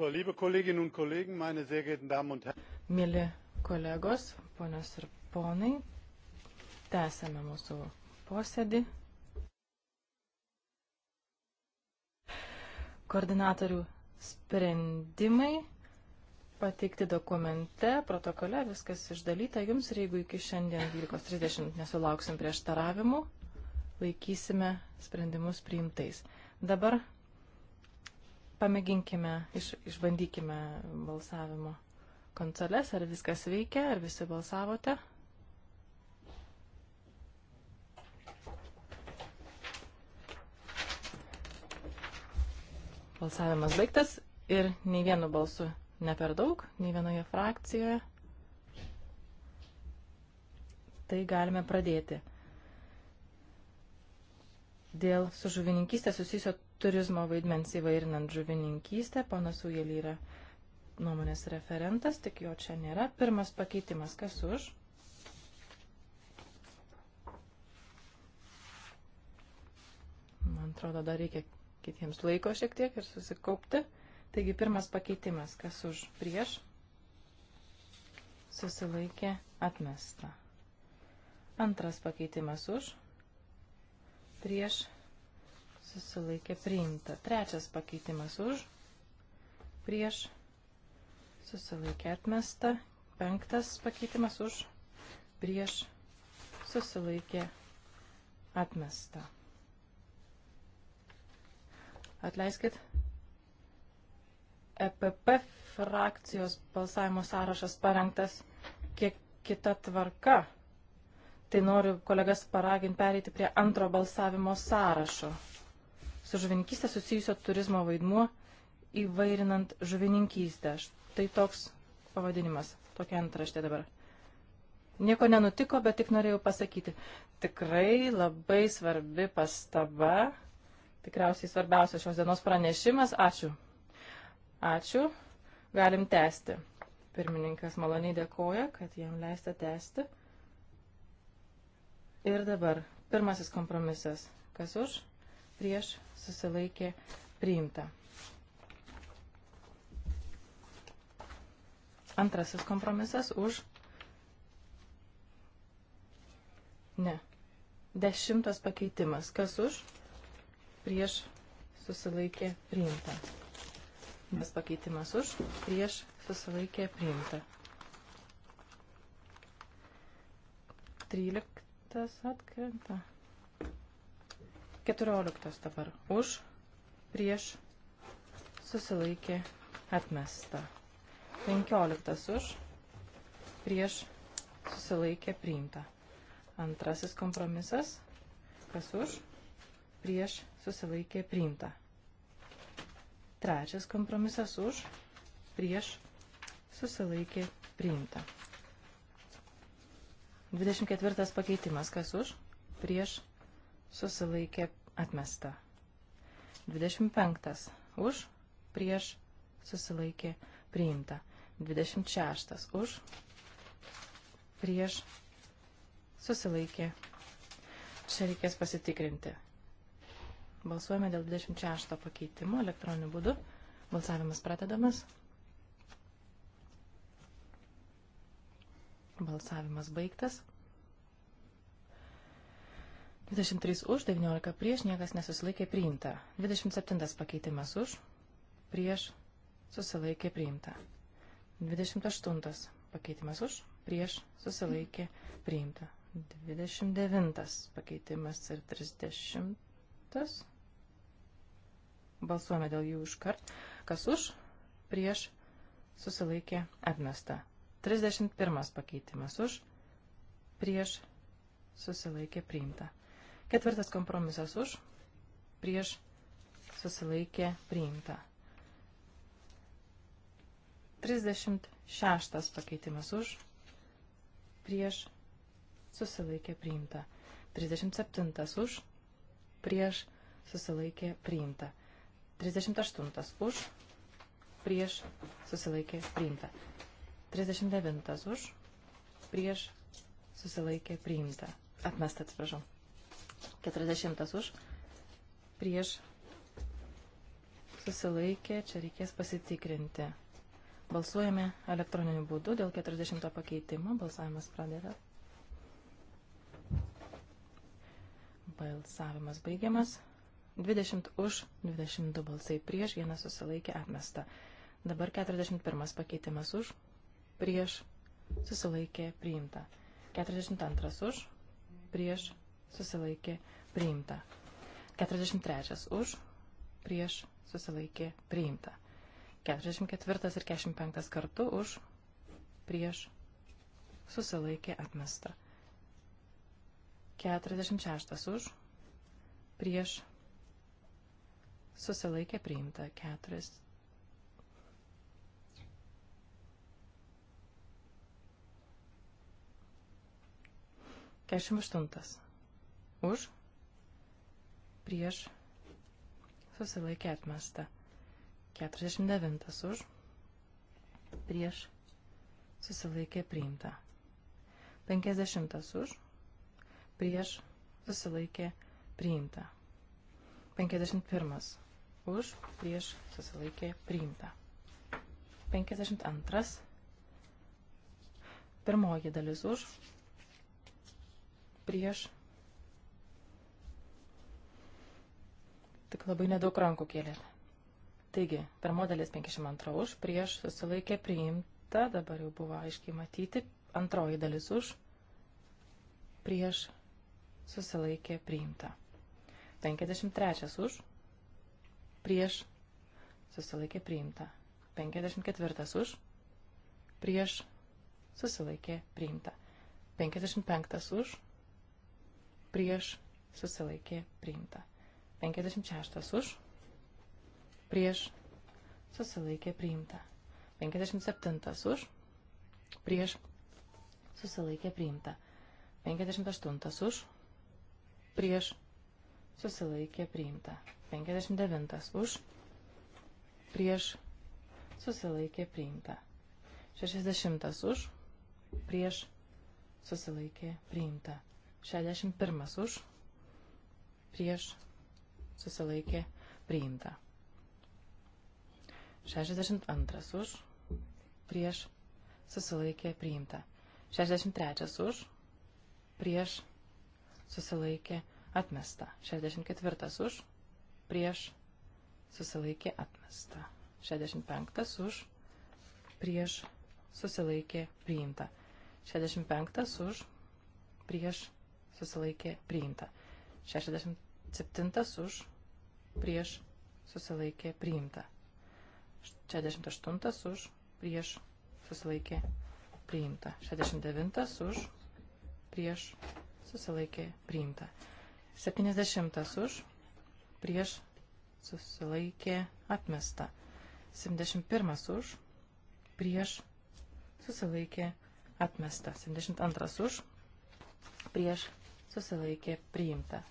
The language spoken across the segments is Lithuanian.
So, liebe Kolleginnen und Kollegen, meine sehr geehrten Damen und Herren. Mėly kolegos, ponios ir ponai, tęsame mūsų posėdį. Koordinatorių sprendimai pateikti dokumente, protokole, viskas išdalyta jums ir jeigu iki šiandien 12.30 nesulauksim prieštaravimų, laikysime sprendimus priimtais. Dabar Pamėginkime, iš, išbandykime balsavimo konsoles, ar viskas veikia, ar visi balsavote. Balsavimas baigtas ir nei vienu balsu ne per daug, nei vienoje frakcijoje. Tai galime pradėti. Dėl su žuvininkystė susijusio turizmo vaidmens įvairinant žuvininkystę. Ponas Ujelį yra nuomonės referentas, tik jo čia nėra. Pirmas pakeitimas, kas už? Man atrodo, dar reikia kitiems laiko šiek tiek ir susikaupti. Taigi pirmas pakeitimas, kas už prieš, susilaikė atmesta. Antras pakeitimas už, prieš, susilaikė priimta. Trečias pakeitimas už, prieš, susilaikė atmesta. Penktas pakeitimas už, prieš, susilaikė atmesta. Atleiskit. EPP frakcijos balsavimo sąrašas parengtas kiek kita tvarka. Tai noriu kolegas paraginti pereiti prie antro balsavimo sąrašo su žuvininkystė susijusio turizmo vaidmuo įvairinant žuvininkystę. Štai toks pavadinimas, tokia antraštė dabar. Nieko nenutiko, bet tik norėjau pasakyti. Tikrai labai svarbi pastaba, tikriausiai svarbiausias šios dienos pranešimas. Ačiū. Ačiū. Galim tęsti. Pirmininkas maloniai dėkoja, kad jam leista tęsti. Ir dabar pirmasis kompromisas. Kas už? prieš susilaikė priimta. Antrasis kompromisas už. Ne. Dešimtas pakeitimas. Kas už? Prieš susilaikė priimta. Nes pakeitimas už, prieš susilaikė priimta. 13 atkrenta. 14 dabar. Už, prieš, susilaikė, atmesta. 15 už, prieš, susilaikė, priimta. Antrasis kompromisas. Kas už, prieš, susilaikė, priimta. Trečias kompromisas už, prieš, susilaikė, priimta. 24 pakeitimas. Kas už, prieš, susilaikė atmesta. 25. Už, prieš, susilaikė priimta. 26. Už, prieš, susilaikė. Čia reikės pasitikrinti. Balsuojame dėl 26 pakeitimo elektroniniu būdu. Balsavimas pradedamas. Balsavimas baigtas. 23 už, 19 prieš, niekas nesusilaikė priimta. 27 pakeitimas už, prieš, susilaikė priimta. 28 pakeitimas už, prieš, susilaikė priimta. 29 pakeitimas ir 30. Balsuojame dėl jų iškart. Kas už, prieš, susilaikė atmesta. 31 pakeitimas už, prieš, susilaikė priimta. Ketvirtas kompromisas už, prieš susilaikė priimta. 36 pakeitimas už, prieš susilaikė priimta. 37 už, prieš susilaikė priimta. 38 už, prieš susilaikė priimta. 39 už, prieš susilaikė priimta. Atmesta, atsiprašau. 40 už, prieš susilaikė, čia reikės pasitikrinti. Balsuojame elektroniniu būdu dėl 40 pakeitimo, balsavimas pradeda. Balsavimas baigiamas. 20 už, 22 balsai prieš, vienas susilaikė atmesta. Dabar 41 pakeitimas už, prieš, susilaikė priimta. 42 už, prieš, susilaikė priimta. 43 už, prieš susilaikė priimta. 44 ir 45 kartu už, prieš susilaikė atmesta. 46 už, prieš susilaikė priimta. 4. Kešim aštuntas už, prieš, susilaikė atmesta. 49 už, prieš, susilaikė priimta. 50 už, prieš, susilaikė priimta. 51 už, prieš, susilaikė priimta. 52 pirmoji dalis už, prieš, Tik labai nedaug rankų kėlėte. Taigi, per modelis 52 už, prieš susilaikė priimta, dabar jau buvo aiškiai matyti, antroji dalis už, prieš susilaikė priimta. 53 už, prieš susilaikė priimta. 54 už, prieš susilaikė priimta. 55 už, prieš susilaikė priimta. 56 už, prieš, susilaikė priimta. 57 už, prieš, susilaikė priimta. 58 už, prieš, susilaikė priimta. 59 už, prieš, susilaikė priimta. 60 už, prieš, susilaikė priimta. 61 už, prieš, susilaikė priimta. 62 už, prieš susilaikė priimta. 63 už, prieš susilaikė atmesta. 64 už, prieš susilaikė atmesta. 65 už, prieš susilaikė priimta. 65 už, prieš susilaikė priimta. 60 Septintas už, prieš, susilaikė, priimta. 68 už, prieš, susilaikė, priimta. 69 už, prieš, susilaikė, priimta. 70 už, prieš, susilaikė, atmesta. 71 už, prieš, susilaikė, atmesta. 72 už, prieš, susilaikė, priimta.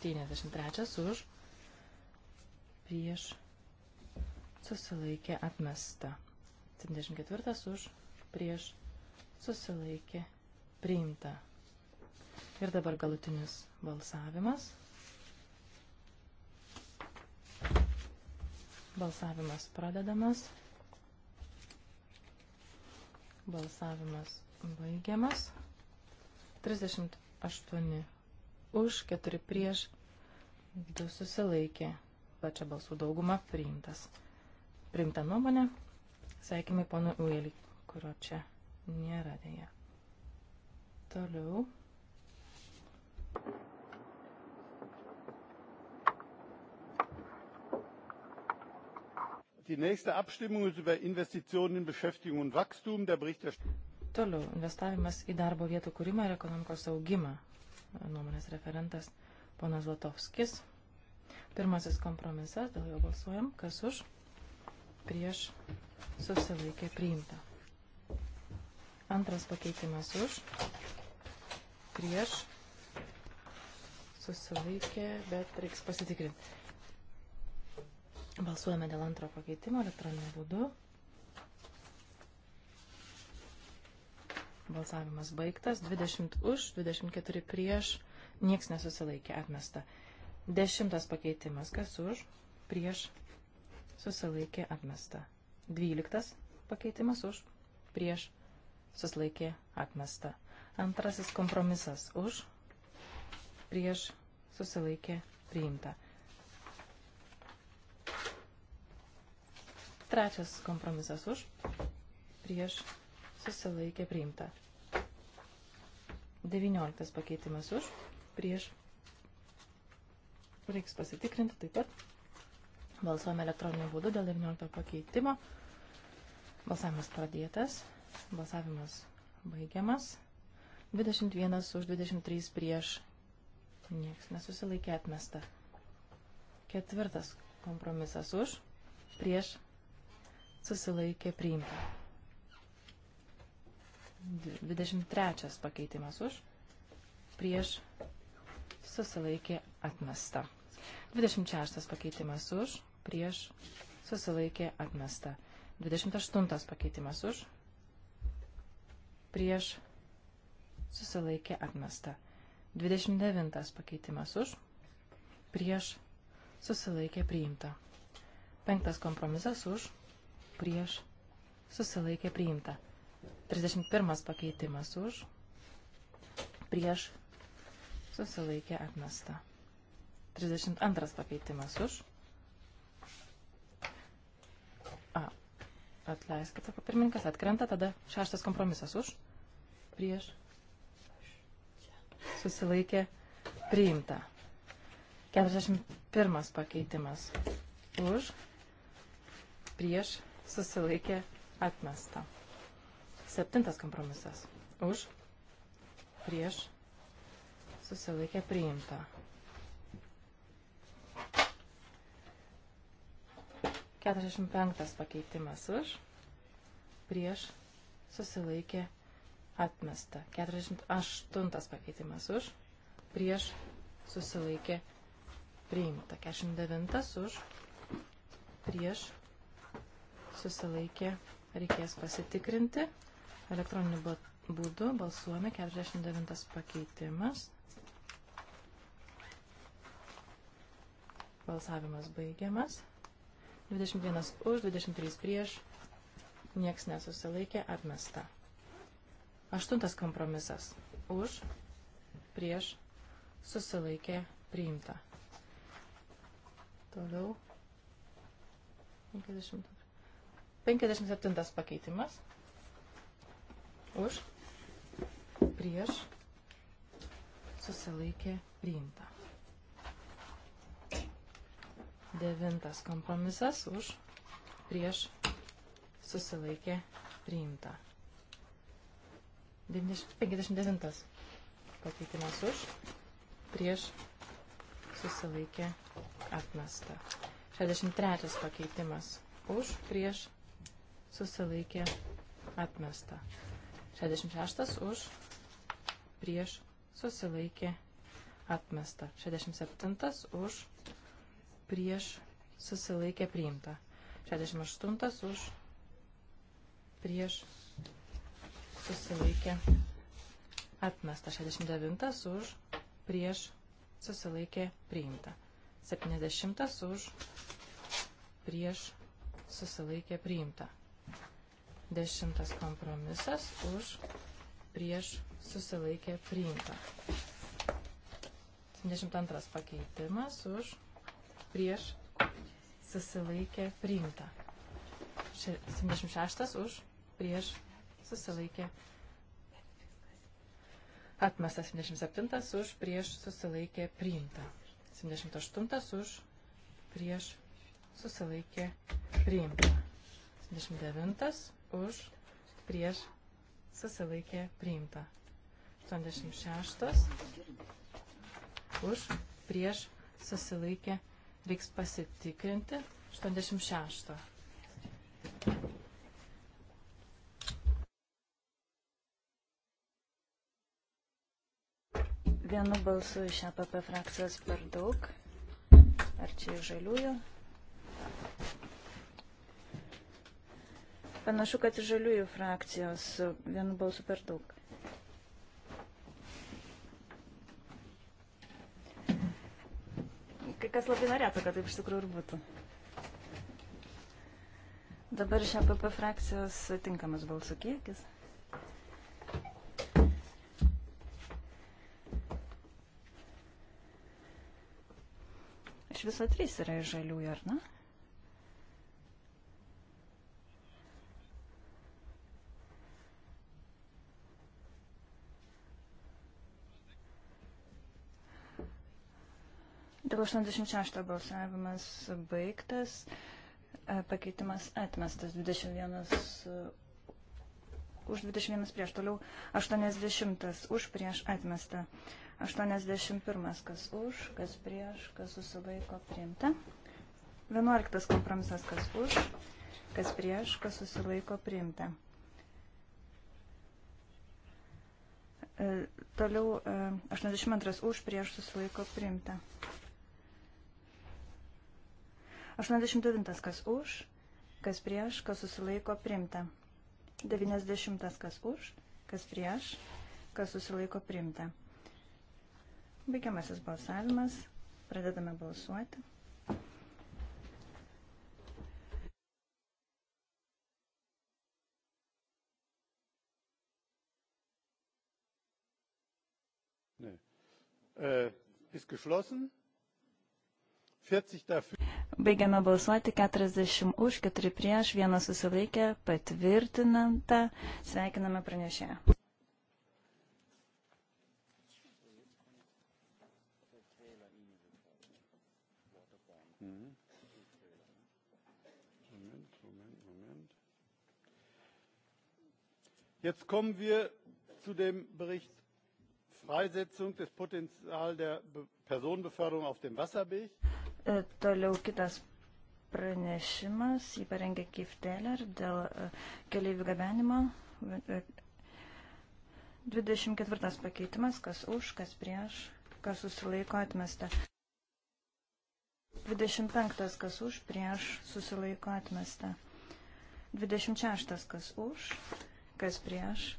73 už prieš susilaikė atmesta. 74 už prieš susilaikė priimta. Ir dabar galutinis balsavimas. Balsavimas pradedamas. Balsavimas baigiamas. 38 už, 4 prieš, 2 susilaikė. Pačia balsų dauguma priimtas. Priimta nuomonė. Sveikimai ponui Uelį, kurio čia nėra dėja. Toliau. Die nächste Abstimmung ist über Investitionen in Beschäftigung und Wachstum. Der Berichterstatter. Toliau investavimas į darbo vietų kūrimą ir ekonomikos augimą nuomonės referentas ponas Zlatovskis. Pirmasis kompromisas, dėl jo balsuojam, kas už, prieš, susilaikė priimta. Antras pakeitimas už, prieš, susilaikė, bet reiks pasitikrinti. Balsuojame dėl antro pakeitimo elektroniniu būdu. Balsavimas baigtas. 20 už, 24 prieš, nieks nesusilaikė, atmesta. Dešimtas pakeitimas, kas už, prieš, susilaikė, atmesta. Dvyliktas pakeitimas už, prieš, susilaikė, atmesta. Antrasis kompromisas už, prieš, susilaikė, priimta. Trečias kompromisas už, prieš, susilaikė priimta. 19 pakeitimas už, prieš, reiks pasitikrinti taip pat. Balsuojame elektroniniu būdu dėl 19 pakeitimo. Balsavimas pradėtas, balsavimas baigiamas. 21 už 23 prieš, nieks nesusilaikė atmesta. Ketvirtas kompromisas už, prieš, susilaikė priimta. 23 pakeitimas už, prieš susilaikė atmesta. 26 pakeitimas už, prieš susilaikė atmesta. 28 pakeitimas už, prieš susilaikė atmesta. 29 pakeitimas už, prieš susilaikė priimta. 5 kompromisas už, prieš susilaikė priimta. 31 pakeitimas už, prieš susilaikė atmesta. 32 pakeitimas už. A, atleiskite, pirmininkas atkrenta, tada šeštas kompromisas už, prieš susilaikė priimta. 41 pakeitimas už, prieš susilaikė atmesta. Septintas kompromisas. Už, prieš, susilaikė priimta. Keturiasdešimt penktas pakeitimas už, prieš, susilaikė atmesta. Keturiasdešimt aštuntas pakeitimas už, prieš, susilaikė priimta. Keturiasdešimt devintas už, prieš, susilaikė priimta reikės pasitikrinti. Elektroniniu būdu balsuojame 49 pakeitimas. Balsavimas baigiamas. 21 už, 23 prieš, nieks nesusilaikė, atmesta. Aštuntas kompromisas. Už, prieš, susilaikė, priimta. Toliau. 50. 57 pakeitimas už, prieš, susilaikė priimta. Devintas kompromisas už, prieš, susilaikė priimta. 59 pakeitimas už, prieš, susilaikė atmesta. 63 pakeitimas už, prieš, susilaikė atmesta. 66 už, prieš, susilaikė, atmesta. 67 už, prieš, susilaikė, priimta. 68 už, prieš, susilaikė, atmesta. 69 už, prieš, susilaikė, priimta. 70 už, prieš, susilaikė, priimta. Dešimtas kompromisas už prieš susilaikė priimta. 72 pakeitimas už prieš susilaikė priimta. 76 už prieš susilaikė atmestas. 77 už prieš susilaikė priimta. 78 už prieš susilaikė priimta. 79 už, prieš, susilaikė priimta. 86 už, prieš, susilaikė, reiks pasitikrinti. 86. Vienu balsu iš APP e frakcijos per daug. Ar čia žaliųjų? Panašu, kad iš žaliųjų frakcijos vienu balsu per daug. Kai kas labai norėtų, kad taip iš tikrųjų ir būtų. Dabar iš APP frakcijos tinkamas balsų kiekis. Iš viso trys yra iš žaliųjų, ar ne? Toliau 86 balsavimas baigtas, e, pakeitimas atmestas 21 e, už 21 prieš, toliau 80 už prieš atmestą, 81 kas už, kas prieš, kas susilaiko priimta, 11 kompromisas kas už, kas prieš, kas susilaiko priimta. E, toliau 82 už prieš susilaiko priimta. 89. Kas už, kas prieš, kas susilaiko primta. 90. Kas už, kas prieš, kas susilaiko primta. Baigiamasis balsavimas. Pradedame balsuoti. Ne. Uh, ist geschlossen. Baigiame balsuoti 40 už, 4 prieš, 1 susilaikė, patvirtinanta. Sveikiname pranešėją. Jetzt kommen wir zu dem Bericht Freisetzung des Potenzial der Personenbeförderung auf dem Wasserweg. E, toliau kitas pranešimas, jį parengė Kifteler dėl e, keliaivių gabenimo. 24 e, pakeitimas, kas už, kas prieš, kas susilaiko atmesta. 25 kas už, prieš, susilaiko atmesta. 26 kas už, kas prieš.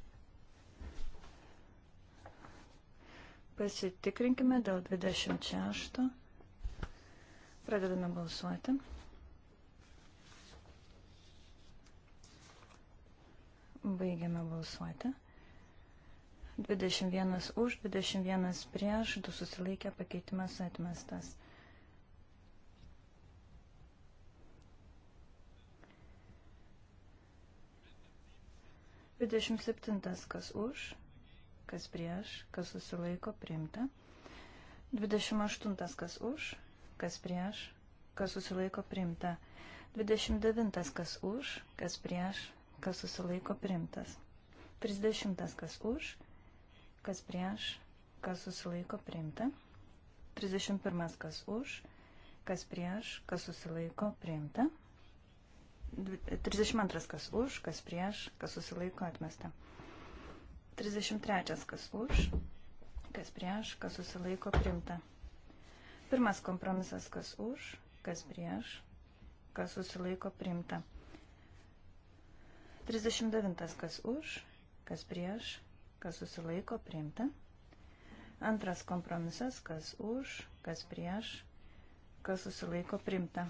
Pasitikrinkime dėl 26. Pradedame balsuoti. Baigiame balsuoti. 21 už, 21 prieš, 2 susilaikė pakeitimas atmestas. Dvidešimt septintas, kas už, kas prieš, kas susilaiko, priimta. Dvidešimt aštuntas, kas už, kas prieš, kas susilaiko priimta. 29 kas už, kas prieš, kas susilaiko priimtas. 30 kas už, kas prieš, kas susilaiko priimta. 31 kas už, kas prieš, kas susilaiko priimta. 32 kas už, kas prieš, kas susilaiko atmesta. 33 kas už, kas prieš, kas susilaiko priimta. Pirmas kompromisas, kas už, kas prieš, kas susilaiko priimta. 39. Kas už, kas prieš, kas susilaiko priimta. Antras kompromisas, kas už, kas prieš, kas susilaiko priimta.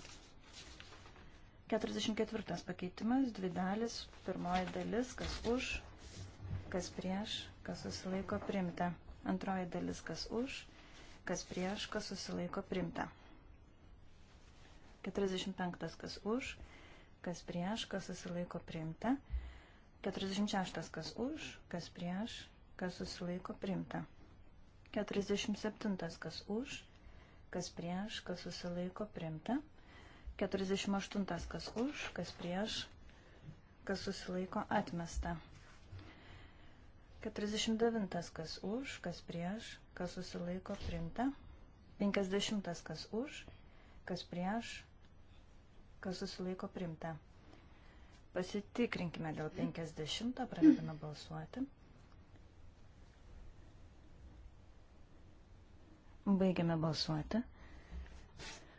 44 pakeitimas, dvi dalis, pirmoji dalis, kas už, kas prieš, kas susilaiko priimta. Antroji dalis, kas už, kas prieš, kas susilaiko primta. 45. kas už, kas prieš, kas susilaiko primta. 46. kas už, kas prieš, kas susilaiko primta. 47. kas už, kas prieš, kas susilaiko primta. 48. kas už, kas prieš, kas susilaiko atmesta. 49. kas už, kas prieš, kas susilaiko priimta. 50 kas už, kas prieš, kas susilaiko priimta. Pasitikrinkime dėl 50, pradedame balsuoti. Baigiame balsuoti.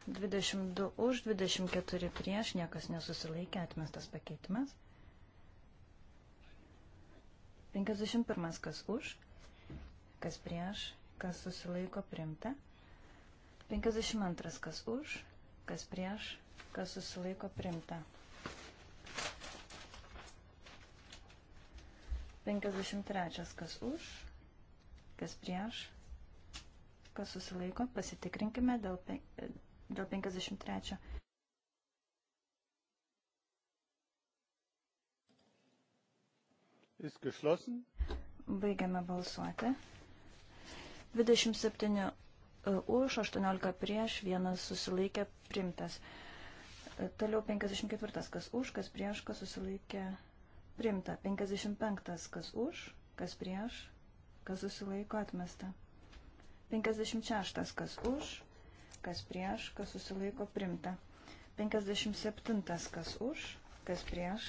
22 už, 24 prieš, niekas nesusilaikė, atmestas pakeitimas. 51 kas už, kas prieš, kas susilaiko primta. 52 kas už, kas prieš, kas susilaiko primta. 53 kas už, kas prieš, kas susilaiko, pasitikrinkime dėl, dėl 53. Jis geschlossen. Baigiame balsuoti. 27 e, už, 18 prieš, vienas susilaikė primtas. E, toliau 54, kas už, kas prieš, kas susilaikė primta. 55, kas už, kas prieš, kas susilaiko atmesta. 56, kas už, kas prieš, kas susilaiko primta. 57, kas už, kas prieš,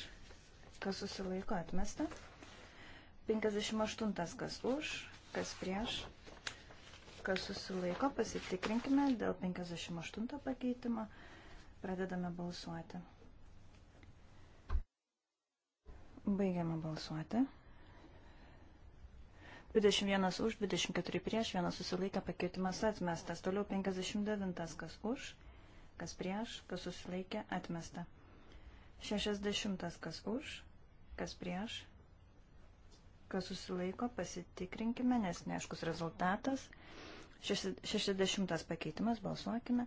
kas susilaiko atmesta. 58, kas už, kas prieš, kas susilaiko, pasitikrinkime dėl 58 pakeitimo. Pradedame balsuoti. Baigiame balsuoti. 21 už, 24 prieš, 1 susilaikė pakeitimas atmestas. Toliau 59 kas už, kas prieš, kas susilaikė atmesta. 60 kas už, kas prieš, kas susilaiko, pasitikrinkime, nes neaiškus rezultatas. 60 pakeitimas, balsuokime.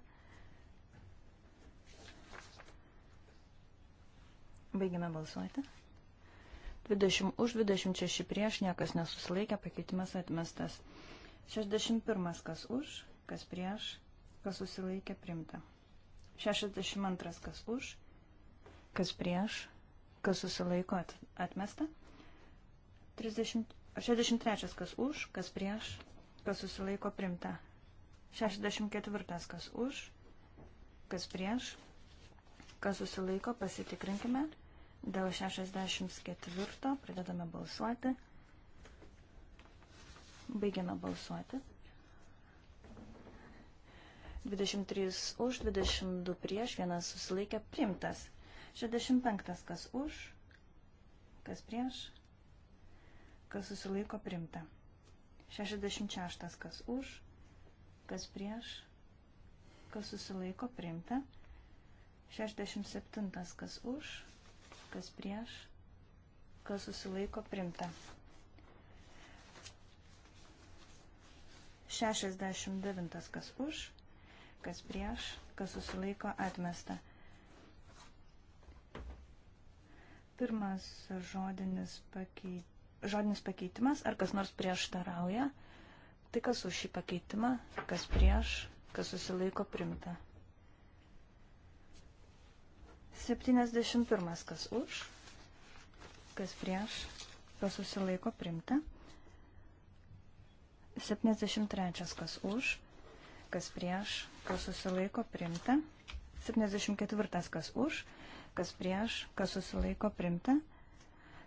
Baigime balsuoti. 20 už, 26 prieš, niekas nesusilaikė, pakeitimas atmestas. 61 kas už, kas prieš, kas susilaikė, primta. 62 kas už, kas prieš, kas susilaiko, atmesta. 30, 63 kas už, kas prieš, kas susilaiko primta. 64. Kas už, kas prieš, kas susilaiko, pasitikrinkime. Dėl 64 pradedame balsuoti. Baigiame balsuoti. 23 už, 22 prieš, vienas susilaikė, primtas. 65 kas už, kas prieš, kas susilaiko, primta. 66 kas už, kas prieš, kas susilaiko priimta. 67 kas už, kas prieš, kas susilaiko priimta. 69 kas už, kas prieš, kas susilaiko atmesta. Pirmas žodinis pakeitimas žodinis pakeitimas, ar kas nors prieštarauja. Tai kas už šį pakeitimą, kas prieš, kas susilaiko primta. 71. Kas už, kas prieš, kas susilaiko primta. 73. Kas už, kas prieš, kas susilaiko primta. 74. Kas už, kas prieš, kas susilaiko primta.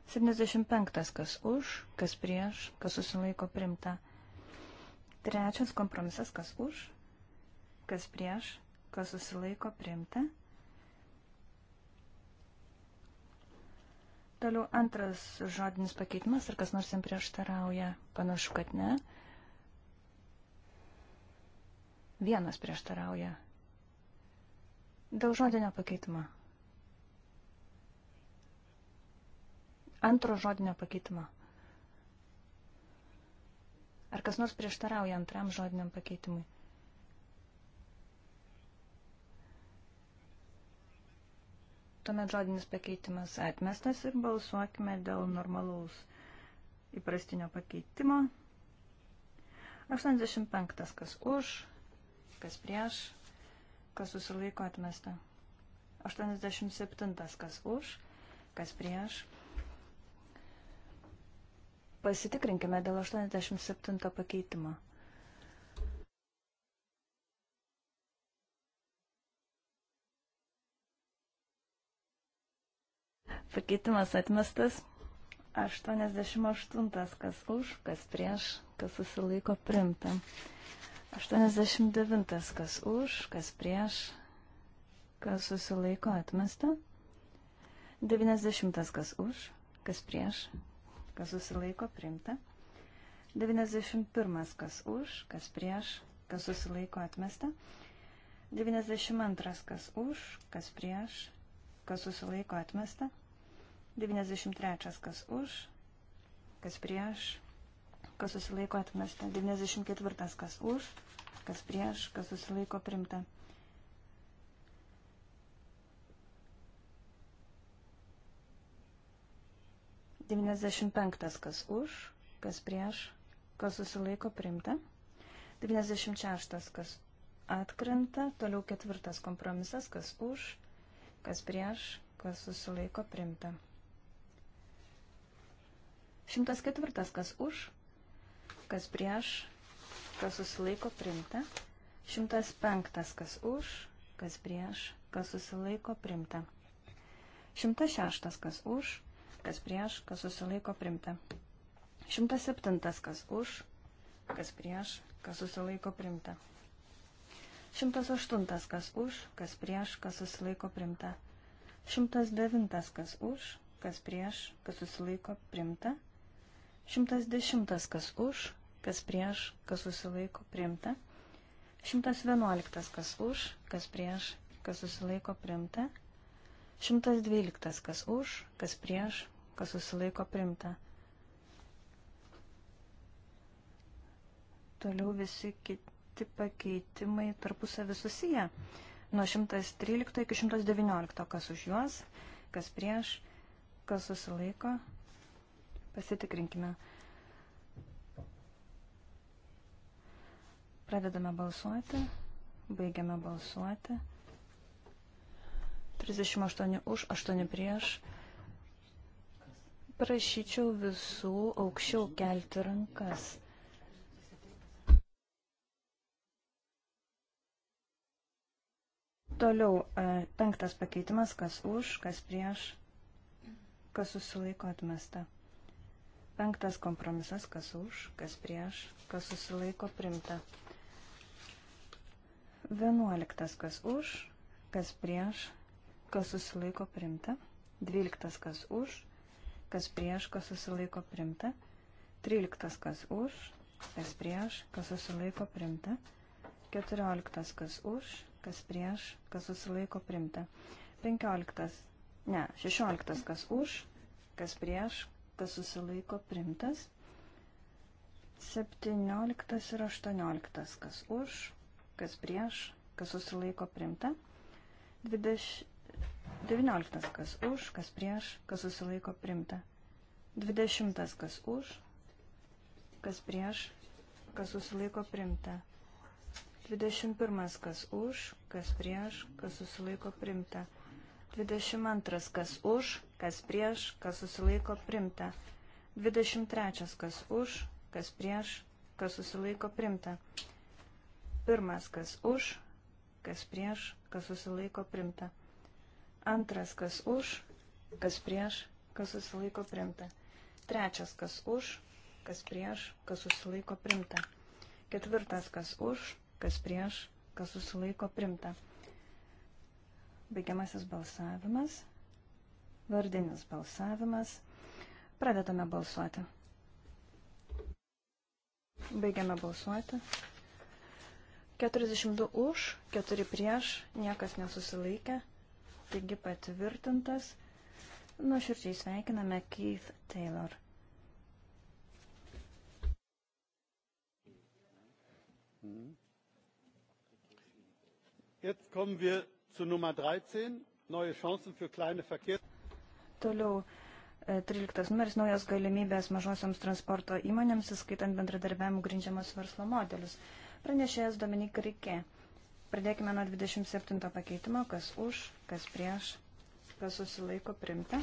75. Kas už, kas prieš, kas susilaiko primta. Trečias kompromisas. Kas už, kas prieš, kas susilaiko primta. Toliau antras žodinis pakeitimas, ar kas nors jam prieštarauja. Panašu, kad ne. Vienas prieštarauja. Dėl žodinio pakeitimo. antro žodinio pakeitimo. Ar kas nors prieštarauja antram žodiniam pakeitimui? Tuomet žodinis pakeitimas atmestas ir balsuokime dėl normalaus įprastinio pakeitimo. 85. Kas už, kas prieš, kas susilaiko atmesta. 87. Kas už, kas prieš, Pasitikrinkime dėl 87 pakeitimo. Pakeitimas atmestas. 88. Kas už, kas prieš, kas susilaiko primta. 89. Kas už, kas prieš, kas susilaiko atmesta. 90. Kas už, kas prieš, kas susilaiko priimta. 91. Kas už, kas prieš, kas susilaiko atmesta. 92. Kas už, kas prieš, kas susilaiko atmesta. 93. Kas už, kas prieš, kas susilaiko atmesta. 94. Kas už, kas prieš, kas susilaiko primta. 95. Kas už, kas prieš, kas susilaiko priimta. 96. Kas atkrenta. Toliau ketvirtas kompromisas. Kas už, kas prieš, kas susilaiko priimta. 104. Kas už, kas prieš, kas susilaiko priimta. 105. Kas už, kas prieš, kas susilaiko priimta. 106. Kas už, kas prieš, kas susilaiko primta. 107. Kas už, kas prieš, kas susilaiko primta. 108. Kas už, kas prieš, kas susilaiko primta. 109. Kas už, kas prieš, kas susilaiko primta. 110. Kas už, kas prieš, kas susilaiko primta. 111. Kas už, kas prieš, kas susilaiko primta. 112. Kas už, kas prieš, kas susilaiko primta. Toliau visi kiti pakeitimai tarpusavį susiję. Nuo 113 iki 119, kas už juos, kas prieš, kas susilaiko. Pasitikrinkime. Pradedame balsuoti, baigiame balsuoti. 38 už, 8 prieš prašyčiau visų aukščiau kelti rankas. Toliau e, penktas pakeitimas, kas už, kas prieš, kas susilaiko atmesta. Penktas kompromisas, kas už, kas prieš, kas susilaiko primta. Vienuoliktas, kas už, kas prieš, kas susilaiko primta. Dvyliktas, kas už, kas prieš, kas susilaiko primta. 13 kas už, kas prieš, kas susilaiko primta. 14 kas už, kas prieš, kas susilaiko primta. 15, ne, 16 kas už, kas prieš, kas susilaiko primtas. 17 ir 18 kas už, kas prieš, kas susilaiko primta. 20 19. Kas už, kas prieš, kas susilaiko primta. 20. Kas už, kas prieš, kas susilaiko primta. 21. Kas už, kas prieš, kas susilaiko primta. 22. Kas už, kas prieš, kas susilaiko primta. 23. Kas už, kas prieš, kas susilaiko primta. 1. Kas už, kas prieš, kas susilaiko primta. Antras, kas už, kas prieš, kas susilaiko primta. Trečias, kas už, kas prieš, kas susilaiko primta. Ketvirtas, kas už, kas prieš, kas susilaiko primta. Baigiamasis balsavimas, vardinis balsavimas. Pradedame balsuoti. Baigiame balsuoti. 42 už, 4 prieš, niekas nesusilaikė taigi patvirtintas. Nuoširdžiai sveikiname Keith Taylor. Jetzt kommen wir zu Nummer 13, neue Chancen für kleine Verkehrs. Toliau 13 e, numeris naujos galimybės mažosioms transporto įmonėms, įskaitant bendradarbiavimų grindžiamas verslo modelius. Pranešėjas Dominik Rikė. Pradėkime nuo 27 pakeitimo, kas už, kas prieš, kas susilaiko primta.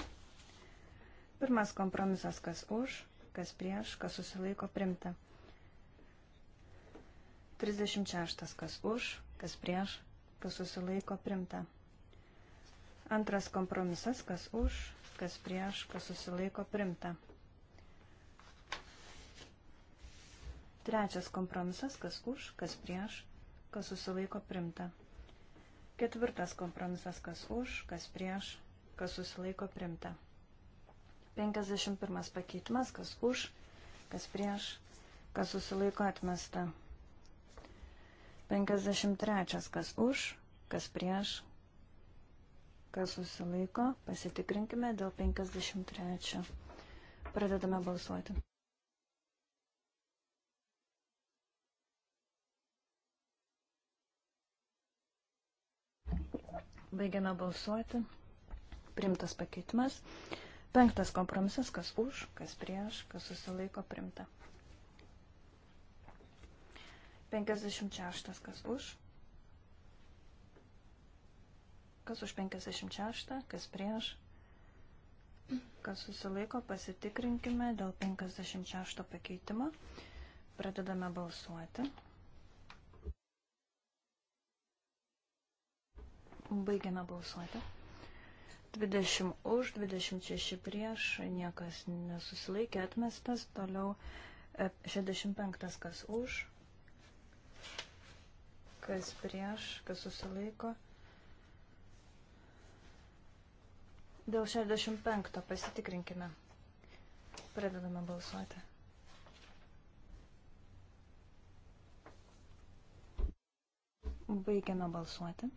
Pirmas kompromisas, kas už, kas prieš, kas susilaiko primta. 36, kas už, kas prieš, kas susilaiko primta. Antras kompromisas, kas už, kas prieš, kas susilaiko primta. Trečias kompromisas, kas už, kas prieš, kas susilaiko primta. Ketvirtas kompromisas, kas už, kas prieš, kas susilaiko primta. 51 pakeitimas, kas už, kas prieš, kas susilaiko atmesta. 53 kas už, kas prieš, kas susilaiko, pasitikrinkime dėl 53. Pradedame balsuoti. Baigiame balsuoti. Primtas pakeitimas. Penktas kompromisas, kas už, kas prieš, kas susilaiko primta. 56, kas už. Kas už 56, kas prieš, kas susilaiko, pasitikrinkime dėl 56 pakeitimo. Pradedame balsuoti. Baigiame balsuoti. 20 už, 26 prieš, niekas nesusilaikė atmestas. Toliau 65 e, kas už, kas prieš, kas susilaiko. Dėl 65 pasitikrinkime. Pradedame balsuoti. Baigiame balsuoti.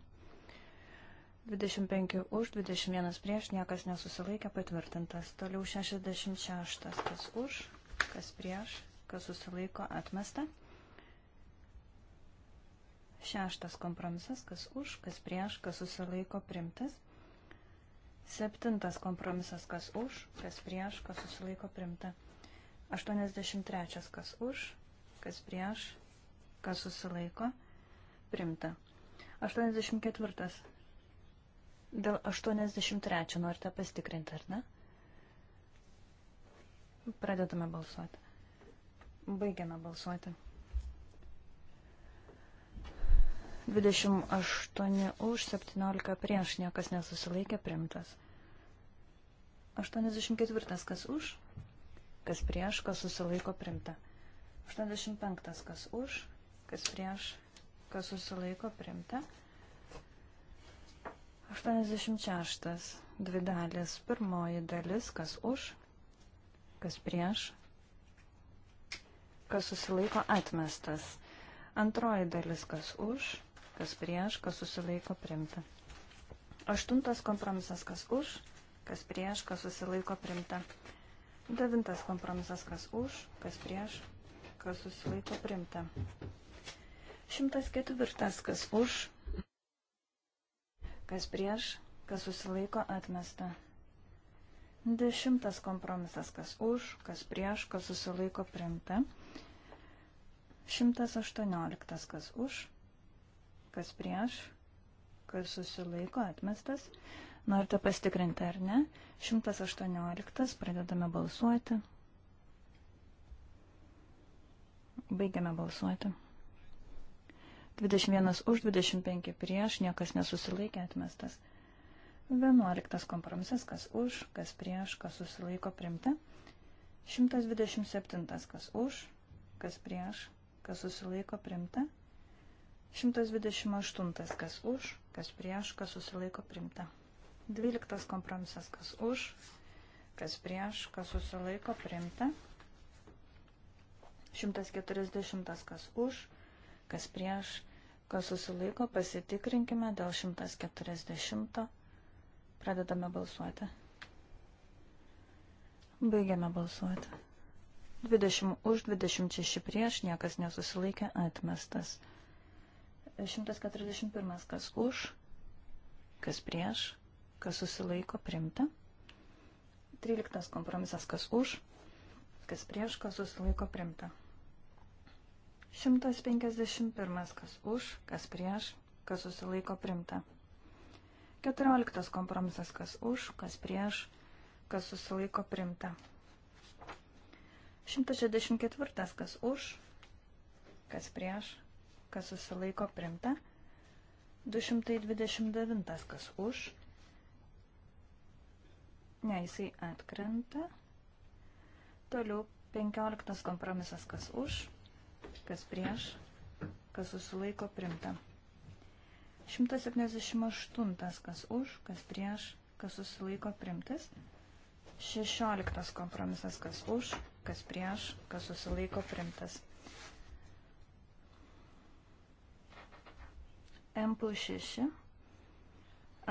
25 už, 21 prieš, niekas nesusilaikė, patvirtintas. Toliau 66, kas už, kas prieš, kas susilaiko, atmesta. Šeštas kompromisas, kas už, kas prieš, kas susilaiko, primtas. Septintas kompromisas, kas už, kas prieš, kas susilaiko, primta. 83, kas už, kas prieš, kas susilaiko, primta. 84 Dėl 83 norite pasitikrinti, ar ne? Pradedame balsuoti. Baigiame balsuoti. 28 už, 17 prieš, niekas nesusilaikė primtas. 84 kas už, kas prieš, kas susilaiko primta. 85 kas už, kas prieš, kas susilaiko primta. 86. Dvi dalis. Pirmoji dalis, kas už, kas prieš, kas susilaiko atmestas. Antroji dalis, kas už, kas prieš, kas susilaiko primta. Aštuntas kompromisas, kas už, kas prieš, kas susilaiko primta. Devintas kompromisas, kas už, kas prieš, kas susilaiko primta. Šimtas ketvirtas, kas už, kas prieš, kas susilaiko atmesta. Dešimtas kompromisas, kas už, kas prieš, kas susilaiko priimta. Šimtas aštuonioliktas, kas už, kas prieš, kas susilaiko atmestas. Norite pastikrinti ar ne? 118, pradedame balsuoti. Baigiame balsuoti. 21 už, 25 prieš, niekas nesusilaikė atmestas. 11 kompromisas, kas už, kas prieš, kas susilaiko primta. 127 kas už, kas prieš, kas susilaiko primta. 128 kas už, kas prieš, kas susilaiko primta. 12 kompromisas, kas už, kas prieš, kas susilaiko primta. 140 kas už, kas prieš, Kas susilaiko, pasitikrinkime dėl 140. Pradedame balsuoti. Baigiame balsuoti. 20 už, 26 prieš, niekas nesusilaikė, atmestas. 141. Kas už, kas prieš, kas susilaiko, primta. 13. Kompromisas, kas už, kas prieš, kas susilaiko, primta. 151. Kas už, kas prieš, kas susilaiko primta. 14. Kompromisas. Kas už, kas prieš, kas susilaiko primta. 164. Kas už, kas prieš, kas susilaiko primta. 229. Kas už. Ne, jisai atkrenta. Toliau 15. Kompromisas. Kas už kas prieš, kas susilaiko primta. 178, kas už, kas prieš, kas susilaiko primtas. 16 kompromisas, kas už, kas prieš, kas susilaiko primtas. M plus 6,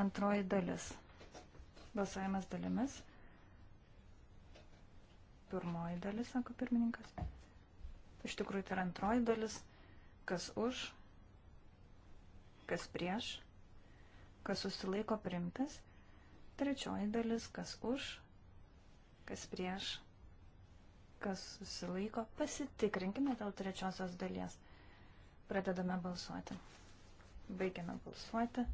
antroji dalis. Balsavimas dalimis. Pirmoji dalis, sako pirmininkas. Iš tikrųjų, tai yra antroji dalis. Kas už, kas prieš, kas susilaiko primtas. Trečioji dalis, kas už, kas prieš, kas susilaiko. Pasitikrinkime dėl trečiosios dalies. Pradedame balsuoti. Baigiame balsuoti.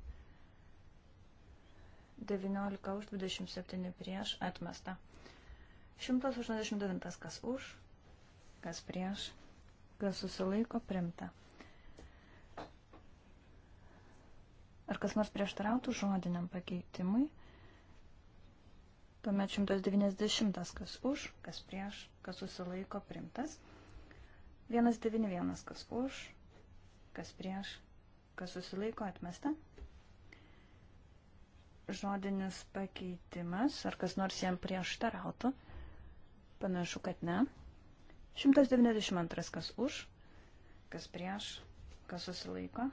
19 už 27 prieš atmesta. 189 kas už, kas prieš, kas susilaiko primta. Ar kas nors prieštarautų žodiniam pakeitimui? Tuomet 190, kas už, kas prieš, kas susilaiko primtas. 191, kas už, kas prieš, kas susilaiko atmesta. Žodinis pakeitimas, ar kas nors jam prieštarautų? Panašu, kad ne. 192. 192 kas už, kas prieš, kas susilaiko,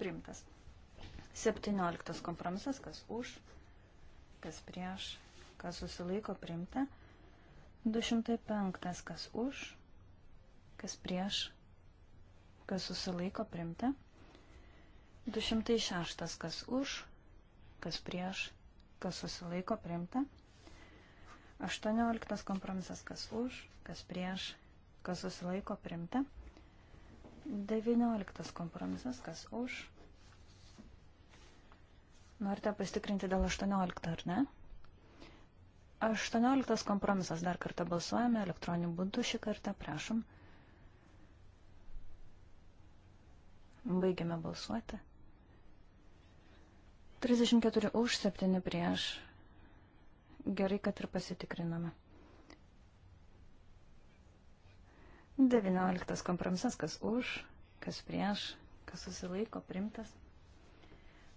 priimtas. 17 kompromisas, kas už, kas prieš, kas susilaiko, priimta. 205 kas už, kas prieš, kas susilaiko, priimta. 206 kas už, kas prieš, kas susilaiko, priimta. 18 kompromisas kas už, kas prieš, kas susilaiko primta. 19 kompromisas kas už. Norite pasitikrinti dėl 18, ar ne? 18 kompromisas dar kartą balsuojame elektroniniu būdu šį kartą, prašom. Baigiame balsuoti. 34 už, 7 prieš gerai, kad ir pasitikriname. 19 kompromisas, kas už, kas prieš, kas susilaiko, primtas.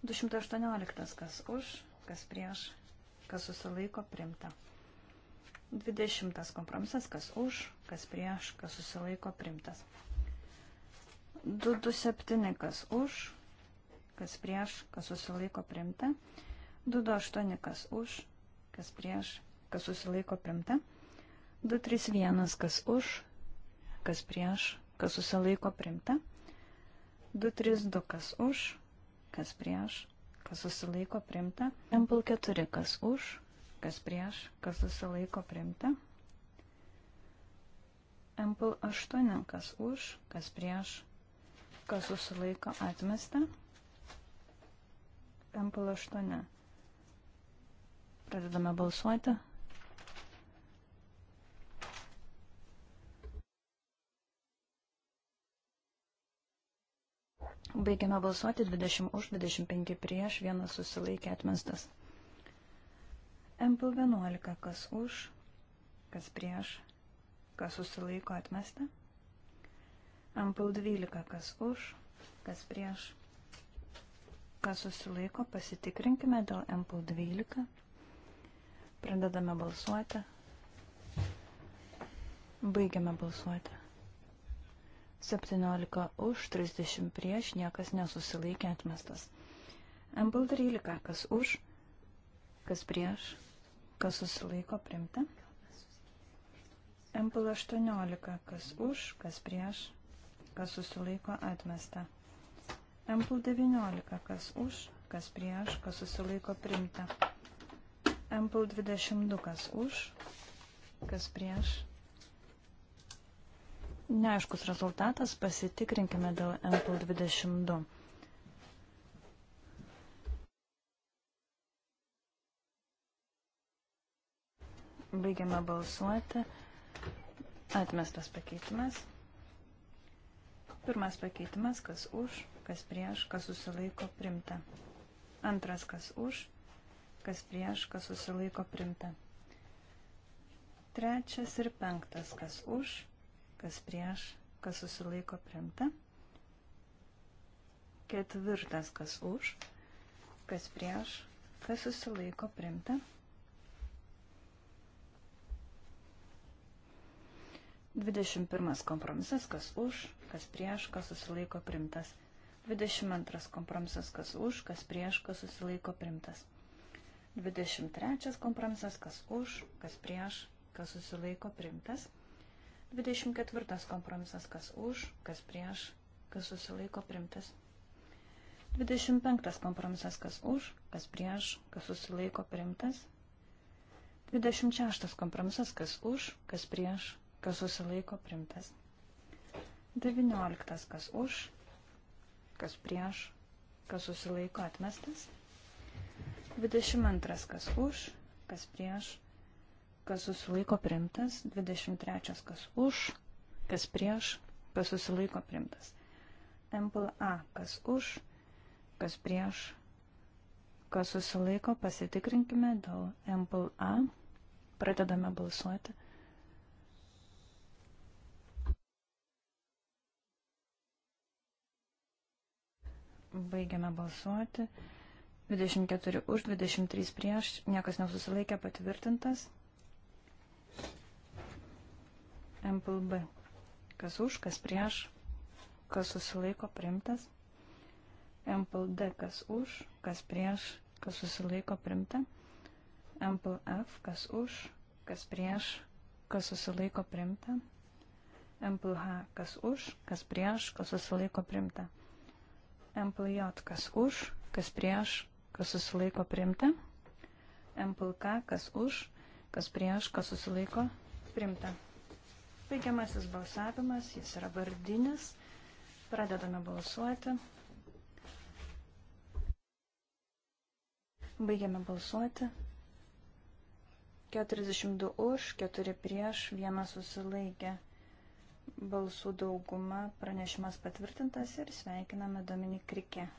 218, kas už, kas prieš, kas susilaiko, primta. 20 kompromisas, kas už, kas prieš, kas susilaiko, primtas. 227, kas už, kas prieš, kas susilaiko, primta. 228, kas už, kas prieš, kas susilaiko primta. 231, kas už, kas prieš, kas susilaiko primta. 232, kas už, kas prieš, kas susilaiko primta. Ampul 4, kas už, kas prieš, kas susilaiko primta. Ampul 8, kas už, kas prieš, kas susilaiko atmesta. Ampul 8 Pradedame balsuoti. Baigiame balsuoti 20 už, 25 prieš, vienas susilaikė atmestas. MPL 11, kas už, kas prieš, kas susilaiko atmestą. MPL 12, kas už, kas prieš, kas susilaiko, pasitikrinkime dėl MPL 12. Pradedame balsuoti. Baigiame balsuoti. 17 už, 30 prieš, niekas nesusilaikė atmestas. MPL 13, kas už, kas prieš, kas susilaiko primta. MPL 18, kas už, kas prieš, kas susilaiko atmesta. MPL 19, kas už, kas prieš, kas susilaiko primta. Ampul 22, kas už, kas prieš. Neaiškus rezultatas, pasitikrinkime dėl Ampul 22. Baigiame balsuoti. Atmestas pakeitimas. Pirmas pakeitimas, kas už, kas prieš, kas susilaiko, primta. Antras, kas už, kas prieš, kas susilaiko primta. Trečias ir penktas, kas už, kas prieš, kas susilaiko primta. Ketvirtas, kas už, kas prieš, kas susilaiko primta. Dvidešimt pirmas kompromisas, kas už, kas prieš, kas susilaiko primtas. 22 kompromisas, kas už, kas prieš, kas susilaiko primtas. 23 kompromisas, kas už, kas prieš, kas susilaiko primtas. 24 kompromisas, kas už, kas prieš, kas susilaiko primtas. 25 kompromisas, kas už, kas prieš, kas susilaiko primtas. 26 kompromisas, kas už, kas prieš, kas susilaiko primtas. 19 kas už, kas prieš, kas susilaiko atmestas. 22 kas už, kas prieš, kas susilaiko primtas, 23 kas už, kas prieš, kas susilaiko primtas. Empul A kas už, kas prieš, kas susilaiko, pasitikrinkime dėl Empul A, pradedame balsuoti. Baigiame balsuoti. 24 už, 23 prieš, niekas nesusilaikė patvirtintas. MPLB. Kas už, kas prieš, kas susilaiko primtas. MPLD kas už, kas prieš, kas susilaiko primta. MPLF kas už, kas prieš, kas susilaiko primta. MPLH kas už, kas prieš, kas susilaiko primta. MPLJ kas už, kas prieš, kas susilaiko priimta. MPLK, kas už, kas prieš, kas susilaiko priimta. Baigiamasis balsavimas, jis yra vardinis. Pradedame balsuoti. Baigiame balsuoti. 42 už, 4 prieš, 1 susilaikė balsų dauguma pranešimas patvirtintas ir sveikiname Dominik Krike.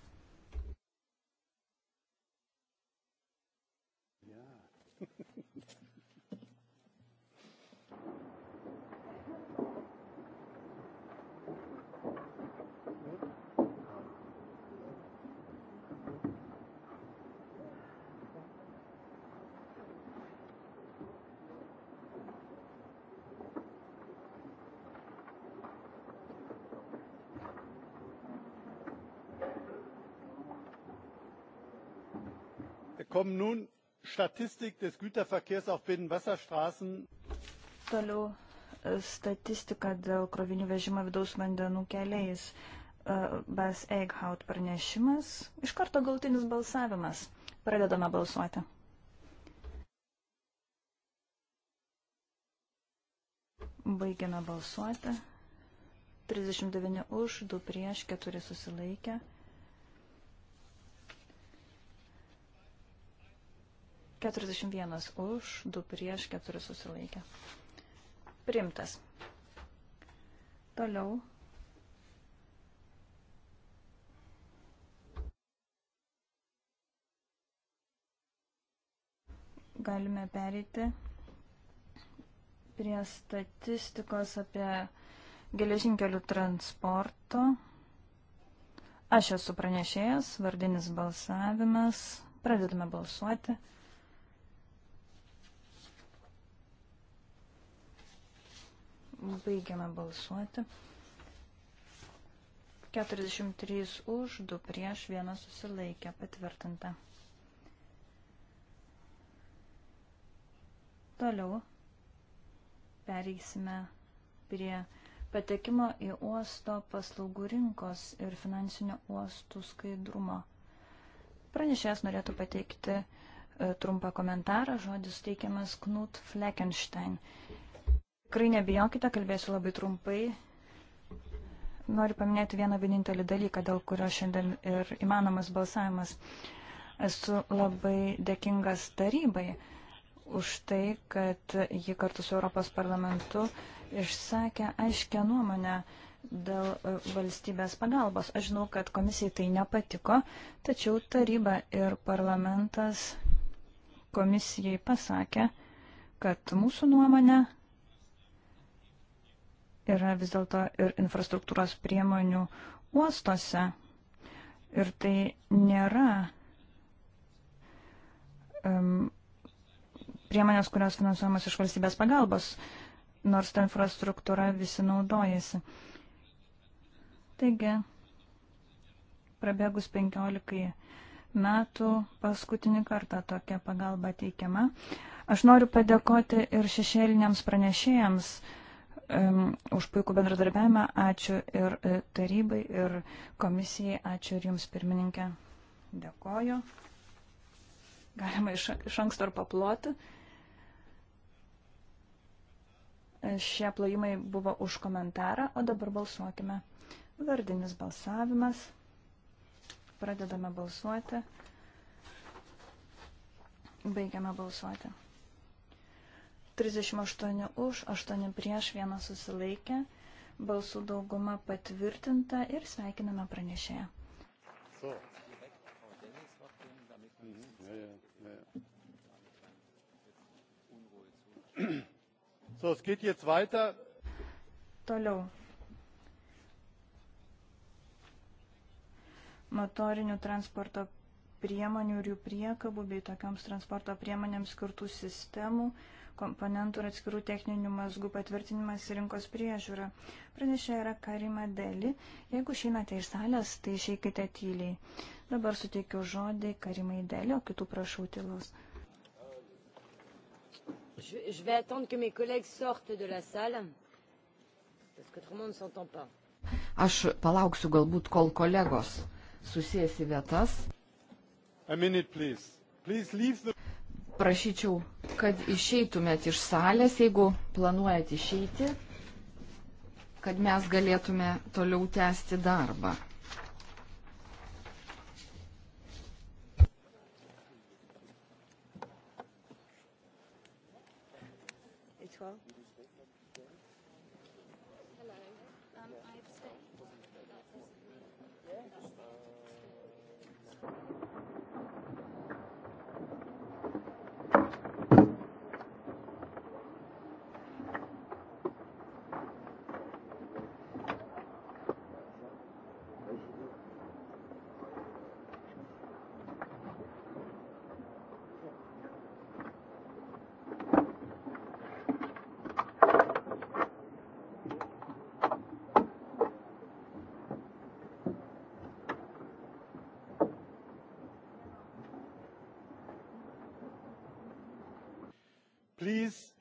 kommen nun Statistik des Güterverkehrs auf Binnenwasserstraßen. Toliau e, statistika dėl krovinių vežimo vidaus vandenų keliais. E, Bas Eichhaut pranešimas. Iš karto galtinis balsavimas. Pradedame balsuoti. Baigiame balsuoti. 39 už, 2 prieš, 4 susilaikę. 41 už, 2 prieš, 4 susilaikė. Primtas. Toliau. Galime pereiti prie statistikos apie geležinkelių transporto. Aš esu pranešėjas, vardinis balsavimas. Pradedame balsuoti. 41. Baigiame balsuoti. 43 už, 2 prieš, 1 susilaikė, patvirtinta. Toliau pereisime prie patekimo į uosto paslaugų rinkos ir finansinio uostų skaidrumo. Pranešęs norėtų pateikti e, trumpą komentarą, žodis teikiamas Knut Fleckenstein. Tikrai nebijokite, kalbėsiu labai trumpai. Noriu paminėti vieną vienintelį dalyką, dėl kurio šiandien ir įmanomas balsavimas. Esu labai dėkingas tarybai už tai, kad ji kartu su Europos parlamentu išsakė aiškę nuomonę dėl e, valstybės pagalbos. Aš žinau, kad komisijai tai nepatiko, tačiau taryba ir parlamentas komisijai pasakė, kad mūsų nuomonė yra vis dėlto ir infrastruktūros priemonių uostuose. Ir tai nėra um, priemonės, kurios finansuojamos iš valstybės pagalbos, nors ta infrastruktūra visi naudojasi. Taigi, prabėgus 15 metų paskutinį kartą tokia pagalba teikiama. Aš noriu padėkoti ir šešėliniams pranešėjams. Uh, um, už puikų bendradarbiavimą. Ačiū ir e, tarybai, ir komisijai. Ačiū ir jums, pirmininkė. Dėkoju. Galima iš, iš anksto ir paploti. E, šie plojimai buvo už komentarą, o dabar balsuokime. Vardinis balsavimas. Pradedame balsuoti. Baigiame balsuoti. 38 už, 8 prieš, 1 susilaikė, balsų dauguma patvirtinta ir sveikiname pranešėją. So. So, es geht jetzt weiter. Toliau. Motorinių transporto priemonių ir jų priekabų bei tokiams transporto priemonėms skirtų sistemų komponentų ir atskirų techninių mazgų patvirtinimas ir rinkos priežiūra. Pranešė yra Karima Deli. Jeigu išeinate iš salės, tai išeikite tyliai. Dabar suteikiu žodį Karimai Deli, o kitų prašau tylos. Je vais attendre que mes collègues sortent de la salle, parce qu'autrement on ne s'entend pas. Aš palauksiu galbūt, kol kolegos susijęs į vietas. Minute, please. Please the... Prašyčiau kad išeitumėt iš salės, jeigu planuojat išeiti, kad mes galėtume toliau tęsti darbą.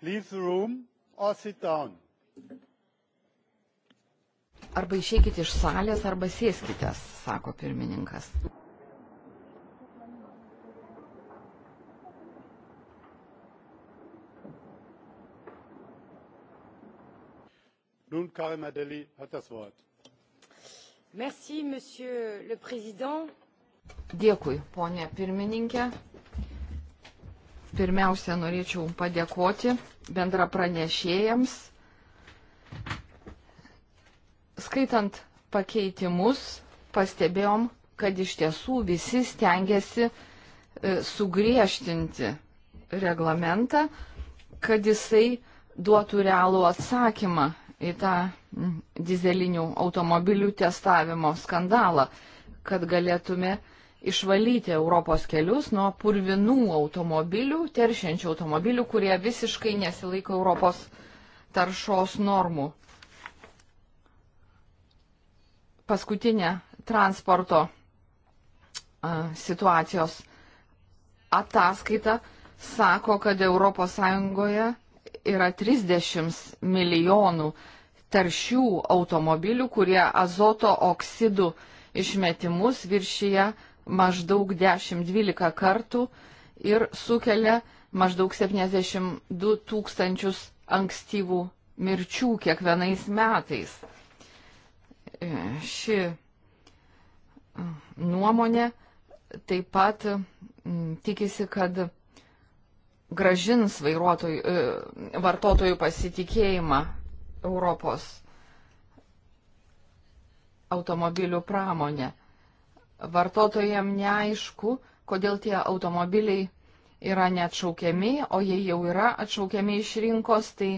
Leave the room or sit down. Arba išeikite iš salės, arba sėskite, sako pirmininkas. Nun Karima Deli hat das Wort. Merci, Monsieur le Président. Dėkui, ponė pirmininkė. Pirmiausia, norėčiau padėkoti bendra pranešėjams. Skaitant pakeitimus, pastebėjom, kad iš tiesų visi stengiasi e, sugriežtinti reglamentą, kad jisai duotų realų atsakymą į tą dizelinių automobilių testavimo skandalą, kad galėtume uh, išvalyti Europos kelius nuo purvinų automobilių, teršiančių automobilių, kurie visiškai nesilaiko Europos taršos normų. Paskutinė transporto a, situacijos ataskaita sako, kad ES yra 30 milijonų taršių automobilių, kurie azoto oksidų išmetimus viršyje maždaug 10-12 kartų ir sukelia maždaug 72 tūkstančius ankstyvų mirčių kiekvienais metais. E, ši e, nuomonė taip pat tikisi, kad gražins e, vartotojų pasitikėjimą Europos automobilių pramonė vartotojams neaišku, kodėl tie automobiliai yra neatšaukiami, o jei jau yra atšaukiami iš rinkos, tai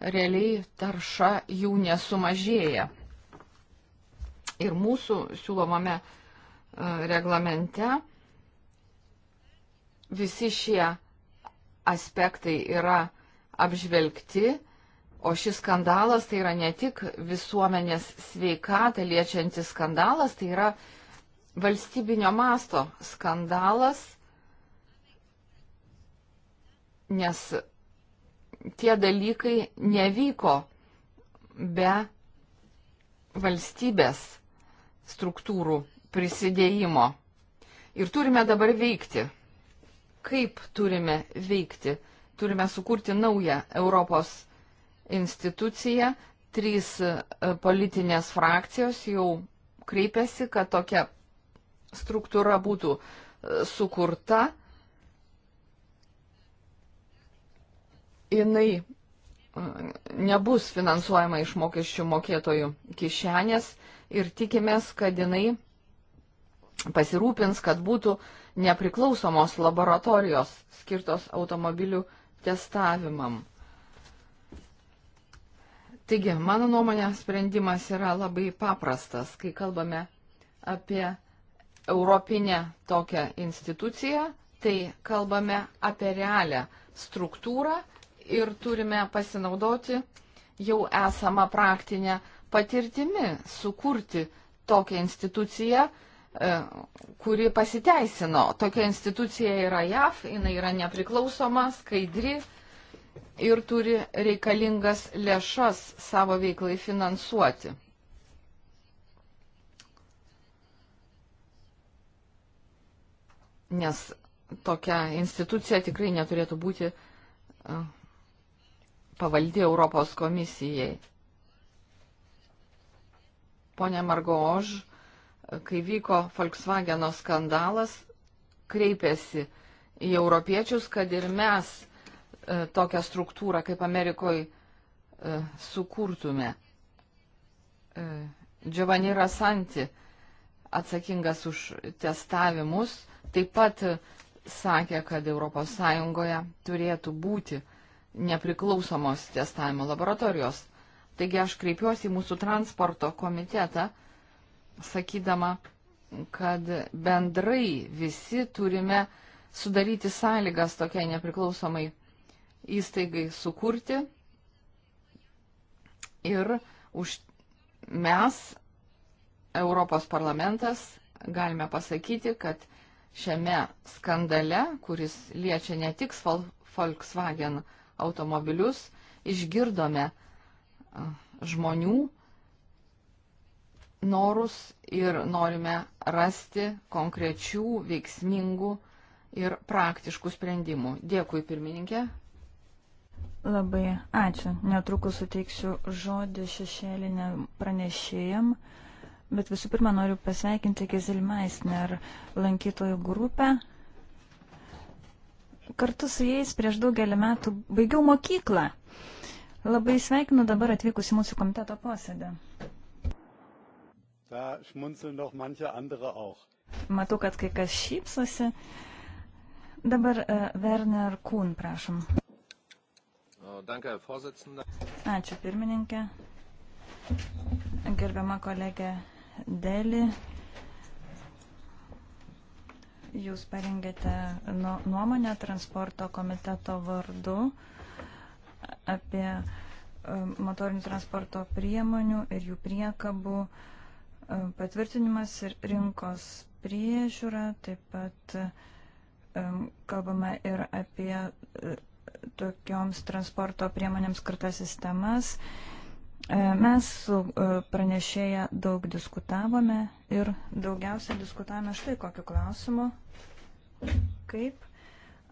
realiai tarša jų nesumažėja. Ir mūsų siūlomame e, reglamente visi šie aspektai yra apžvelgti, o šis skandalas tai yra ne tik visuomenės sveikatą liečiantis skandalas, tai yra uh, valstybinio masto skandalas, nes tie dalykai nevyko be valstybės struktūrų prisidėjimo. Ir turime dabar veikti. Kaip turime veikti? Turime sukurti naują Europos instituciją. Trys politinės frakcijos jau kreipiasi, kad tokia struktūra būtų e, sukurta, jinai e, nebus finansuojama iš mokesčių mokėtojų kišenės ir tikimės, kad jinai pasirūpins, kad būtų nepriklausomos laboratorijos skirtos automobilių testavimam. Taigi, mano nuomonė, sprendimas yra labai paprastas, kai kalbame apie europinę tokią instituciją, tai kalbame apie realią struktūrą ir turime pasinaudoti jau esamą praktinę patirtimi, sukurti tokią instituciją, e, kuri pasiteisino. Tokia institucija yra JAF, jinai yra nepriklausoma, skaidri ir turi reikalingas lėšas savo veiklai finansuoti. nes tokia institucija tikrai neturėtų būti pavaldi Europos komisijai. Pone Margož, kai vyko Volkswageno skandalas, kreipėsi į europiečius, kad ir mes e, tokią struktūrą kaip Amerikoje sukurtume. E, Giovanni Rasanti atsakingas už testavimus taip pat sakė, kad ES turėtų būti nepriklausomos testavimo laboratorijos. Taigi aš kreipiuosi į mūsų transporto komitetą, sakydama, kad bendrai visi turime sudaryti sąlygas tokiai nepriklausomai įstaigai sukurti ir už mes, Europos parlamentas, galime pasakyti, kad šiame skandale, kuris liečia ne tik Volkswagen automobilius, išgirdome žmonių norus ir norime rasti konkrečių, veiksmingų ir praktiškų sprendimų. Dėkui, pirmininkė. Labai ačiū. Netrukus suteiksiu žodį šešėlinę pranešėjam. Bet visų pirma, noriu pasveikinti Gezil Meisner lankytojų grupę. Kartu su jais prieš daugelį metų baigiau mokyklą. Labai sveikinu dabar atvykus į mūsų komiteto posėdę. Matau, kad kai kas šypsosi. Dabar uh, Werner Kuhn, prašom. Ačiū pirmininkė. Gerbiama kolegė Deli. Jūs parengėte nu, nuomonę transporto komiteto vardu apie e, motorinių transporto priemonių ir jų priekabų e, patvirtinimas ir rinkos priežiūra, taip pat e, kalbama ir apie tokioms transporto priemonėms skirtas sistemas E, mes su e, pranešėja daug diskutavome ir daugiausia diskutavome štai kokiu klausimu, kaip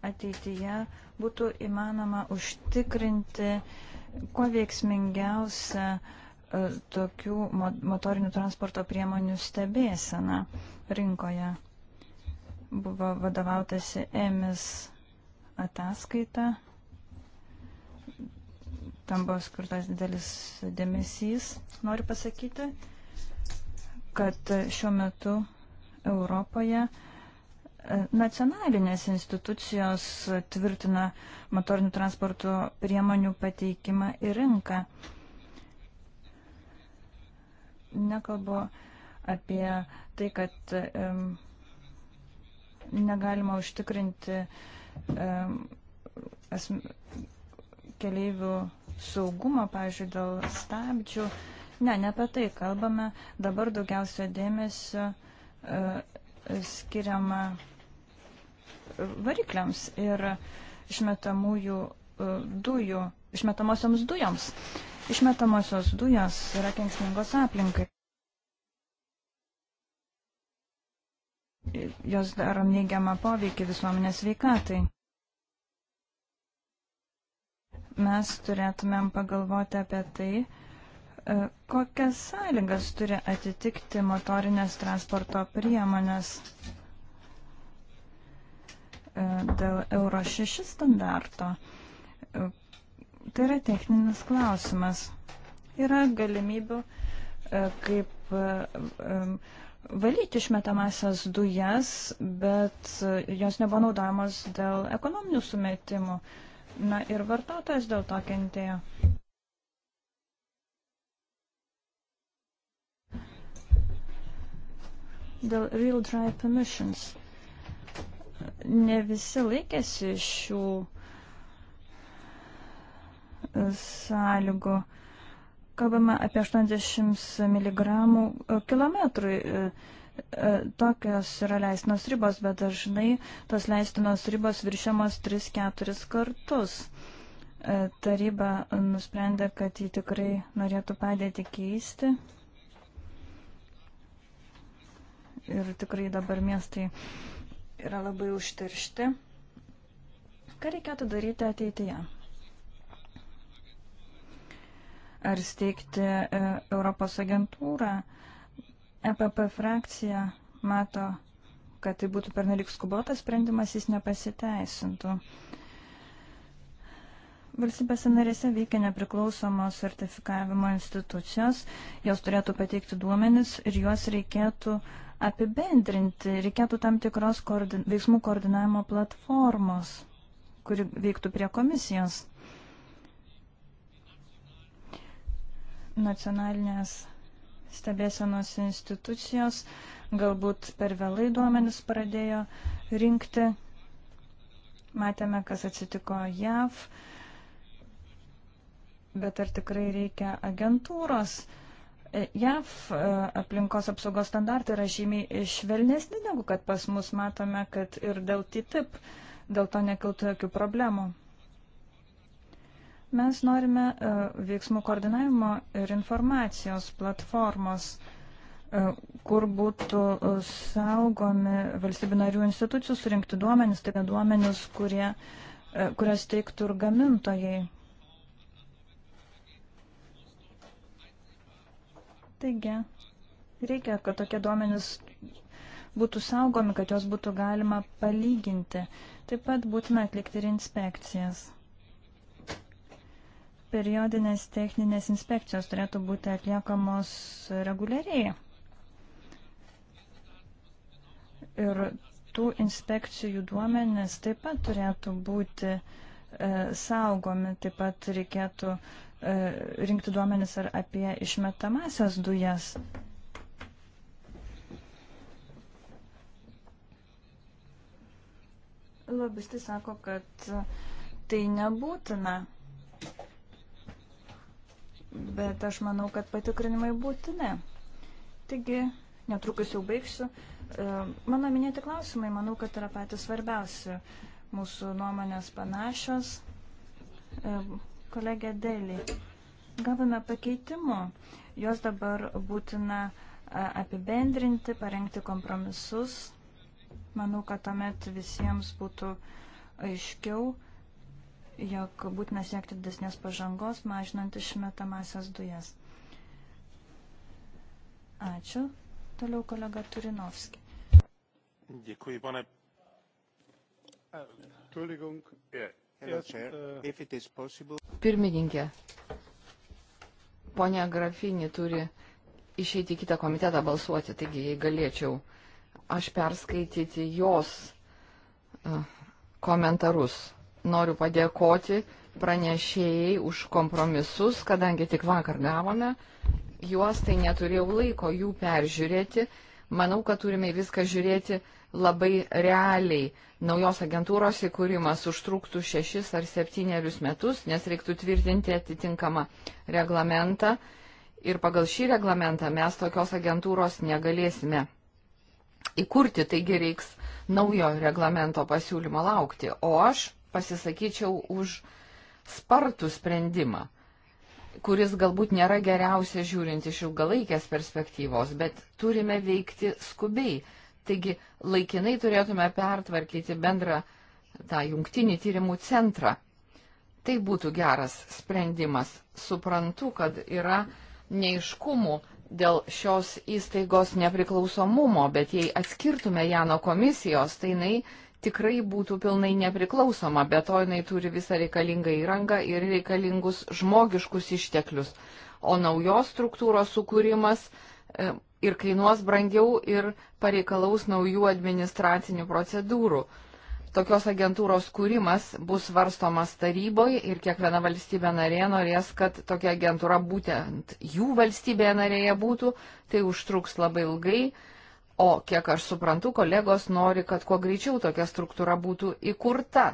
ateityje būtų įmanoma užtikrinti kuo veiksmingiausią e, tokių motorinių transporto priemonių stebėseną rinkoje. Buvo vadovautasi EMIS ataskaita tam buvo skirtas didelis dėmesys. Noriu pasakyti, kad šiuo metu Europoje e, nacionalinės institucijos tvirtina motorinių transporto priemonių pateikimą į rinką. Nekalbu apie tai, kad um, negalima užtikrinti um, asm, keleivių saugumo, pavyzdžiui, dėl stabdžių. Ne, ne apie tai kalbame. Dabar daugiausia dėmesio uh, skiriama varikliams ir išmetamųjų uh, dujų, išmetamosioms dujoms. Išmetamosios dujos yra kenksmingos aplinkai. Jos daro neigiamą poveikį visuomenės veikatai mes turėtumėm pagalvoti apie tai, e, kokias sąlygas turi atitikti motorinės transporto priemonės e, dėl Euro 6 standarto. E, tai yra techninis klausimas. Yra galimybių kaip valyti išmetamasias dujas, bet jos nebuvo naudojamos dėl ekonominių sumetimų. Na ir vartotojas dėl to kentėjo. Dėl Real Drive Permissions. Ne visi laikėsi šių e, sąlygų. Kalbame apie 80 mg e, kilometrui e, E, tokios yra leistinos ribos, bet dažnai tos leistinos ribos viršiamos 3-4 kartus. E, taryba nusprendė, kad jį tikrai norėtų padėti keisti. Ir tikrai dabar miestai yra labai užteršti. Ką reikėtų daryti ateityje? ar steigti e, Europos agentūrą EPP frakcija mato, kad tai būtų pernelik skubotas sprendimas, jis nepasiteisintų. Valstybėse narėse veikia nepriklausomos sertifikavimo institucijos, jos turėtų pateikti duomenis ir juos reikėtų apibendrinti, reikėtų tam tikros koordin veiksmų koordinavimo platformos, kuri veiktų prie komisijos. Nacionalinės stebėsenos institucijos galbūt per vėlai duomenis pradėjo rinkti. Matėme, kas atsitiko JAV, bet ar tikrai reikia agentūros? E, JAV e, aplinkos apsaugos standartai yra žymiai švelnesni negu kad pas mus matome, kad ir dėl TTIP dėl to nekiltų jokių problemų. Mes norime e, veiksmų koordinavimo ir informacijos platformos, e, kur būtų e, saugomi valstybių narių institucijų surinkti duomenys, tai yra duomenys, kurie, kurias teiktų ir gamintojai. Taigi, reikia, kad tokie duomenys būtų saugomi, kad jos būtų galima palyginti. Taip pat būtina atlikti ir inspekcijas periodinės techninės inspekcijos turėtų būti atliekamos reguliariai. Ir tų inspekcijų duomenės taip pat turėtų būti e, saugomi, taip pat reikėtų e, rinkti duomenis ir apie išmetamasias dujas. Lobistai sako, kad tai nebūtina bet aš manau, kad patikrinimai būtini. Taigi, netrukus jau baigsiu. E, mano minėti klausimai, manau, kad yra patys svarbiausi. Mūsų nuomonės panašios. E, kolegė Dėlį, gavome pakeitimų, juos dabar būtina e, apibendrinti, parengti kompromisus. Manau, kad tuomet visiems būtų aiškiau, jog būtina siekti didesnės pažangos, mažinant išmetamasias dujas. Ačiū. Toliau kolega Turinovski. Dėkui, pane. E, Pirmininkė, ponia Grafinė turi išeiti į kitą komitetą balsuoti, taigi jei galėčiau aš perskaityti jos e, komentarus noriu padėkoti pranešėjai už kompromisus, kadangi tik vakar gavome juos, tai neturėjau laiko jų peržiūrėti. Manau, kad turime viską žiūrėti labai realiai. Naujos agentūros įkūrimas užtruktų šešis ar septynerius metus, nes reiktų tvirtinti atitinkamą reglamentą. Ir pagal šį reglamentą mes tokios agentūros negalėsime įkurti, taigi reiks naujo reglamento pasiūlymo laukti. O aš pasisakyčiau už spartų sprendimą, kuris galbūt nėra geriausia žiūrint iš ilgalaikės perspektyvos, bet turime veikti skubiai. Taigi laikinai turėtume pertvarkyti bendrą tą jungtinį tyrimų centrą. Tai būtų geras sprendimas. Suprantu, kad yra neiškumų dėl šios įstaigos nepriklausomumo, bet jei atskirtume ją nuo komisijos, tai jinai tikrai būtų pilnai nepriklausoma, bet to jinai turi visą reikalingą įrangą ir reikalingus žmogiškus išteklius. O naujos struktūros sukūrimas e, ir kainuos brangiau ir pareikalaus naujų administracinių procedūrų. Tokios agentūros kūrimas bus varstomas taryboje ir kiekviena valstybė narė norės, kad tokia agentūra būtent jų valstybėje narėje būtų, tai užtruks labai ilgai O kiek aš suprantu, kolegos nori, kad kuo greičiau tokia struktūra būtų įkurta.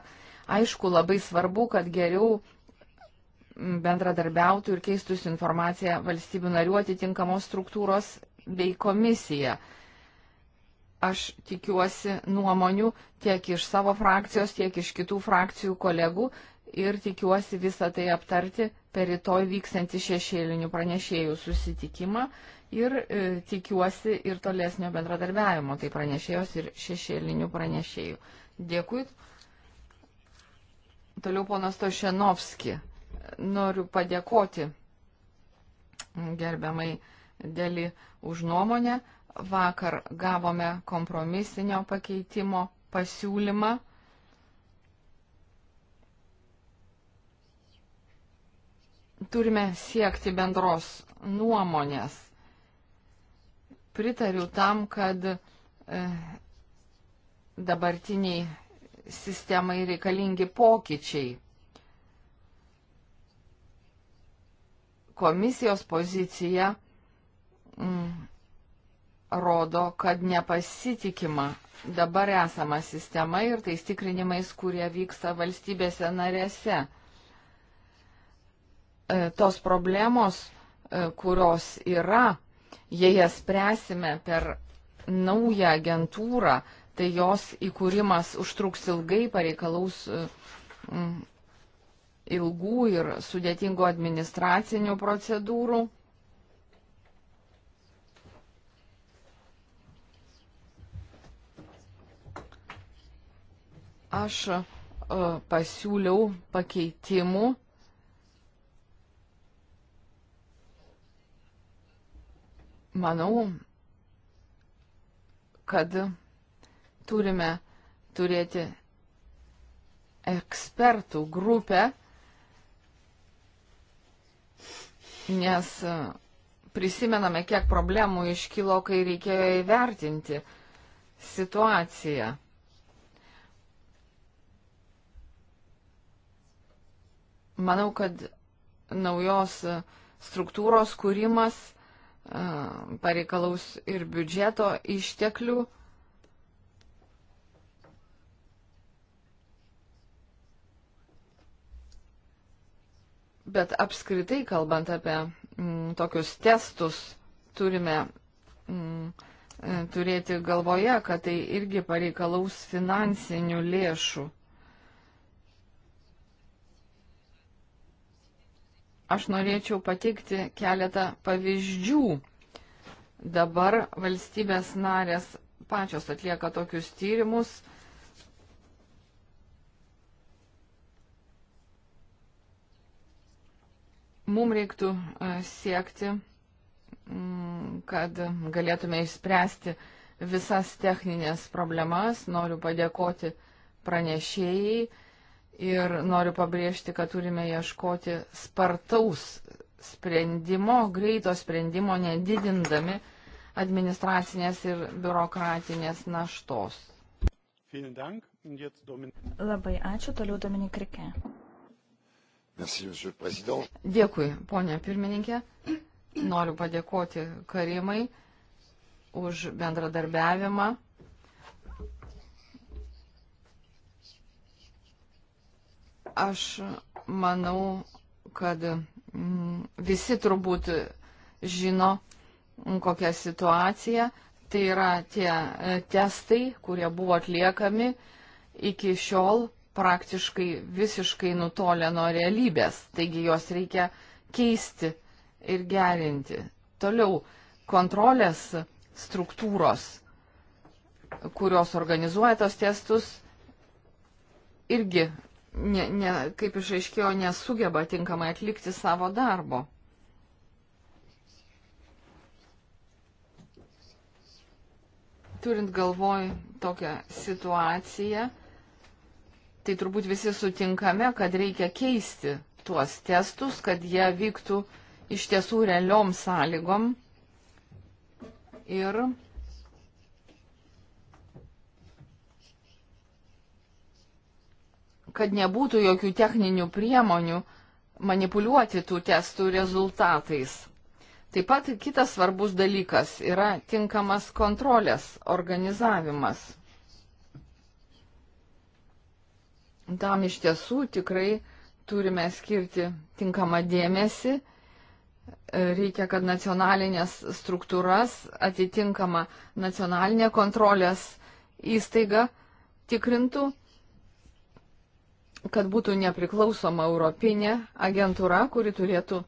Aišku, labai svarbu, kad geriau bendradarbiautų ir keistus informaciją valstybių narių atitinkamos struktūros bei komisija. Aš tikiuosi nuomonių tiek iš savo frakcijos, tiek iš kitų frakcijų kolegų ir tikiuosi visą tai aptarti per rytoj vyksantį šešėlinių pranešėjų susitikimą ir e, tikiuosi ir tolesnio bendradarbiavimo, tai pranešėjos ir šešėlinių pranešėjų. Dėkui. Toliau ponas Tošenovski. Noriu padėkoti gerbiamai dėlį už nuomonę. Vakar gavome kompromisinio pakeitimo pasiūlymą. Turime siekti bendros nuomonės pritariu tam, kad e, dabartiniai sistemai reikalingi pokyčiai. Komisijos pozicija mm, rodo, kad nepasitikima dabar esama sistema ir tais tikrinimais, kurie vyksta valstybėse narėse. E, tos problemos, e, kurios yra Jei jas spręsime per naują agentūrą, tai jos įkūrimas užtruks ilgai, pareikalaus e, ilgų ir sudėtingų administracinių procedūrų. Aš e, pasiūliau pakeitimų manau, kad turime turėti ekspertų grupę, nes prisimename, kiek problemų iškilo, kai reikėjo įvertinti situaciją. Manau, kad naujos struktūros kūrimas pareikalaus ir biudžeto išteklių. Bet apskritai, kalbant apie m, mm, tokius testus, turime m, mm, e, turėti galvoje, kad tai irgi pareikalaus finansinių lėšų. Aš norėčiau pateikti keletą pavyzdžių. Dabar valstybės narės pačios atlieka tokius tyrimus. Mums reiktų e, siekti, mm, kad galėtume išspręsti visas techninės problemas. Noriu padėkoti pranešėjai Ir noriu pabrėžti, kad turime ieškoti spartaus sprendimo, greito sprendimo, nedidindami administracinės ir biurokratinės naštos. Labai ačiū, toliau Dominik Rikė. Dėkui, ponė pirmininkė. Noriu padėkoti Karimai už bendradarbiavimą Aš manau, kad mm, visi turbūt žino, mm, kokia situacija. Tai yra tie e, testai, kurie buvo atliekami iki šiol praktiškai visiškai nutolę nuo realybės. Taigi juos reikia keisti ir gerinti. Toliau kontrolės struktūros, kurios organizuoja tos testus, irgi ne, ne, kaip išaiškėjo, nesugeba tinkamai atlikti savo darbo. Turint galvoj tokią situaciją, tai turbūt visi sutinkame, kad reikia keisti tuos testus, kad jie vyktų iš tiesų realiom sąlygom. Ir kad nebūtų jokių techninių priemonių manipuliuoti tų testų rezultatais. Taip pat kitas svarbus dalykas yra tinkamas kontrolės organizavimas. Tam iš tiesų tikrai turime skirti tinkamą dėmesį. Reikia, kad nacionalinės struktūras atitinkama nacionalinė kontrolės įstaiga tikrintų kad būtų nepriklausoma europinė agentūra, kuri turėtų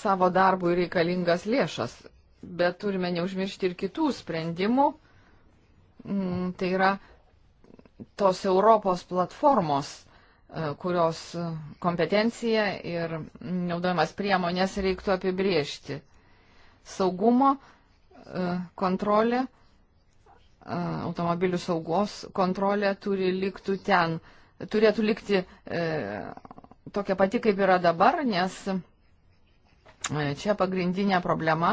savo darbui reikalingas lėšas. Bet turime neužmiršti ir kitų sprendimų. Mm, tai yra tos Europos platformos, e, kurios kompetencija ir naudojamas priemonės reiktų apibriežti. Saugumo e, kontrolė, e, automobilių saugos kontrolė turi liktų ten turėtų likti e, tokia pati, kaip yra dabar, nes e, čia pagrindinė problema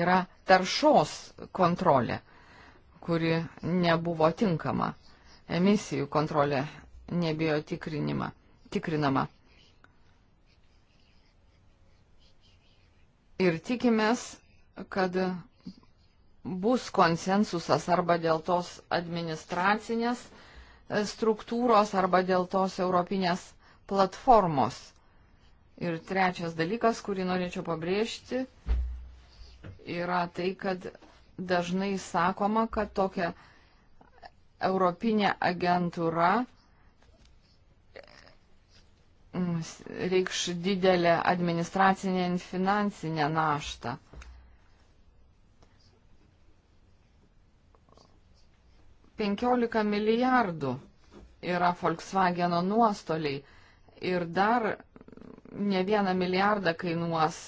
yra taršos kontrolė, kuri nebuvo tinkama, emisijų kontrolė nebijo tikrinama. Ir tikimės, kad bus konsensusas arba dėl tos administracinės, uh, struktūros arba dėl tos europinės platformos. Ir trečias dalykas, kurį norėčiau pabrėžti, yra tai, kad dažnai sakoma, kad tokia europinė agentūra mm, reikš didelę administracinę ir finansinę naštą. 15 milijardų yra Volkswageno nuostoliai ir dar ne vieną milijardą kainuos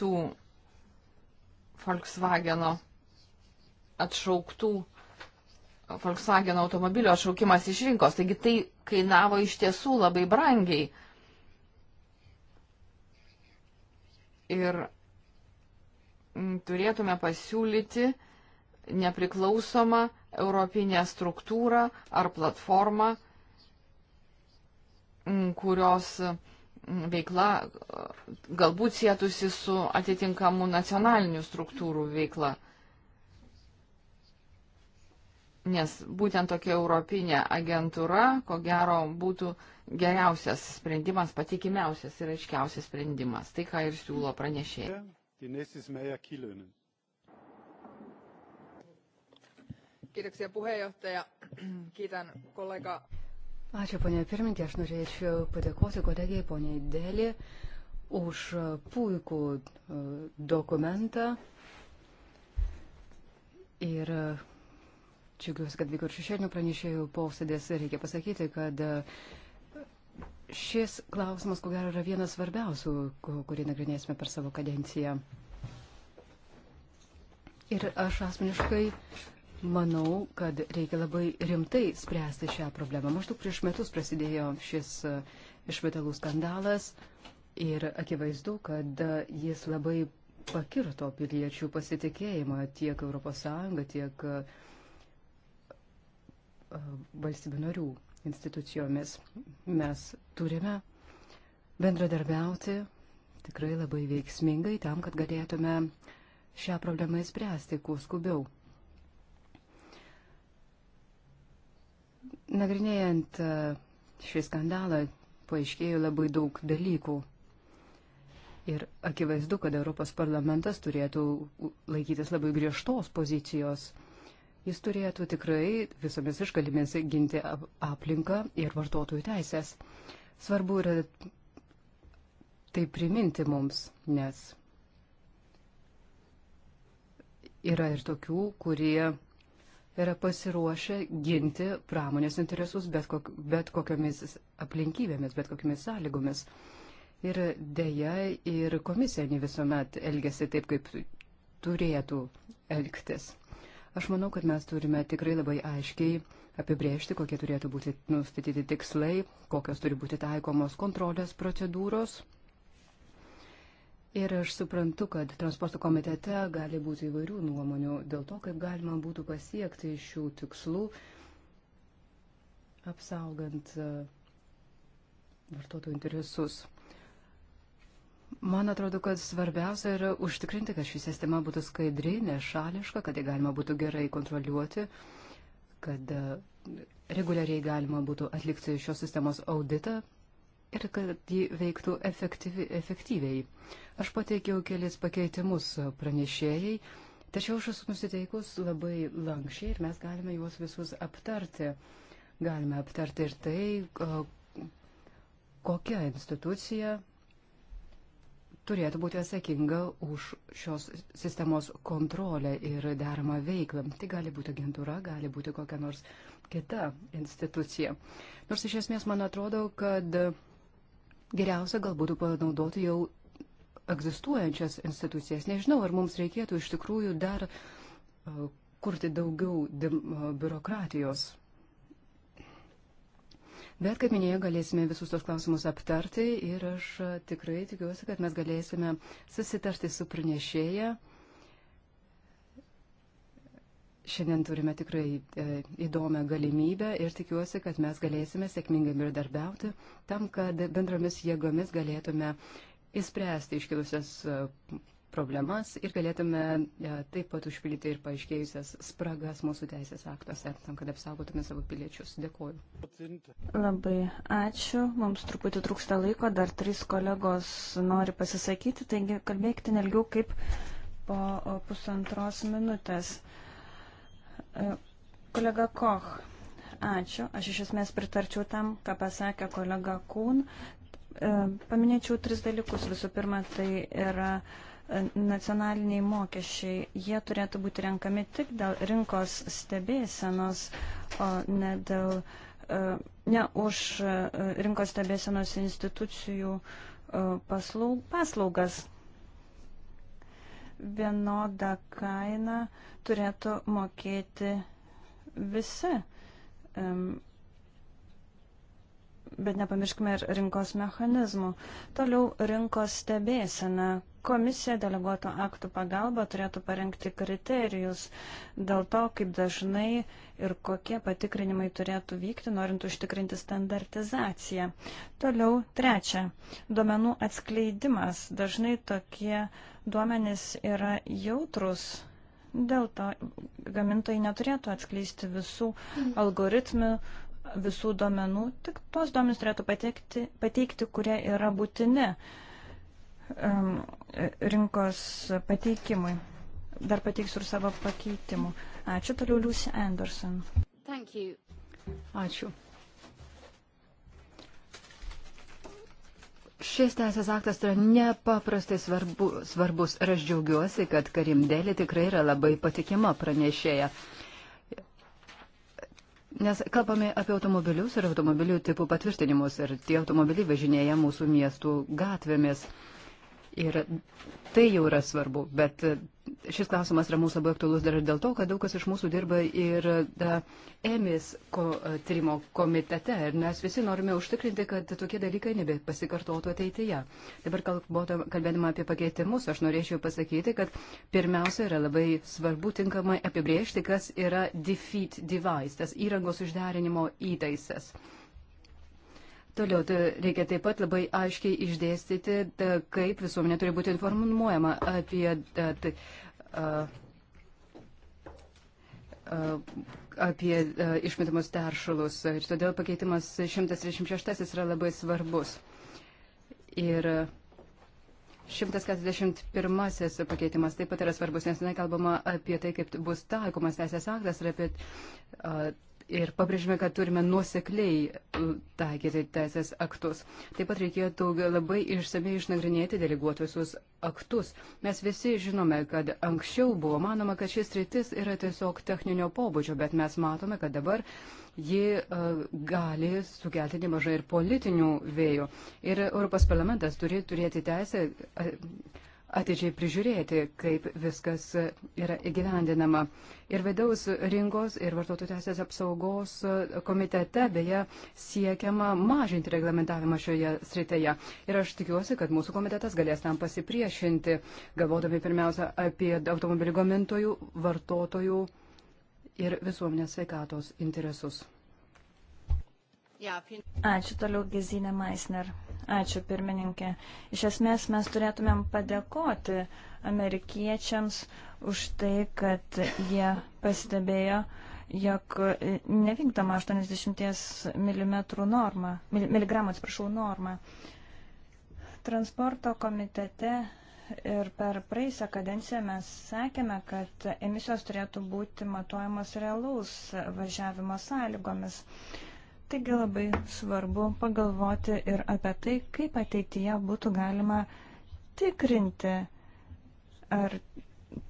tų Volkswageno atšauktų, Volkswageno automobilio atšaukimas iš rinkos. Taigi tai kainavo iš tiesų labai brangiai. Ir turėtume pasiūlyti, nepriklausomą europinę struktūrą ar platformą, kurios veikla e, galbūt sėtusi su atitinkamu nacionaliniu struktūrų veikla. Nes būtent tokia europinė agentūra, ko gero, būtų geriausias sprendimas, patikimiausias ir aiškiausias sprendimas. Tai ką ir siūlo pranešėjai. Kiitoksia puheenjohtaja. Kiitän kollega. Ačiū, ponė pirmintė. Aš norėčiau padėkoti kolegijai, poniai Dėlį, už puikų e, dokumentą. Ir e, džiugiuosi, kad vyko ir šešėlinių pranešėjų posėdės. Reikia pasakyti, kad e, šis klausimas, ko gero, yra vienas svarbiausių, kurį nagrinėsime per savo kadenciją. Ir aš asmeniškai Manau, kad reikia labai rimtai spręsti šią problemą. Maždaug prieš metus prasidėjo šis e, išmetalų skandalas ir akivaizdu, kad e, jis labai pakirto piliečių pasitikėjimą tiek ES, tiek e, valstybių narių institucijomis. Mes turime bendradarbiauti tikrai labai veiksmingai tam, kad galėtume šią problemą įspręsti kuo skubiau. Nagrinėjant e, šį skandalą, paaiškėjo labai daug dalykų. Ir akivaizdu, kad Europos parlamentas turėtų laikytis labai griežtos pozicijos. Jis turėtų tikrai visomis išgalimis ginti aplinką ir vartotojų teisės. Svarbu yra tai priminti mums, nes yra ir tokių, kurie yra pasiruošę ginti pramonės interesus bet, kok, bet kokiamis aplinkybėmis, bet kokiamis sąlygomis. Ir dėja, ir komisija ne visuomet elgesi taip, kaip turėtų elgtis. Aš manau, kad mes turime tikrai labai aiškiai apibrėžti, kokie turėtų būti nustatyti tikslai, kokios turi būti taikomos kontrolės procedūros Ir aš suprantu, kad transporto komitete gali būti įvairių nuomonių dėl to, kaip galima būtų pasiekti šių tikslų, apsaugant e, vartotojų interesus. Man atrodo, kad svarbiausia yra užtikrinti, kad ši sistema būtų skaidri, nešališka, kad jį galima būtų gerai kontroliuoti, kad e, reguliariai galima būtų atlikti šios sistemos auditą, ir kad ji veiktų efektyviai. Aš pateikiau kelis pakeitimus pranešėjai, tačiau aš esu nusiteikus labai lankščiai ir mes galime juos visus aptarti. Galime aptarti ir tai, kokia institucija turėtų būti atsakinga už šios sistemos kontrolę ir deramą veiklą. Tai gali būti agentūra, gali būti kokia nors kita institucija. Nors iš esmės man atrodo, kad uh, geriausia gal būtų panaudoti jau egzistuojančias institucijas. Nežinau, ar mums reikėtų iš tikrųjų dar e, kurti daugiau e, biurokratijos. Bet, kaip minėjau, galėsime visus tos klausimus aptarti ir aš tikrai tikiuosi, kad mes galėsime susitarti su pranešėja Šiandien turime tikrai e, įdomią galimybę ir tikiuosi, kad mes galėsime sėkmingai ir darbiauti tam, kad bendromis jėgomis galėtume įspręsti iškilusias e, problemas ir galėtume e, taip pat užpildyti ir paaiškėjusias spragas mūsų teisės aktuose, tam, kad apsaugotume savo piliečius. Dėkuoju. Labai ačiū. Mums truputį trūksta laiko, dar trys kolegos nori pasisakyti, taigi kalbėkite nelgiau kaip po pusantros minutės. E, kolega Koch, ačiū. Aš iš esmės pritarčiau tam, ką pasakė kolega Kūn. E, paminėčiau tris dalykus. Visų pirma, tai yra e, nacionaliniai mokesčiai. Jie turėtų būti renkami tik dėl rinkos stebėsenos, o ne dėl, ne už rinkos stebėsenos institucijų paslaugas vienodą kainą turėtų mokėti visi. Bet nepamirškime ir rinkos mechanizmų. Toliau rinkos stebėsena. Komisija deleguoto aktų pagalba turėtų parengti kriterijus dėl to, kaip dažnai ir kokie patikrinimai turėtų vykti, norint užtikrinti standartizaciją. Toliau trečia. Duomenų atskleidimas. Dažnai tokie uh, duomenys yra jautrus, dėl to gamintojai neturėtų atskleisti visų algoritmų, visų duomenų, tik tuos duomenys turėtų pateikti, pateikti kurie yra būtini um, rinkos pateikimui. Dar pateiksiu ir savo pakeitimų. Ačiū toliau, Liusi Anderson. Ačiū. Šis teisės aktas yra nepaprastai svarbu, svarbus ir aš džiaugiuosi, kad Karimdėlė tikrai yra labai patikima pranešėja. Nes kalbame apie automobilius ir automobilių tipų patvirtinimus ir tie automobiliai važinėja mūsų miestų gatvėmis. Ir tai jau yra svarbu, bet e, šis klausimas yra mums labai aktualus dar ir dėl to, kad daug kas iš mūsų dirba ir e, EMIS ko, e, tyrimo komitete ir mes visi norime užtikrinti, kad tokie dalykai nebepasikartotų ateityje. Dabar kalbėdama apie pakeitimus, aš norėčiau pasakyti, kad pirmiausia yra labai svarbu tinkamai apibriežti, kas yra defeat device, tas įrangos uždarinimo įtaisas. Toliau tai reikia taip pat labai aiškiai išdėstyti, da, kaip visuomenė turi būti informuojama apie da, t, tai, a, a, apie a, išmetamus teršalus. Ir todėl pakeitimas 136 yra labai svarbus. Ir 141 pakeitimas taip pat yra svarbus, nes nekalbama apie tai, kaip bus taikomas teisės aktas ir apie Ir pabrėžime, kad turime nuosekliai e, taikyti teisės aktus. Taip pat reikėtų labai išsamei išnagrinėti deleguotusius aktus. Mes visi žinome, kad anksčiau buvo manoma, kad šis rytis yra tiesiog techninio pobūdžio, bet mes matome, kad dabar ji uh, gali sukelti nemažai ir politinių vėjų. Ir Europos parlamentas turi turėti teisę. Uh, atidžiai prižiūrėti, kaip viskas yra įgyvendinama. Ir vidaus rinkos ir vartotojų teisės apsaugos komitete beje siekiama mažinti reglamentavimą šioje srityje. Ir aš tikiuosi, kad mūsų komitetas galės tam pasipriešinti, galvodami pirmiausia apie automobilių gamintojų, vartotojų ir visuomenės sveikatos interesus. Ačiū toliau, Gezinė Maisner. Ačiū, pirmininkė. Iš esmės mes turėtumėm padėkoti amerikiečiams už tai, kad jie pastebėjo, jog nevykdama 80 mm norma, miligramų atsiprašau, norma. Transporto komitete ir per praeisę kadenciją mes sakėme, kad emisijos turėtų būti matuojamos realaus važiavimo sąlygomis. Taigi labai svarbu pagalvoti ir apie tai, kaip ateityje būtų galima tikrinti, ar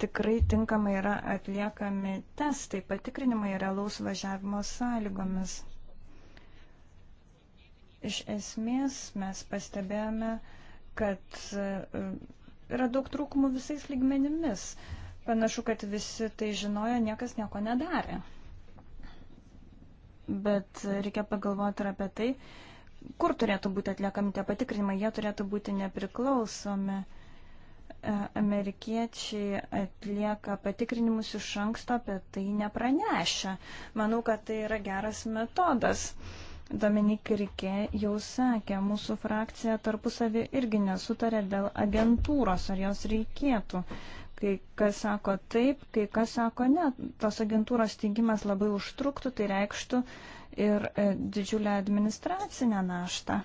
tikrai tinkamai yra atliekami testai, patikrinimai realaus važiavimo sąlygomis. Iš esmės mes pastebėjome, kad e, yra daug trūkumų visais lygmenimis. Panašu, kad visi tai žinojo, niekas nieko nedarė bet reikia pagalvoti ir apie tai, kur turėtų būti atliekami tie patikrinimai. Jie turėtų būti nepriklausomi. E, amerikiečiai atlieka patikrinimus iš anksto, apie tai nepranešia. Manau, kad tai yra geras metodas. Dominik Rikė jau sakė, mūsų frakcija tarpusavį irgi nesutarė dėl agentūros, ar jos reikėtų. Kai kas sako taip, kai kas sako ne. Tos agentūros steigimas labai užtruktų, tai reikštų ir e, didžiulę administracinę naštą.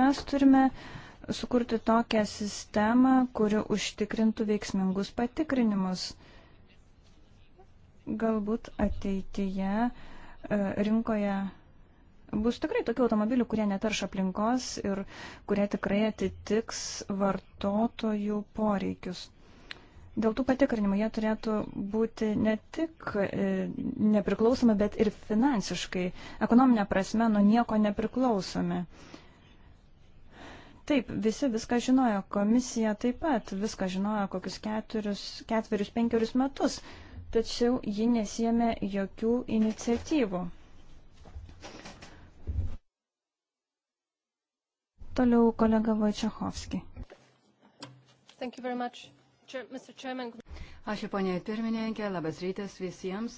Mes turime sukurti tokią sistemą, kuri užtikrintų veiksmingus patikrinimus. Galbūt ateityje e, rinkoje bus tikrai tokių automobilių, kurie netarš aplinkos ir kurie tikrai atitiks vartotojų poreikius. Dėl tų patikrinimų jie turėtų būti ne tik e, nepriklausomi, bet ir finansiškai, ekonominė prasme, nuo nieko nepriklausomi. Taip, visi viską žinojo, komisija taip pat viską žinojo kokius keturius, ketverius, penkerius metus, tačiau ji nesėmė jokių iniciatyvų. Toliau kolega Vojčiachovski. Thank you very much. Ačiū, ponė pirmininkė, labas rytas visiems.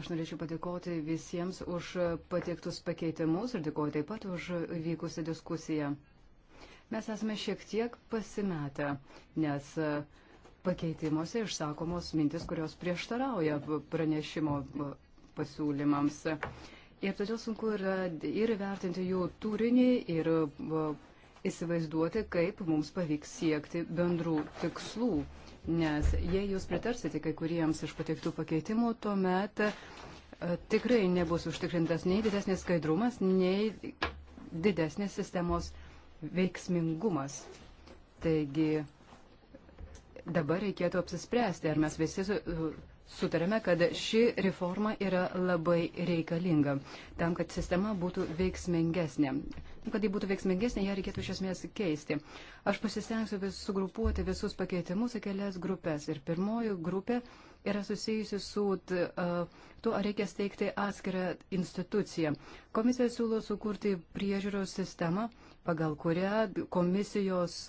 Aš norėčiau padėkoti visiems už patiektus pakeitimus ir dėkoju taip pat už vykusią diskusiją. Mes esame šiek tiek pasimetę, nes pakeitimuose išsakomos mintis, kurios prieštarauja pranešimo pasiūlymams. Ir todėl sunku yra ir vertinti jų turinį, ir įsivaizduoti, kaip mums pavyks siekti bendrų tikslų. Nes jei jūs pritarsite kai kuriems iš pateiktų pakeitimų, tuomet e, tikrai nebus užtikrintas nei didesnis skaidrumas, nei didesnis sistemos veiksmingumas. Taigi dabar reikėtų apsispręsti, ar mes visi e, sutarėme, kad ši reforma yra labai reikalinga tam, kad sistema būtų veiksmingesnė kad ji būtų veiksmingesnė, ją reikėtų iš esmės keisti. Aš pasistengsiu vis sugrupuoti visus pakeitimus į kelias grupės. Ir pirmoji grupė yra susijusi su tuo, ar reikia steigti atskirą instituciją. Komisija siūlo sukurti priežiūros sistemą, pagal kurią komisijos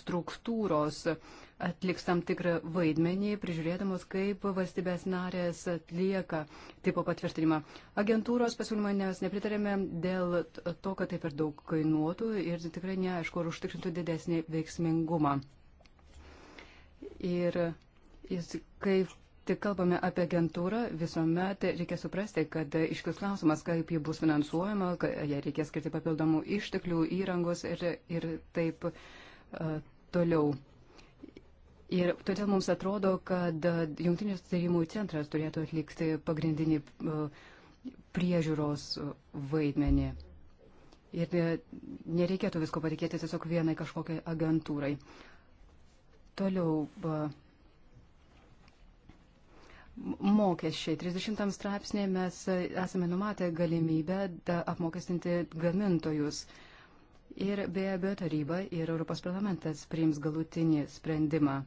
struktūros uh, atliks tam tikrą vaidmenį, prižiūrėdamos, kaip valstybės narės atlieka tipo patvirtinimą. Agentūros pasiūlymą mes nepritarėme dėl to, kad tai per daug kainuotų ir tikrai neaišku, ar užtikrintų didesnį veiksmingumą. Ir jis, kai tik kalbame apie agentūrą, visuomet reikia suprasti, kad iškils klausimas, kaip ji bus finansuojama, jai reikės skirti papildomų išteklių, įrangos ir, ir taip uh, toliau. Ir todėl mums atrodo, kad e, Junktinių tyrimų centras turėtų atlikti pagrindinį e, priežiūros e, vaidmenį. Ir nereikėtų visko patikėti tiesiog vienai kažkokiai agentūrai. Toliau mokesčiai. 30 straipsnėje mes esame numatę galimybę apmokestinti gamintojus. Ir be abejo taryba ir Europos parlamentas priims galutinį sprendimą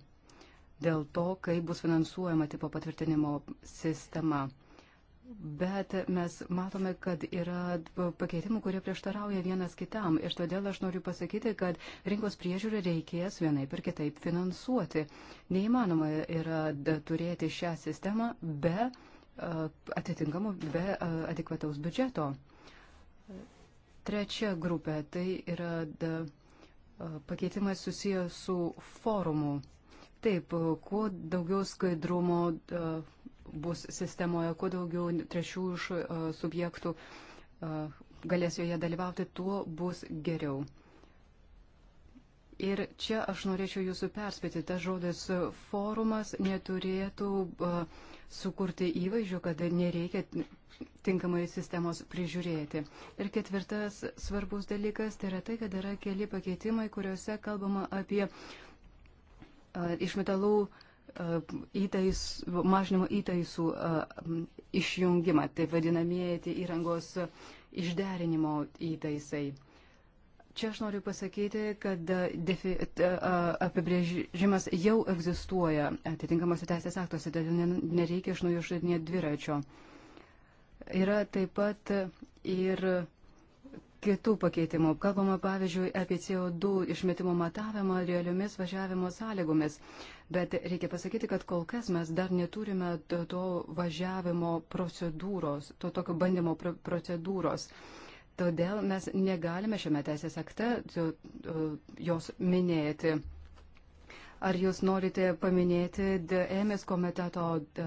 dėl to, kaip bus finansuojama tipo patvirtinimo sistema. Bet mes matome, kad yra pakeitimų, kurie prieštarauja vienas kitam. Ir todėl aš noriu pasakyti, kad rinkos priežiūrą reikės vienai per kitaip finansuoti. Neįmanoma yra turėti šią sistemą be atitinkamų, be adekvataus biudžeto. Trečia grupė tai yra pakeitimai susijęs su forumu Taip, kuo daugiau skaidrumo e, bus sistemoje, kuo daugiau trešių iš e, subjektų e, galės joje dalyvauti, tuo bus geriau. Ir čia aš norėčiau jūsų perspėti, tas žodis forumas neturėtų sukurti įvaizdžio, kad nereikia tinkamai sistemos prižiūrėti. Ir ketvirtas svarbus dalykas tai yra tai, kad yra keli pakeitimai, kuriuose kalbama apie uh, iš metalų įtais, mažinimo įtaisų išjungimą, tai vadinamieji tai įrangos išderinimo įtaisai. Čia aš noriu pasakyti, kad defi, apibrėžimas jau egzistuoja atitinkamuose teisės aktuose, todėl nereikia iš naujo išradinėti dviračio. Yra taip pat ir kitų pakeitimų. Kalbama, pavyzdžiui, apie CO2 išmetimo matavimą realiomis važiavimo sąlygomis. Bet reikia pasakyti, kad kol kas mes dar neturime to, to važiavimo procedūros, to tokio bandymo pr procedūros. Todėl mes negalime šiame teisės akte jos minėti. Ar jūs norite paminėti EMS komiteto e,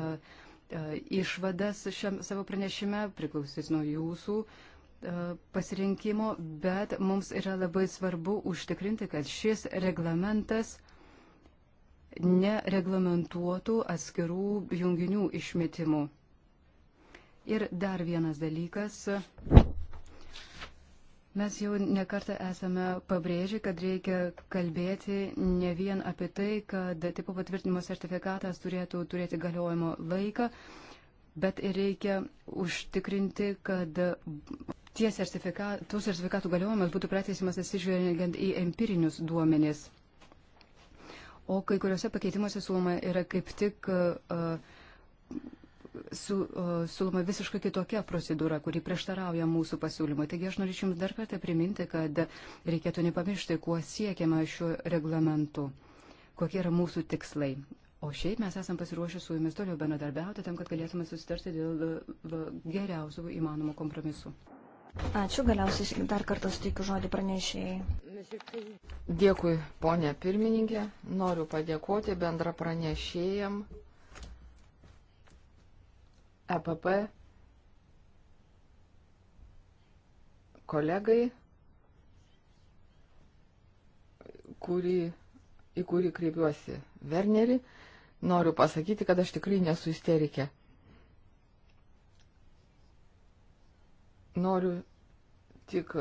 išvadas šiam savo pranešime, priklausys nuo jūsų. Uh, E, pasirinkimo, bet mums yra labai svarbu užtikrinti, kad šis reglamentas nereglamentuotų atskirų junginių išmetimų. Ir dar vienas dalykas. Mes jau nekartą esame pabrėžę, kad reikia kalbėti ne vien apie tai, kad tipo patvirtinimo sertifikatas turėtų turėti galiojimo laiką, bet ir reikia užtikrinti, kad tie sertifika, tų sertifikatų galiojimas būtų pratesimas atsižvelgiant į empirinius duomenis. O kai kuriuose pakeitimuose siūloma yra kaip tik uh, su, uh, siūloma visiškai kitokia procedūra, kuri prieštarauja mūsų pasiūlymui. Taigi aš norėčiau Jums dar kartą priminti, kad reikėtų nepamiršti, kuo siekiama šiuo reglamentu, kokie yra mūsų tikslai. O šiaip mes esam pasiruošę su Jumis toliau bendradarbiauti tam, kad galėtume susitarti dėl geriausių įmanomų kompromisų. Ačiū, galiausiai dar kartą suteikiu žodį pranešėjai. Dėkui, ponė pirmininkė. Noriu padėkoti bendra pranešėjam EPP kolegai, kurį, į kurį kreipiuosi Vernerį. Noriu pasakyti, kad aš tikrai nesu isterikė. Noriu tik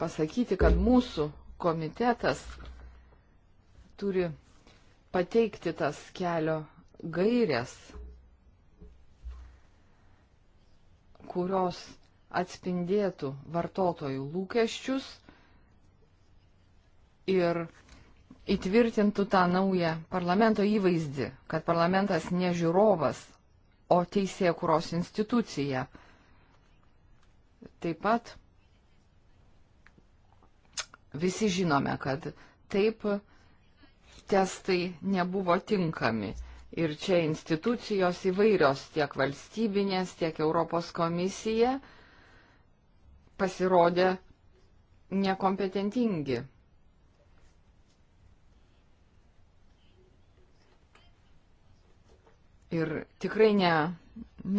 pasakyti, kad mūsų komitetas turi pateikti tas kelio gairias, kurios atspindėtų vartotojų lūkesčius ir įtvirtintų tą naują parlamento įvaizdį, kad parlamentas ne žiūrovas, o teisėkuros institucija. Taip pat visi žinome, kad taip testai nebuvo tinkami. Ir čia institucijos įvairios, tiek valstybinės, tiek Europos komisija pasirodė nekompetentingi. Ir tikrai ne,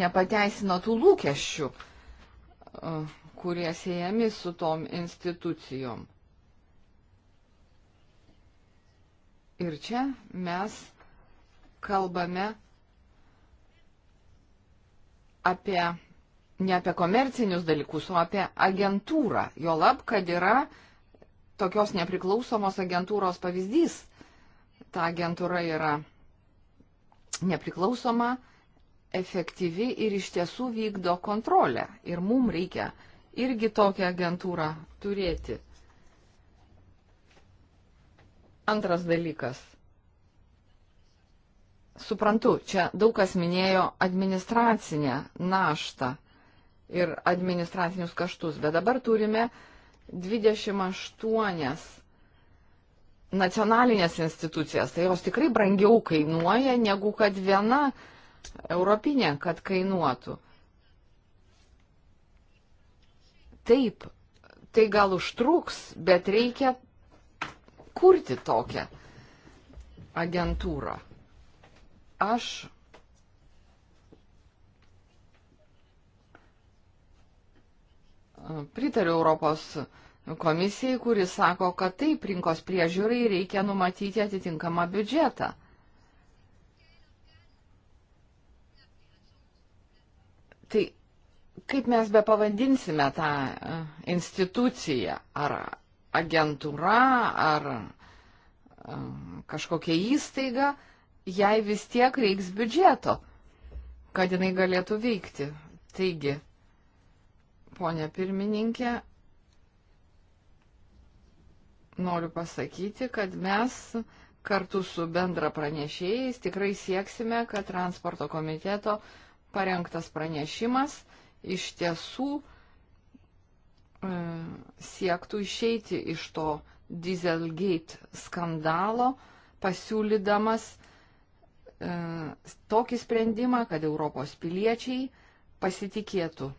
nepateisino tų lūkesčių, kurie siejami su tom institucijom. Ir čia mes kalbame apie ne apie komercinius dalykus, o apie agentūrą. Jo lab, kad yra tokios nepriklausomos agentūros pavyzdys. Ta agentūra yra nepriklausoma, efektyvi ir iš tiesų vykdo kontrolę. Ir mums reikia irgi tokią agentūrą turėti. Antras dalykas. Suprantu, čia daug kas minėjo administracinę naštą ir administracinius kaštus, bet dabar turime 28 nacionalinės institucijas, tai jos tikrai brangiau kainuoja negu kad viena uh, europinė, kad kainuotų. Taip, tai gal užtruks, bet reikia kurti tokią agentūrą. Aš pritariu Europos komisijai, kuris sako, kad taip rinkos priežiūrai reikia numatyti atitinkamą biudžetą. Tai kaip mes be pavadinsime tą e, instituciją, ar agentūra, ar e, kažkokia įstaiga, jai vis tiek reiks biudžeto, kad jinai galėtų veikti. Taigi, ponė pirmininkė, noriu pasakyti, kad mes kartu su bendra pranešėjais tikrai sieksime, kad transporto komiteto uh, parengtas pranešimas iš tiesų e, siektų išeiti iš to Dieselgate skandalo, pasiūlydamas e, tokį sprendimą, kad Europos piliečiai pasitikėtų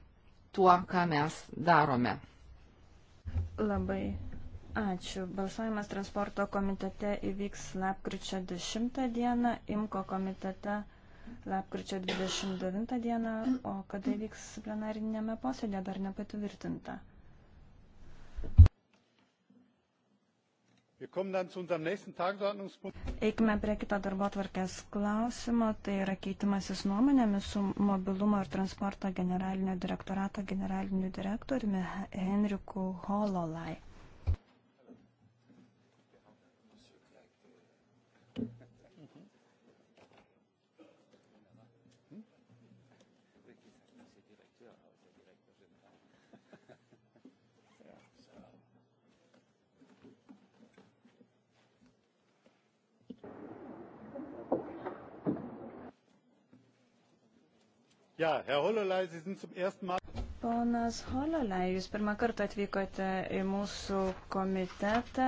tuo, ką mes darome. Labai ačiū. Balsavimas transporto komitete įvyks lapkričio 10 dieną, IMKO komitete lapkričio 29 dieną, o kada mm. vyks plenarinėme posėdė dar nepatvirtinta. Eikime prie kito darbo tvarkės klausimo, tai yra keitimasis nuomonėmis su mobilumo ir transporto generalinio direktorato generaliniu direktoriumi Henriku Hololai. Ja, Herr Hololai, Sie sind zum ersten Mal. Ponas Hololai, jūs pirmą kartą atvykote į mūsų komitetą,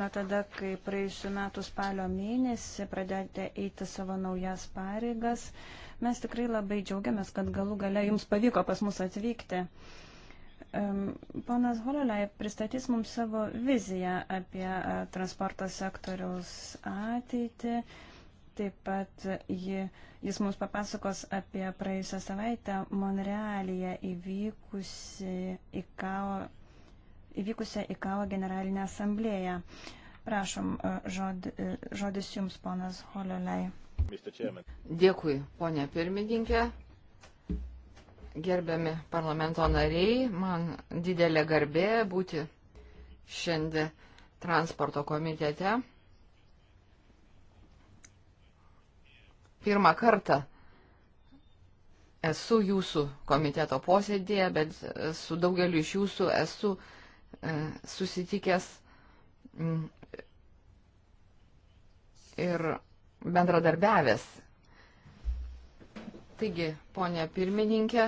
nuo tada, kai praėjusiu metu spalio mėnesį pradėjote eiti savo naujas pareigas. Mes tikrai labai džiaugiamės, kad galų gale jums pavyko pas mus atvykti. Ponas Hololai pristatys mums savo viziją apie transporto sektoriaus ateitį Taip pat ji, jis mums papasakos apie praėjusią savaitę Monrealyje įvykusią ICAO, įvykusią ICAO generalinę asamblėją. Prašom, e, žod, e, žodis jums, ponas Holiolei. Dėkui, ponė pirmininkė. Gerbiami parlamento nariai, man didelė garbė būti šiandien transporto komitete pirmą kartą esu jūsų komiteto posėdėje, bet su daugeliu iš jūsų esu e, susitikęs ir bendradarbiavęs. Taigi, ponė pirmininkė,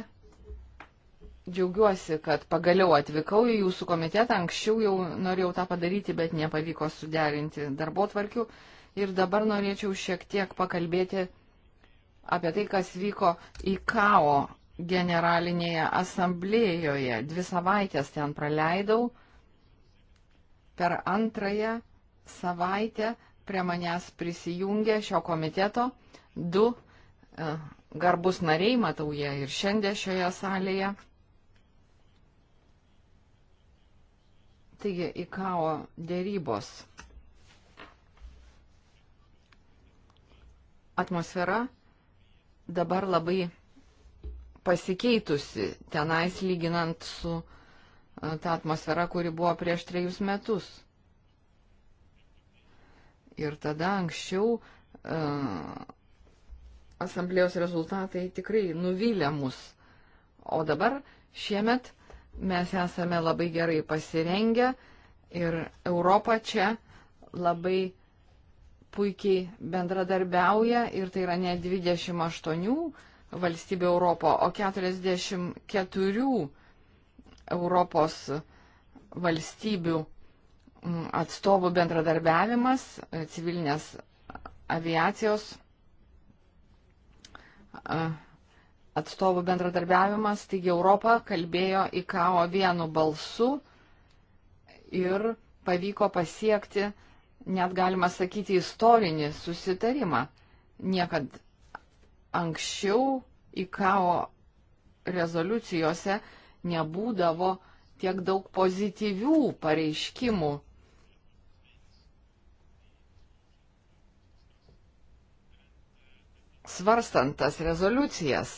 džiaugiuosi, kad pagaliau atvykau į jūsų komitetą. Anksčiau jau norėjau tą padaryti, bet nepavyko suderinti darbo tvarkių. Ir dabar norėčiau šiek tiek pakalbėti apie tai, kas vyko IKAO generalinėje asamblėjoje. Dvi savaitės ten praleidau. Per antrąją savaitę prie manęs prisijungė šio komiteto du e, garbus nariai, matau jie ir šiandien šioje salėje. Taigi, IKAO dėrybos atmosfera dabar labai pasikeitusi tenais lyginant su e, ta atmosfera, kuri buvo prieš trejus metus. Ir tada anksčiau uh, asamblėjos rezultatai tikrai nuvylė mus. O dabar šiemet mes esame labai gerai pasirengę ir Europa čia labai puikiai bendradarbiauja ir tai yra ne 28 valstybių Europo, o 44 Europos valstybių mm, atstovų bendradarbiavimas e, civilinės aviacijos atstovų bendradarbiavimas, taigi Europa kalbėjo į KO vienu balsu ir pavyko pasiekti uh, net galima sakyti, istorinį susitarimą. Niekad anksčiau IKAO rezoliucijose nebūdavo tiek daug pozityvių pareiškimų. Svarstant tas rezoliucijas,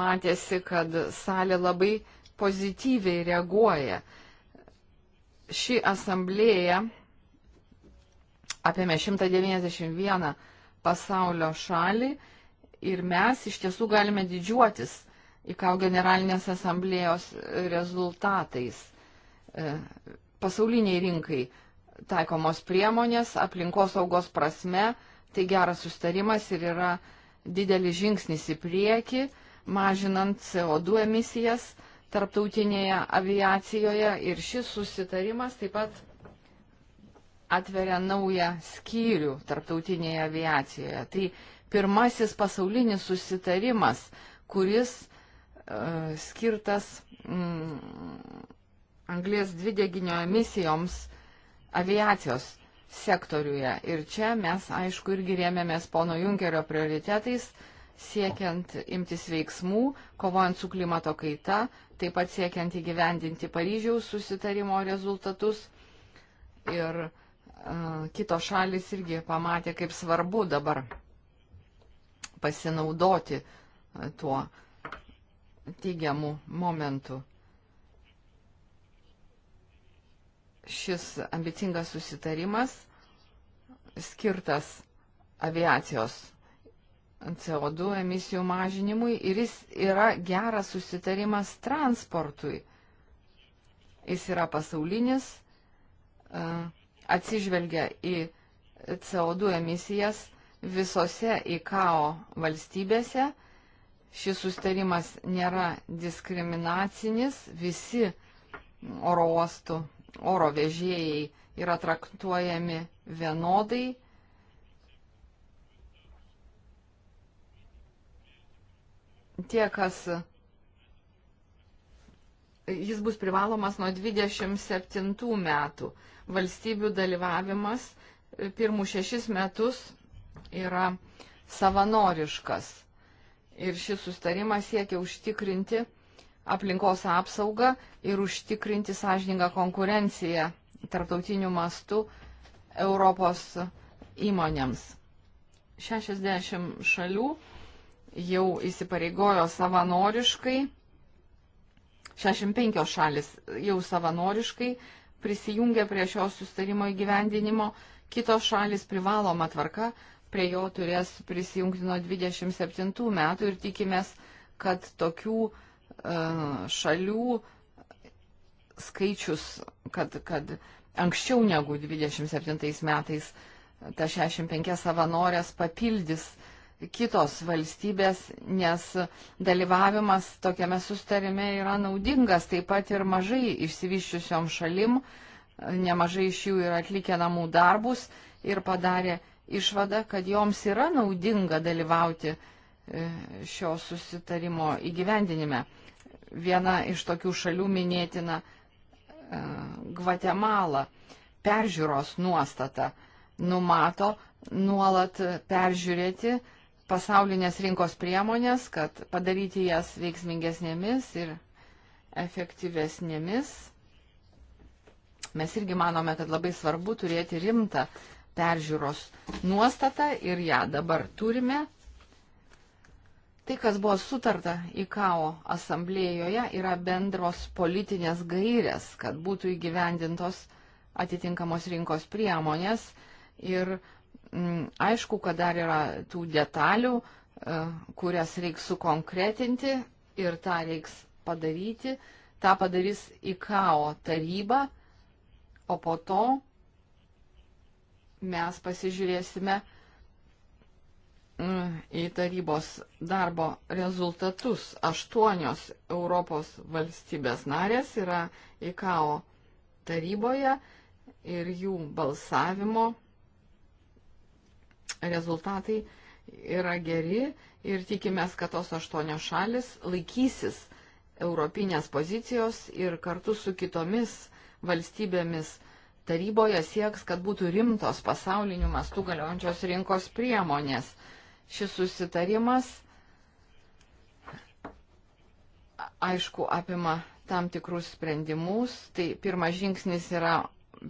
matėsi, kad salė labai pozityviai reaguoja. Ši asamblėja apėmė 191 pasaulio šalį ir mes iš tiesų galime didžiuotis IKAU generalinės asamblėjos rezultatais. E, pasauliniai rinkai taikomos priemonės aplinkos saugos prasme, tai geras sustarimas ir yra didelis žingsnis į priekį, mažinant CO2 emisijas tarptautinėje aviacijoje ir šis susitarimas taip pat atveria naują skyrių tarptautinėje aviacijoje. Tai pirmasis pasaulinis susitarimas, kuris uh, skirtas mm, anglės dvideginio emisijoms aviacijos sektoriuje. Ir čia mes, aišku, irgi rėmėmės pono Junkerio prioritetais, siekiant imtis veiksmų, kovojant su klimato kaita, taip pat siekiant įgyvendinti Paryžiaus susitarimo rezultatus. Ir uh, kitos šalis irgi pamatė, kaip svarbu dabar pasinaudoti tuo teigiamu momentu. Šis ambicingas susitarimas skirtas aviacijos CO2 emisijų mažinimui ir jis yra geras susitarimas transportui. Jis yra pasaulinis, uh, atsižvelgia į CO2 emisijas visose IKAO valstybėse. Šis sustarimas nėra diskriminacinis, visi oro uostų, oro vežėjai yra traktuojami vienodai. Tie, kas jis bus privalomas nuo 27 metų. Valstybių dalyvavimas e, pirmus šešis metus yra savanoriškas. Ir šis sustarimas siekia užtikrinti aplinkos apsaugą ir užtikrinti sąžiningą konkurenciją tarptautiniu mastu Europos įmonėms. 60 šalių jau įsipareigojo savanoriškai 65 šalis jau savanoriškai prisijungia prie šio sustarimo įgyvendinimo, kitos šalis privaloma tvarka prie jo turės prisijungti nuo 27 metų ir tikimės, kad tokių e, šalių skaičius, kad, kad anksčiau negu 27 metais ta 65 savanorės papildys kitos valstybės, nes dalyvavimas tokiame sustarime yra naudingas taip pat ir mažai išsivyščiusiom šalim, nemažai iš jų yra atlikę namų darbus ir padarė išvadą, kad joms yra naudinga dalyvauti e, šio susitarimo įgyvendinime. Viena iš tokių šalių minėtina e, Gvatemala peržiūros nuostata numato nuolat peržiūrėti pasaulinės rinkos priemonės, kad padaryti jas veiksmingesnėmis ir efektyvesnėmis. Mes irgi manome, kad labai svarbu turėti rimtą peržiūros nuostatą ir ją dabar turime. Tai, kas buvo sutarta IKAO asamblėjoje, yra bendros politinės gairės, kad būtų įgyvendintos atitinkamos rinkos priemonės ir Mm, aišku, kad dar yra tų detalių, e, kurias reiks sukonkretinti ir tą reiks padaryti. Ta padarys IKAO taryba, o po to mes pasižiūrėsime mm, į tarybos darbo rezultatus. Aštuonios Europos valstybės narės yra IKAO taryboje ir jų balsavimo rezultatai yra geri ir tikimės, kad tos aštuonios šalis laikysis europinės pozicijos ir kartu su kitomis valstybėmis taryboje sieks, kad būtų rimtos pasaulinių mastų galiojančios rinkos priemonės. Šis susitarimas, aišku, apima tam tikrus sprendimus. Tai pirmas žingsnis yra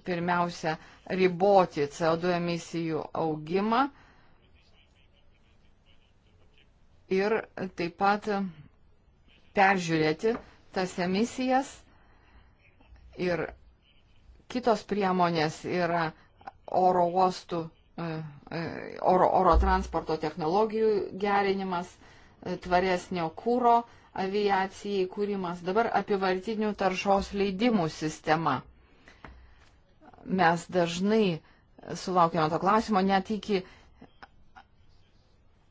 pirmiausia riboti CO2 emisijų augimą ir taip pat peržiūrėti tas emisijas ir kitos priemonės yra oro uostų, e, e, oro, oro transporto technologijų gerinimas, e, tvaresnio kūro aviacijai kūrimas, dabar apivartinių taršos leidimų sistema mes dažnai sulaukėme to klausimo net iki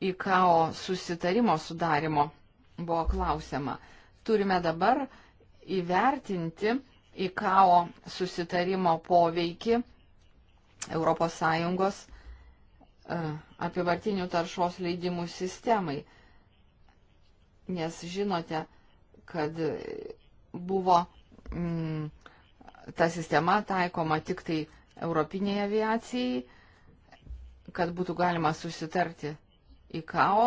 IKO susitarimo sudarimo buvo klausima. Turime dabar įvertinti IKO susitarimo poveikį ES e, apivartinių taršos leidimų sistemai. Nes žinote, kad buvo mm, ta sistema taikoma tik tai europiniai aviacijai, kad būtų galima susitarti į KAO,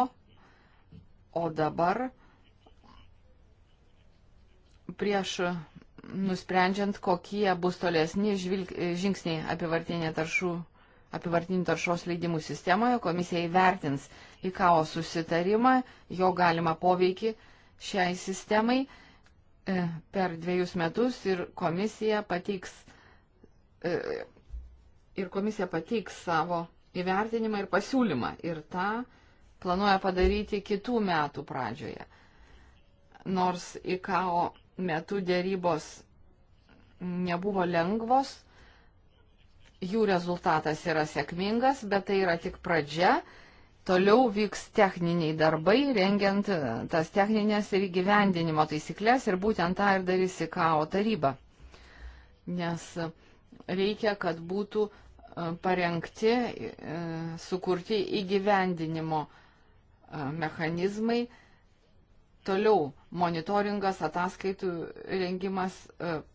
o dabar prieš nusprendžiant, kokie bus tolesni žvilg, žingsniai apivartinė taršų apivartinių taršos leidimų sistemoje komisija įvertins į KAO susitarimą, jo galima poveikį šiai sistemai E, per dviejus metus ir komisija patiks, e, ir komisija patiks savo įvertinimą ir pasiūlymą. Ir tą planuoja padaryti kitų metų pradžioje. Nors IKO metu dėrybos nebuvo lengvos, jų rezultatas yra sėkmingas, bet tai yra tik pradžia Toliau vyks techniniai darbai, rengiant e, tas techninės ir įgyvendinimo taisyklės ir būtent tą ir darys IKAO taryba. Nes reikia, kad būtų e, parengti, e, sukurti įgyvendinimo mechanizmai, toliau monitoringas, ataskaitų rengimas,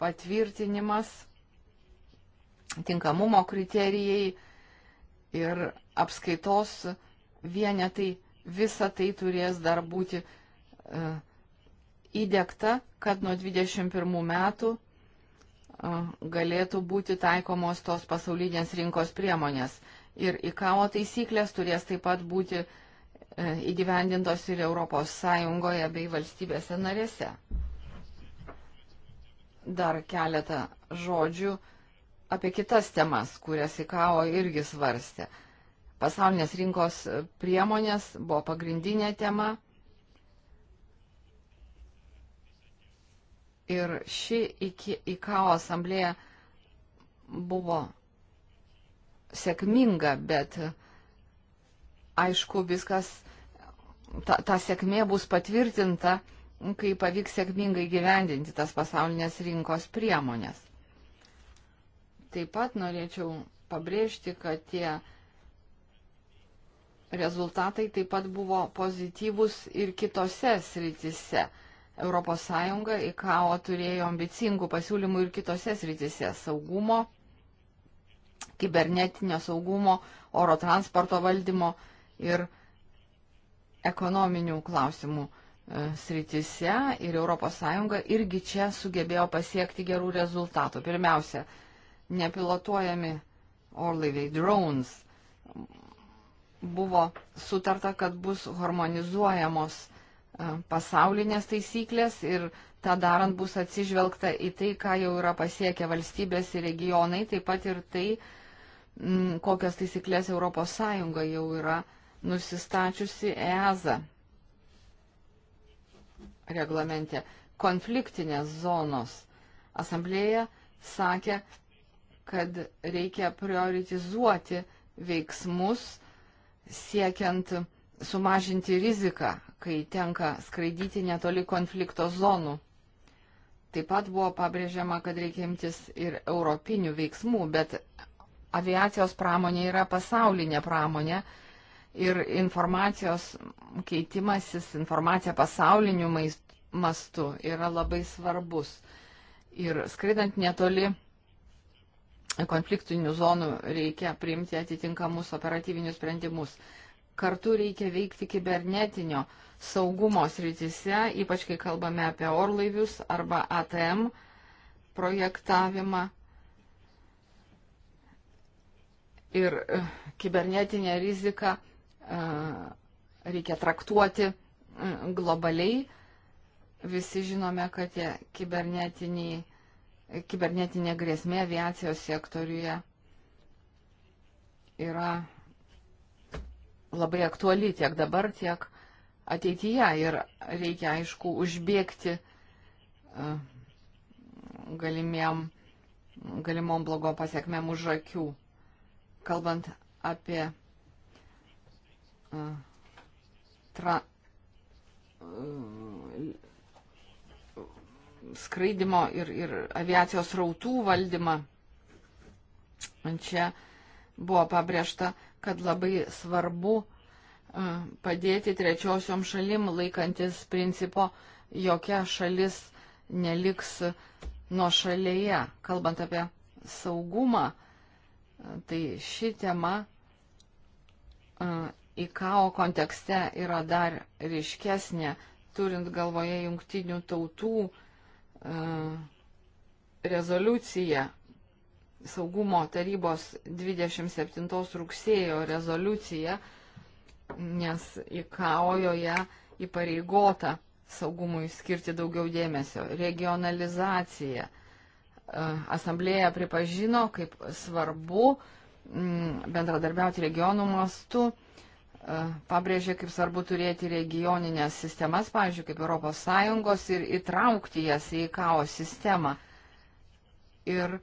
patvirtinimas, tinkamumo kriterijai ir apskaitos kriterijai vienetai, visa tai turės dar būti uh, įdėkta, kad nuo 21 metų uh, galėtų būti taikomos tos pasaulinės rinkos priemonės. Ir ICAO taisyklės turės taip pat būti uh, įgyvendintos ir ES bei valstybėse narėse. Dar keletą žodžių apie kitas temas, kurias ICAO irgi svarstė. Pasaulinės rinkos priemonės buvo pagrindinė tema. Ir ši IKAO asamblėja buvo sėkminga, bet aišku, viskas, ta, ta sėkmė bus patvirtinta, kai pavyks sėkmingai gyvendinti tas pasaulinės rinkos priemonės. Taip pat norėčiau pabrėžti, kad tie Rezultatai taip pat buvo pozityvus ir kitose sritise. ES į KAO turėjo ambicingų pasiūlymų ir kitose sritise - saugumo, kibernetinio saugumo, oro transporto valdymo ir ekonominių klausimų e, sritise ir ES irgi čia sugebėjo pasiekti gerų rezultatų. Pirmiausia, nepilotuojami orlaiviai, drones buvo sutarta, kad bus harmonizuojamos e, pasaulinės taisyklės ir tą darant bus atsižvelgta į tai, ką jau yra pasiekę valstybės ir regionai, taip pat ir tai, kokias taisyklės ES jau yra nusistačiusi EASA reglamente. Konfliktinės zonos asamblėje sakė, kad reikia prioritizuoti veiksmus, siekiant sumažinti riziką, kai tenka skraidyti netoli konflikto zonų. Taip pat buvo pabrėžiama, kad reikia imtis ir europinių veiksmų, bet aviacijos pramonė yra pasaulinė pramonė ir informacijos keitimasis, informacija pasauliniu mastu yra labai svarbus. Ir skraidant netoli konfliktinių zonų reikia priimti atitinkamus operatyvinius sprendimus. Kartu reikia veikti kibernetinio saugumo srityse, ypač kai kalbame apie orlaivius arba ATM projektavimą. Ir e, kibernetinę riziką e, reikia traktuoti e, globaliai. Visi žinome, kad tie kibernetiniai kibernetinė grėsmė aviacijos sektoriuje yra labai aktuali tiek dabar, tiek ateityje ir reikia, aišku, užbėgti e, galimiem, galimom blogo pasiekmėm už akių. Kalbant apie e, tra, e, skraidimo ir, ir aviacijos rautų valdymą. Čia buvo pabrėžta, kad labai svarbu e, padėti trečiosiom šalim laikantis principo, jokia šalis neliks nuo šalyje. Kalbant apie saugumą, e, tai ši tema e, IKAO kontekste yra dar ryškesnė, turint galvoje jungtinių tautų uh, rezoliucija, saugumo tarybos 27 rugsėjo rezoliucija, nes įkaojoje įpareigota saugumui skirti daugiau dėmesio. Regionalizacija. Asamblėja pripažino, kaip svarbu bendradarbiauti regionų mastu, E, pabrėžė, kaip svarbu turėti regioninės sistemas, pavyzdžiui, kaip ES ir įtraukti jas į KAO sistemą. Ir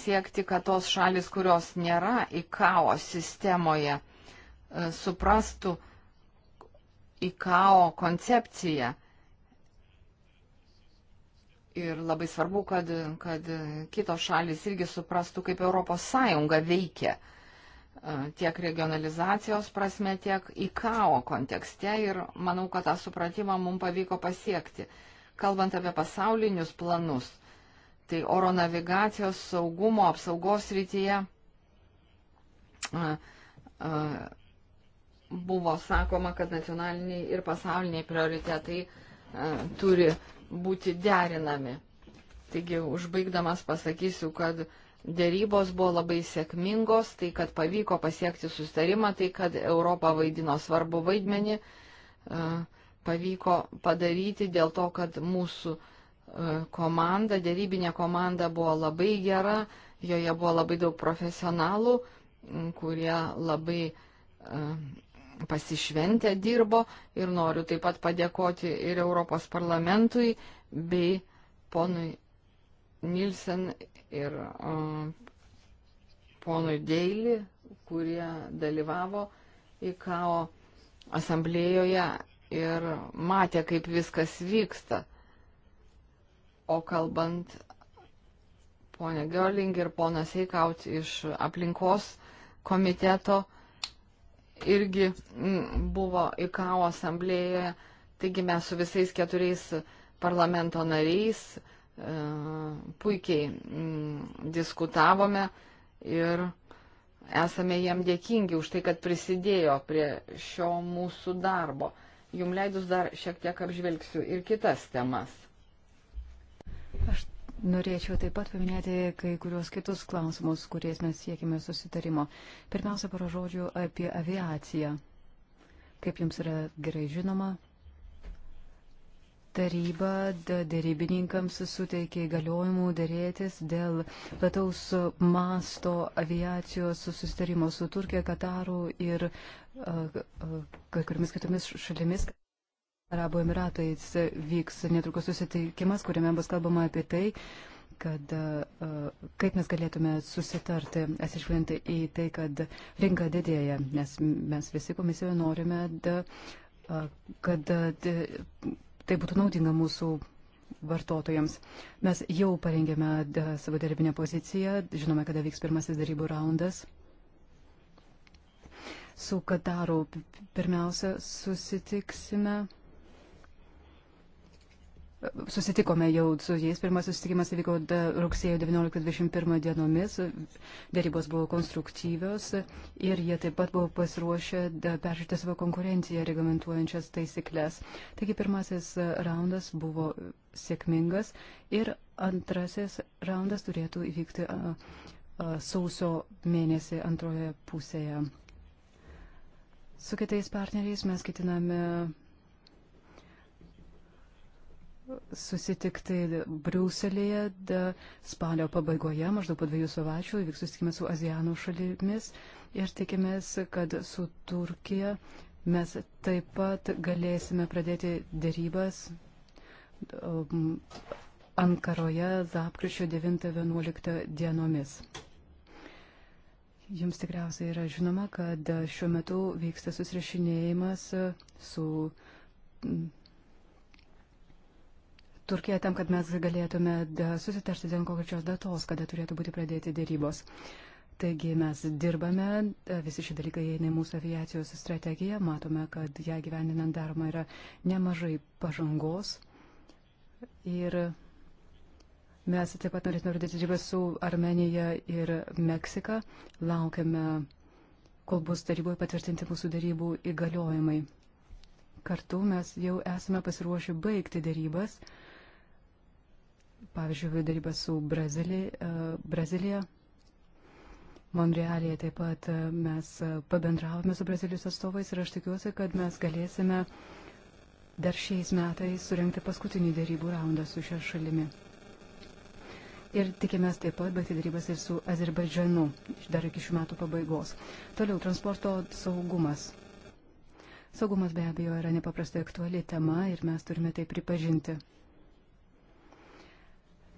siekti, kad tos šalis, kurios nėra į KAO sistemoje, e, suprastų į KAO koncepciją. Ir labai svarbu, kad, kad kitos šalis irgi suprastų, kaip ES veikia. Uh, tiek regionalizacijos prasme, tiek IKAO kontekste ir manau, kad tą supratimą mums pavyko pasiekti. Kalbant apie pasaulinius planus, tai oro navigacijos saugumo apsaugos rytyje buvo sakoma, kad nacionaliniai ir pasauliniai prioritetai turi būti derinami. Taigi, užbaigdamas pasakysiu, kad uh, Dėrybos buvo labai sėkmingos, tai kad pavyko pasiekti sustarimą, tai kad Europa vaidino svarbu vaidmenį, e, pavyko padaryti dėl to, kad mūsų e, komanda, dėrybinė komanda buvo labai gera, joje buvo labai daug profesionalų, kurie labai e, pasišventę dirbo ir noriu taip pat padėkoti ir Europos parlamentui bei ponui Nilsen ir ponui Deilį, kurie dalyvavo IKAO asamblėjoje ir matė, kaip viskas vyksta. O kalbant, ponė Görling ir ponas Eikaut iš aplinkos komiteto irgi buvo IKAO asamblėje, taigi mes su visais keturiais parlamento nariais puikiai mm, diskutavome ir esame jam dėkingi už tai, kad prisidėjo prie šio mūsų darbo. Jum leidus dar šiek tiek apžvelgsiu ir kitas temas. Aš norėčiau taip pat paminėti kai kurios kitus klausimus, kuriais mes siekime susitarimo. Pirmiausia, poro žodžių apie aviaciją. Kaip jums yra gerai žinoma, taryba dėrybininkams suteikė įgaliojimų dėrėtis dėl plataus masto aviacijos susitarimo su Turkija, Kataru ir kai kuriamis kitomis šalimis. Arabų Emiratais vyks netrukus susitikimas, kuriame bus kalbama apie tai, kad kaip mes galėtume susitarti, atsižvelgiant į tai, kad rinka didėja, nes mes visi komisijoje norime, da, kad da, Tai būtų naudinga mūsų vartotojams. Mes jau parengėme e, savo darbinę poziciją, žinome, kada vyks pirmasis darybų raundas. Su Kataru pirmiausia susitiksime. Susitikome jau su jais, pirmas susitikimas įvyko rugsėjo 19-21 dienomis, dėrybos buvo konstruktyvios ir jie taip pat buvo pasiruošę peržiūrėti savo konkurenciją reglamentuojančias taisyklės. Taigi pirmasis raundas buvo sėkmingas ir antrasis raundas turėtų įvykti a, a, sausio mėnesį antroje pusėje. Su kitais partneriais mes ketiname susitikti Briuselėje spalio pabaigoje, maždaug po dviejų savaičių, vyks susitikimas su Azijanų šalimis ir tikimės, kad su Turkija mes taip pat galėsime pradėti dėrybas um, Ankaroje lapkričio 9-11 dienomis. Jums tikriausiai yra žinoma, kad šiuo metu vyksta susirašinėjimas su Turkiją tam, kad mes galėtume susitarti dėl konkrečios datos, kada turėtų būti pradėti dėrybos. Taigi mes dirbame, visi šie dalykai įeina į mūsų aviacijos strategiją, matome, kad ją gyveninant daroma yra nemažai pažangos. Ir mes taip pat norėtume pradėti dėrybas su Armenija ir Meksika, laukiame, kol bus taryboje patvirtinti mūsų darybų įgaliojimai. Kartu mes jau esame pasiruošę baigti dėrybas pavyzdžiui, darybas su e, Brazilija. Monrealėje taip pat e, mes e, pabendravome su Brazilijos atstovais ir aš tikiuosi, kad mes galėsime dar šiais metais surinkti paskutinį darybų raundą su šia šalimi. Ir tikimės taip pat baigti darybas ir su Azerbaidžanu dar iki šių metų pabaigos. Toliau transporto saugumas. Saugumas be abejo yra nepaprastai aktuali tema ir mes turime tai pripažinti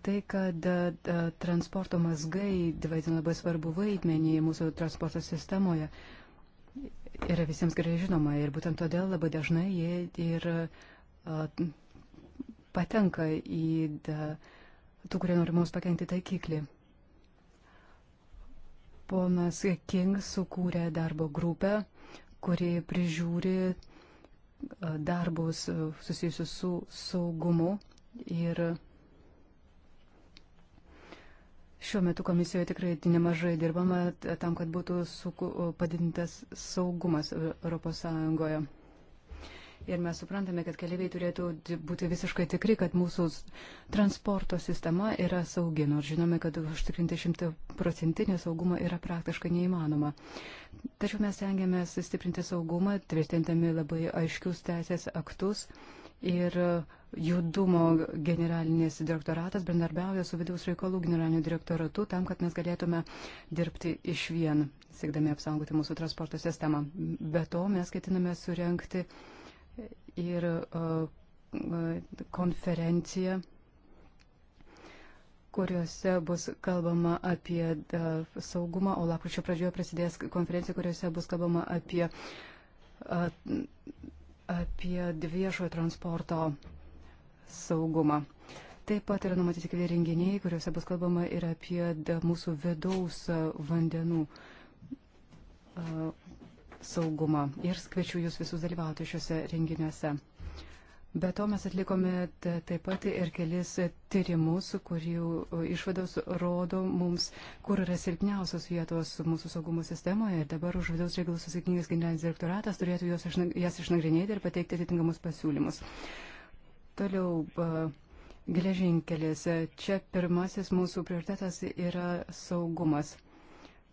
tai, kad e, e, transporto mazgai vaidina labai svarbu vaidmenį mūsų transporto sistemoje, yra visiems gerai žinoma ir būtent todėl labai dažnai jie ir e, patenka į tų, kurie nori mums pakengti taikiklį. Ponas King sukūrė darbo grupę, kuri prižiūri darbus susijusius su saugumu ir Šiuo metu komisijoje tikrai nemažai dirbama tam, kad būtų padidintas saugumas ES. Ir mes suprantame, kad keliaiviai turėtų būti visiškai tikri, kad mūsų transporto sistema yra saugi, nors žinome, kad užtikrinti šimtaprocentinį saugumą yra praktiškai neįmanoma. Tačiau mes tengiamės stiprinti saugumą, tvirtintami labai aiškius teisės aktus. Uh, ir e, judumo generalinis direktoratas bendarbiauja su vidaus reikalų generaliniu direktoratu tam, kad mes galėtume dirbti iš vien, siekdami apsaugoti mūsų transporto sistemą. Be to mes ketiname surenkti ir e, e, konferenciją kuriuose bus kalbama apie saugumą, o lapkričio pradžioje prasidės konferencija, kuriuose bus kalbama apie apie viešojo transporto saugumą. Taip pat yra numatyti keli renginiai, kuriuose bus kalbama ir apie mūsų vidaus vandenų saugumą. Ir kviečiu jūs visus dalyvauti šiuose renginiuose. Be to mes atlikome taip pat ir kelis tyrimus, kurių išvados rodo mums, kur yra silpniausios vietos mūsų saugumo sistemoje. Ir dabar už vidaus reikalų susiekingas generalinis direktoratas turėtų jas išnagrinėti ir pateikti atitinkamus pasiūlymus. Toliau. Geležinkelis. Čia pirmasis mūsų prioritetas yra saugumas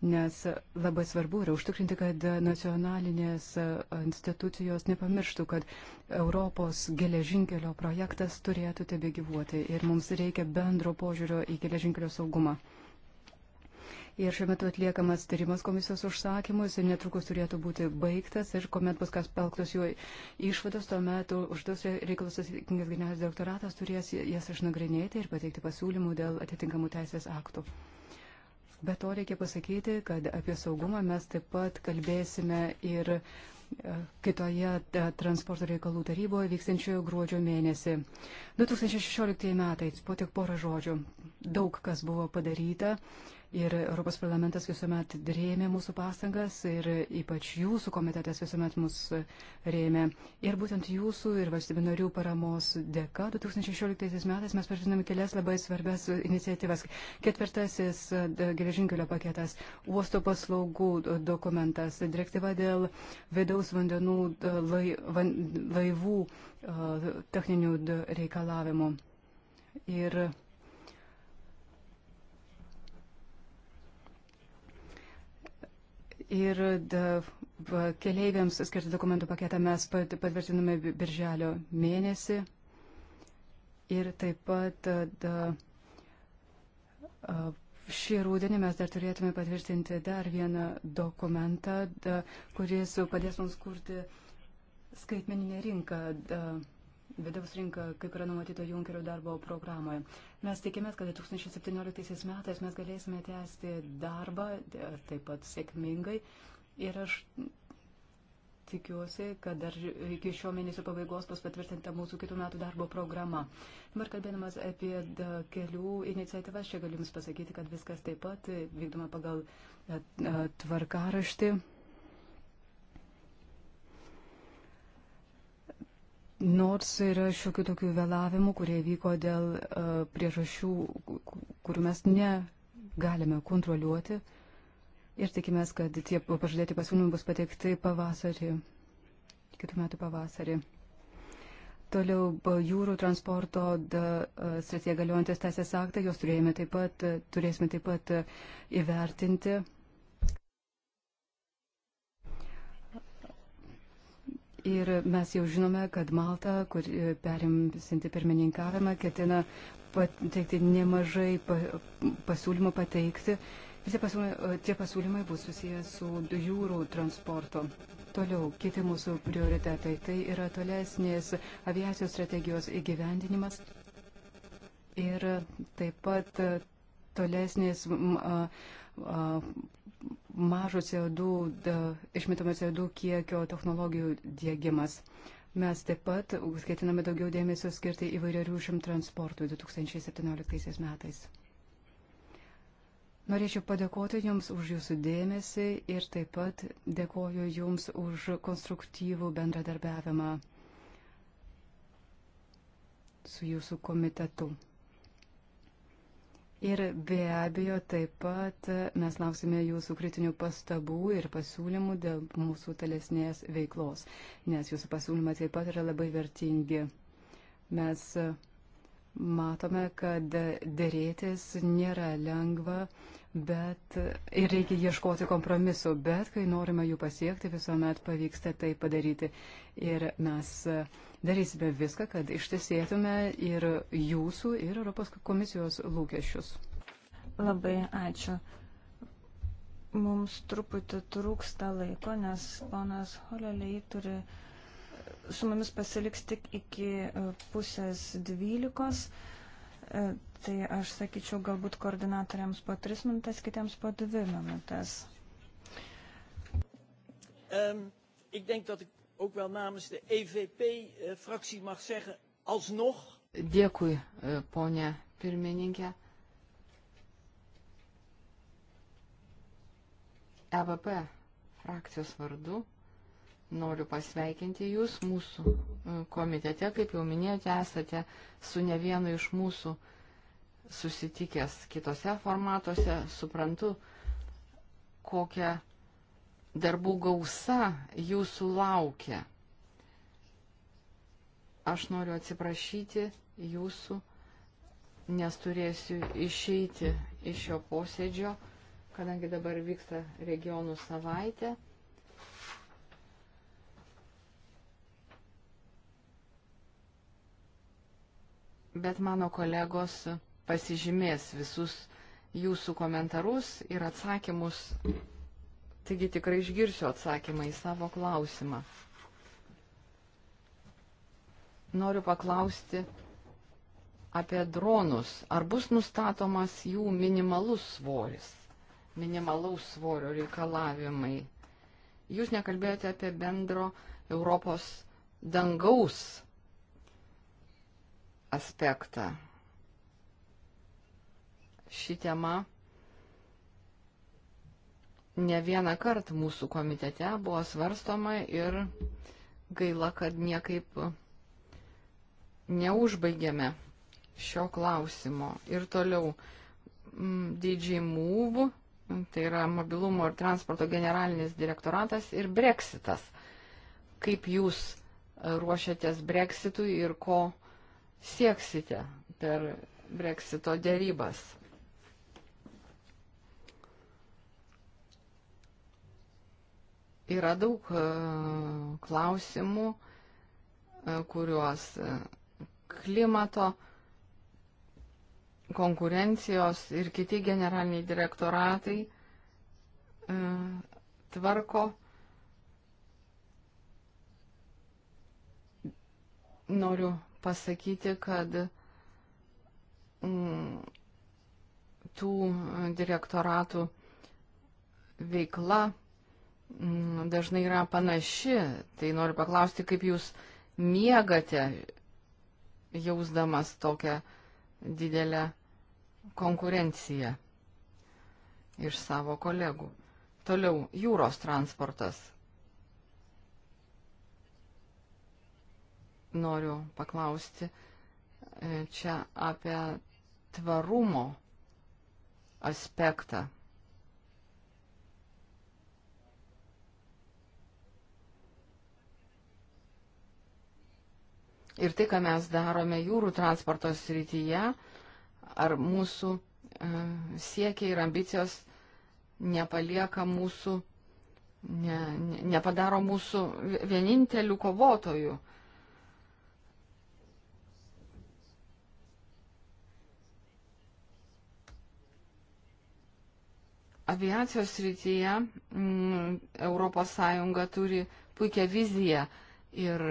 nes labai svarbu yra užtikrinti, kad nacionalinės e, institucijos nepamirštų, kad Europos geležinkelio projektas turėtų tebe gyvuoti ir mums reikia bendro požiūrio į geležinkelio saugumą. Ir šiuo metu atliekamas tyrimas komisijos užsakymus ir netrukus turėtų būti baigtas ir kuomet bus kas pelktos jo išvados, tuomet už tos reikalus atsakingas generalinis direktoratas turės jas išnagrinėti ir pateikti pasiūlymų dėl atitinkamų teisės aktų. Be to reikia pasakyti, kad apie saugumą mes taip pat kalbėsime ir e, kitoje e, transporto reikalų taryboje vykstančioje gruodžio mėnesį. 2016 metais, po tik porą žodžių, daug kas buvo padaryta. Uh, Ir Europos parlamentas visuomet rėmė mūsų pastangas ir ypač jūsų komitetas visuomet mus rėmė. Ir būtent jūsų ir valstybių narių paramos dėka 2016 metais mes patvirtinome kelias labai svarbias iniciatyvas. Ketvirtasis e, geležinkelio paketas, uosto paslaugų dokumentas, direktyva dėl vidaus vandenų e, lai, van, laivų e, techninių reikalavimų. Ir Ir keleiviams skirtą dokumentų paketą mes patvirtinome birželio mėnesį. Ir taip pat da, šį rūdienį mes dar turėtume patvirtinti dar vieną dokumentą, da, kuris padės mums kurti skaitmeninę rinką. Da, vidaus rinką, kaip yra numatyta Junkerio darbo programoje. Mes tikimės, kad 2017 metais mes galėsime tęsti darbą taip pat sėkmingai. Ir aš tikiuosi, kad dar iki šio mėnesio pabaigos bus patvirtinta mūsų kitų metų darbo programa. Dabar kalbėdamas apie kelių iniciatyvas, čia galiu Jums pasakyti, kad viskas taip pat vykdoma pagal tvarkaraštį. Uh, Nors yra šiokių tokių vėlavimų, kurie vyko dėl uh, priežasčių, kurių mes negalime kontroliuoti. Ir tikimės, kad tie pažadėti pasiūlymai bus pateikti pavasarį, kitų metų pavasarį. Toliau e, jūrų transporto e, srityje galiuojantis teisės aktai, juos turėjome taip pat, turėsime taip pat įvertinti Ir mes jau žinome, kad Malta, kur e, perimsinti pirmininkavimą, ketina pateikti nemažai pasiūlymų pateikti. Visi pasiūlymai, tie pasiūlymai bus susijęs su jūrų transportu. Toliau, kiti mūsų prioritetai tai yra tolesnės aviacijos strategijos įgyvendinimas ir taip pat e, tolesnės. A, a, mažo CO2, išmetamo CO2 kiekio technologijų dėgymas. Mes taip pat ketiname daugiau dėmesio skirti įvairių šiam transportui 2017 metais. Norėčiau padėkoti Jums už Jūsų dėmesį ir taip pat dėkoju Jums už konstruktyvų bendradarbiavimą su Jūsų komitetu. Ir be abejo, taip pat mes lauksime jūsų kritinių pastabų ir pasiūlymų dėl mūsų talesnės veiklos, nes jūsų pasiūlymai taip pat yra labai vertingi. Mes matome, kad dėrėtis nėra lengva bet ir reikia ieškoti kompromisų, bet kai norime jų pasiekti, visuomet pavyksta tai padaryti. Ir mes e, darysime viską, kad ištesėtume ir jūsų, ir Europos komisijos lūkesčius. Labai ačiū. Mums truputį trūksta laiko, nes ponas Holeliai turi e, su mumis pasiliks tik iki e, pusės dvylikos. 12 E, tai aš sakyčiau, galbūt koordinatoriams po 3 minutės, kitiems po 2 minutės. Um, ik denk dat ik ook wel namens de EVP-fractie eh, uh, mag zeggen, alsnog. Dėkui, e, ponė pirmininkė. EVP frakcijos vardu Noriu pasveikinti Jūs mūsų e, komitete. Kaip jau minėjote, esate su ne vienu iš mūsų susitikęs kitose formatuose. Suprantu, kokią darbų gausa jūsų laukia. Aš noriu atsiprašyti jūsų, nes turėsiu išeiti iš šio posėdžio, kadangi dabar vyksta regionų savaitė. bet mano kolegos pasižymės visus jūsų komentarus ir atsakymus. Taigi tikrai išgirsiu atsakymą į savo klausimą. Noriu paklausti apie dronus. Ar bus nustatomas jų minimalus svoris, minimalaus svorio reikalavimai? Jūs nekalbėjote apie bendro Europos dangaus aspektą. Ši tema ne vieną kartą mūsų komitete buvo svarstoma ir gaila, kad niekaip neužbaigėme šio klausimo. Ir toliau mm, DJ Move, tai yra mobilumo ir transporto generalinis direktoratas ir Brexitas. Kaip jūs ruošiatės Brexitui ir ko sieksite per breksito dėrybas. Yra daug e, klausimų, e, kuriuos e, klimato, konkurencijos ir kiti generaliniai direktoratai tvarko noriu pasakyti, kad mm, tų direktoratų veikla mm, dažnai yra panaši. Tai noriu paklausti, kaip jūs miegate, jausdamas tokią didelę konkurenciją iš savo kolegų. Toliau jūros transportas. noriu paklausti e, čia apie tvarumo aspektą. Ir tai, ką mes darome jūrų transporto srityje, ar mūsų e, siekiai ir ambicijos nepalieka mūsų, ne, nepadaro mūsų vienintelių kovotojų. aviacijos srityje mm, ES turi puikią viziją ir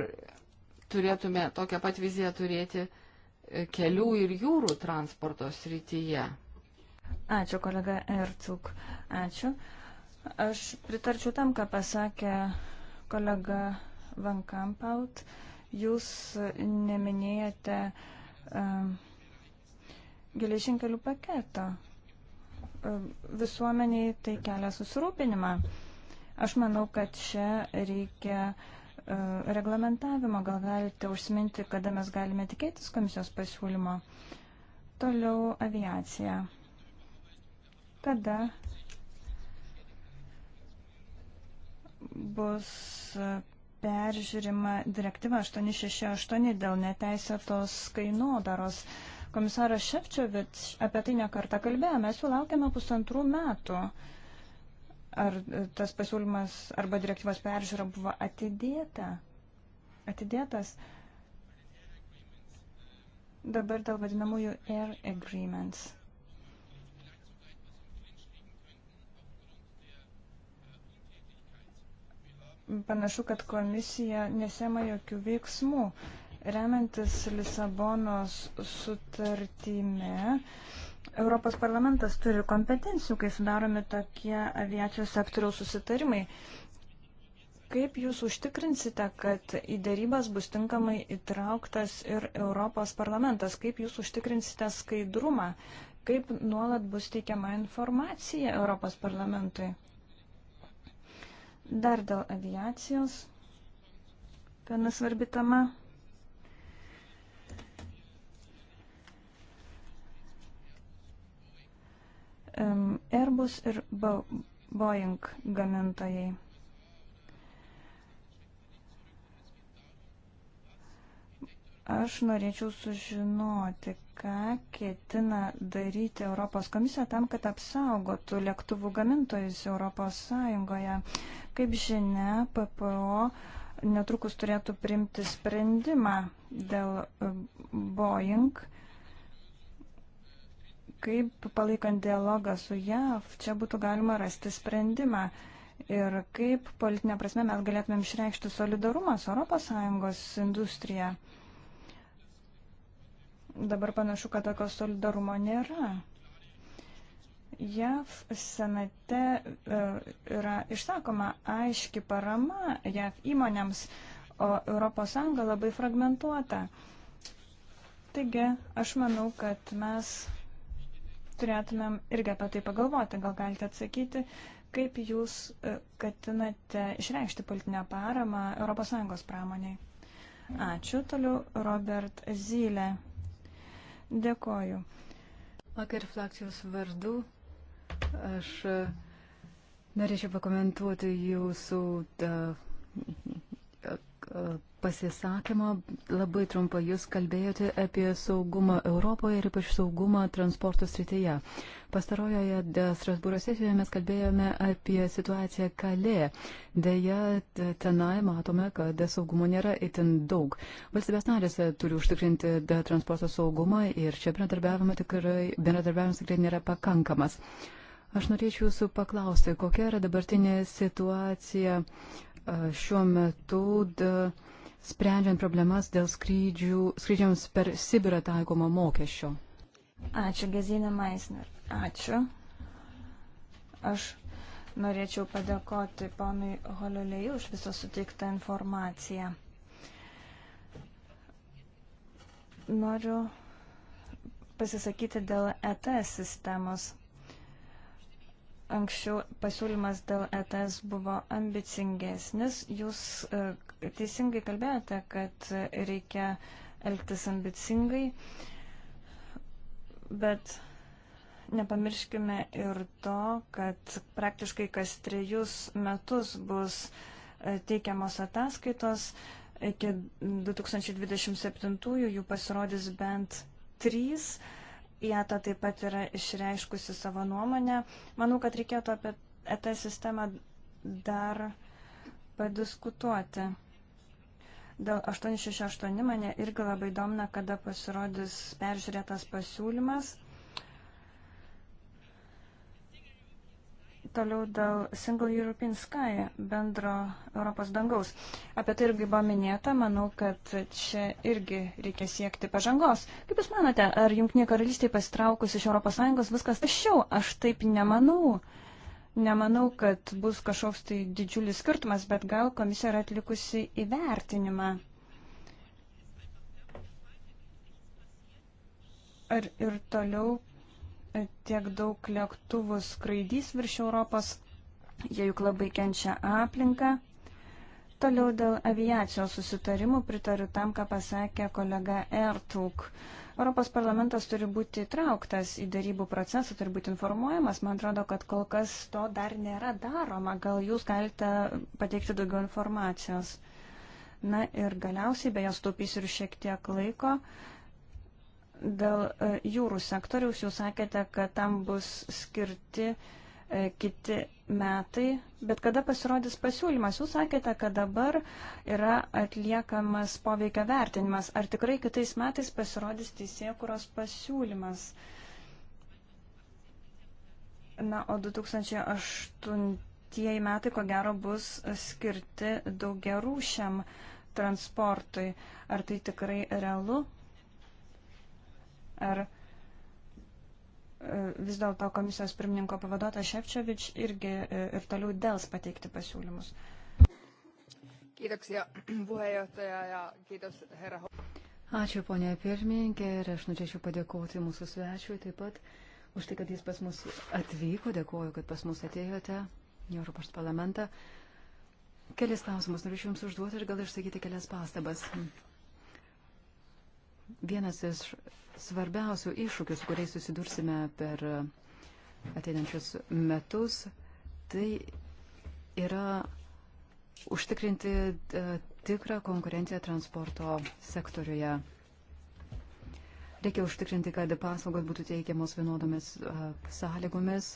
turėtume tokią pat viziją turėti e, kelių ir jūrų transporto srityje. Ačiū, kolega Ercuk. Ačiū. Aš pritarčiau tam, ką pasakė kolega Van Kampaut. Jūs neminėjate um, e, geležinkelių paketo visuomeniai tai kelia susirūpinimą. Aš manau, kad čia reikia e, reglamentavimo. Gal galite užsiminti, kada mes galime tikėtis komisijos pasiūlymo. Toliau aviacija. Kada bus peržiūrima direktyva 868 dėl neteisėtos kainodaros. Uh, Komisaras Ševčiovic apie tai nekartą kalbėjo, mes jau laukiame pusantrų metų. Ar tas pasiūlymas arba direktyvos peržiūra buvo atidėta? Atidėtas. Dabar dėl vadinamųjų air agreements. panašu, kad komisija nesema jokių veiksmų. Remiantis Lisabonos sutartime, Europos parlamentas turi kompetencijų, kai sudaromi tokie aviacijos sektoriaus susitarimai. Kaip jūs užtikrinsite, kad į dėrybas bus tinkamai įtrauktas ir Europos parlamentas? Kaip jūs užtikrinsite skaidrumą? Kaip nuolat bus teikiama informacija Europos parlamentui? Dar dėl aviacijos. Viena svarbi tema. Airbus ir Boeing gamintojai. Aš norėčiau sužinoti, ką ketina daryti Europos komisija tam, kad apsaugotų lėktuvų gamintojus Europos Sąjungoje. Kaip žinia, PPO netrukus turėtų primti sprendimą dėl Boeing. Uh, kaip palaikant dialogą su JAV čia būtų galima rasti sprendimą ir kaip politinė prasme mes galėtumėm išreikšti solidarumą su ES industrija. Dabar panašu, kad tokio solidarumo nėra. JAV senate e, yra išsakoma aiški parama JAV įmonėms, o ES labai fragmentuota. Taigi, aš manau, kad mes turėtumėm irgi apie tai pagalvoti. Gal galite atsakyti, kaip jūs e, katinate išreikšti politinę paramą ES pramoniai? Ačiū. Toliau Robert Zylė. Dėkoju. Vakar frakcijos vardu aš e, norėčiau pakomentuoti jūsų da, e, pasisakymą. Labai trumpai jūs kalbėjote apie saugumą Europoje ir ypač saugumą transporto srityje. Pastarojoje Strasbūro sesijoje mes kalbėjome apie situaciją kalė. Deja, tenai matome, kad saugumo nėra itin daug. Valstybės narės e, turi užtikrinti e, transporto saugumą ir čia bendradarbiavimas tikrai, bendradarbiavimas tikrai nėra pakankamas. Aš norėčiau jūsų paklausti, kokia yra dabartinė situacija e, šiuo metu. Da, sprendžiant problemas dėl skrydžių, skrydžiams per Sibirą taikomo mokesčio. Ačiū, Gezinė Maisner. Ačiū. Aš norėčiau padėkoti ponui Holiulėjui už visą suteiktą informaciją. Noriu pasisakyti dėl ETS sistemos. Anksčiau pasiūlymas dėl ETS buvo ambicingesnis. Jūs e, teisingai kalbėjote, kad reikia elgtis ambicingai, bet nepamirškime ir to, kad praktiškai kas trejus metus bus e, teikiamos ataskaitos. Iki 2027 jų pasirodys bent trys. IATA taip pat yra išreiškusi savo nuomonę. Manau, kad reikėtų apie e tą sistemą dar padiskutuoti. Dėl 868 mane irgi labai domina, kada pasirodys peržiūrėtas pasiūlymas. Toliau dėl Single European Sky, bendro Europos dangaus. Apie tai irgi buvo minėta, manau, kad čia irgi reikia siekti pažangos. Kaip Jūs manote, ar Junktinė karalystė pasitraukus iš ES viskas tašiau? Aš taip nemanau. Nemanau, kad bus kažkoks tai didžiulis skirtumas, bet gal komisija yra atlikusi įvertinimą. Ar ir toliau tiek daug lėktuvų skraidys virš Europos, jie juk labai kenčia aplinką. Toliau dėl aviacijos susitarimų pritariu tam, ką pasakė kolega Ertuk. Europos parlamentas turi būti trauktas į darybų procesą, turi būti informuojamas. Man atrodo, kad kol kas to dar nėra daroma. Gal jūs galite pateikti daugiau informacijos? Na ir galiausiai, beje, staupysiu ir šiek tiek laiko, Dėl e, jūrų sektoriaus jūs sakėte, kad tam bus skirti e, kiti metai, bet kada pasirodys pasiūlymas? Jūs sakėte, kad dabar yra atliekamas poveikia vertinimas. Ar tikrai kitais metais pasirodys teisėkuros pasiūlymas? Na, o 2008 metai, ko gero, bus skirti daugiarūšiam transportui. Ar tai tikrai realu? ar e, vis dėlto komisijos pirmininko pavaduotas Šepčiovič irgi e, ir toliau dėls pateikti pasiūlymus. Kiitoksia puheenjohtaja ja kiitos herra. Ačiū ponė pirmininkė ir aš norėčiau padėkoti mūsų svečiui taip pat už tai, kad jis pas mus atvyko. Dėkuoju, kad pas mus atėjote į Europos parlamentą. Kelis klausimus norėčiau Jums užduoti ir gal išsakyti kelias pastabas vienas iš svarbiausių iššūkių, su kuriais susidursime per ateinančius metus, tai yra užtikrinti e, tikrą konkurenciją transporto sektoriuje. Reikia užtikrinti, kad paslaugos būtų teikiamos vienodomis e, sąlygomis.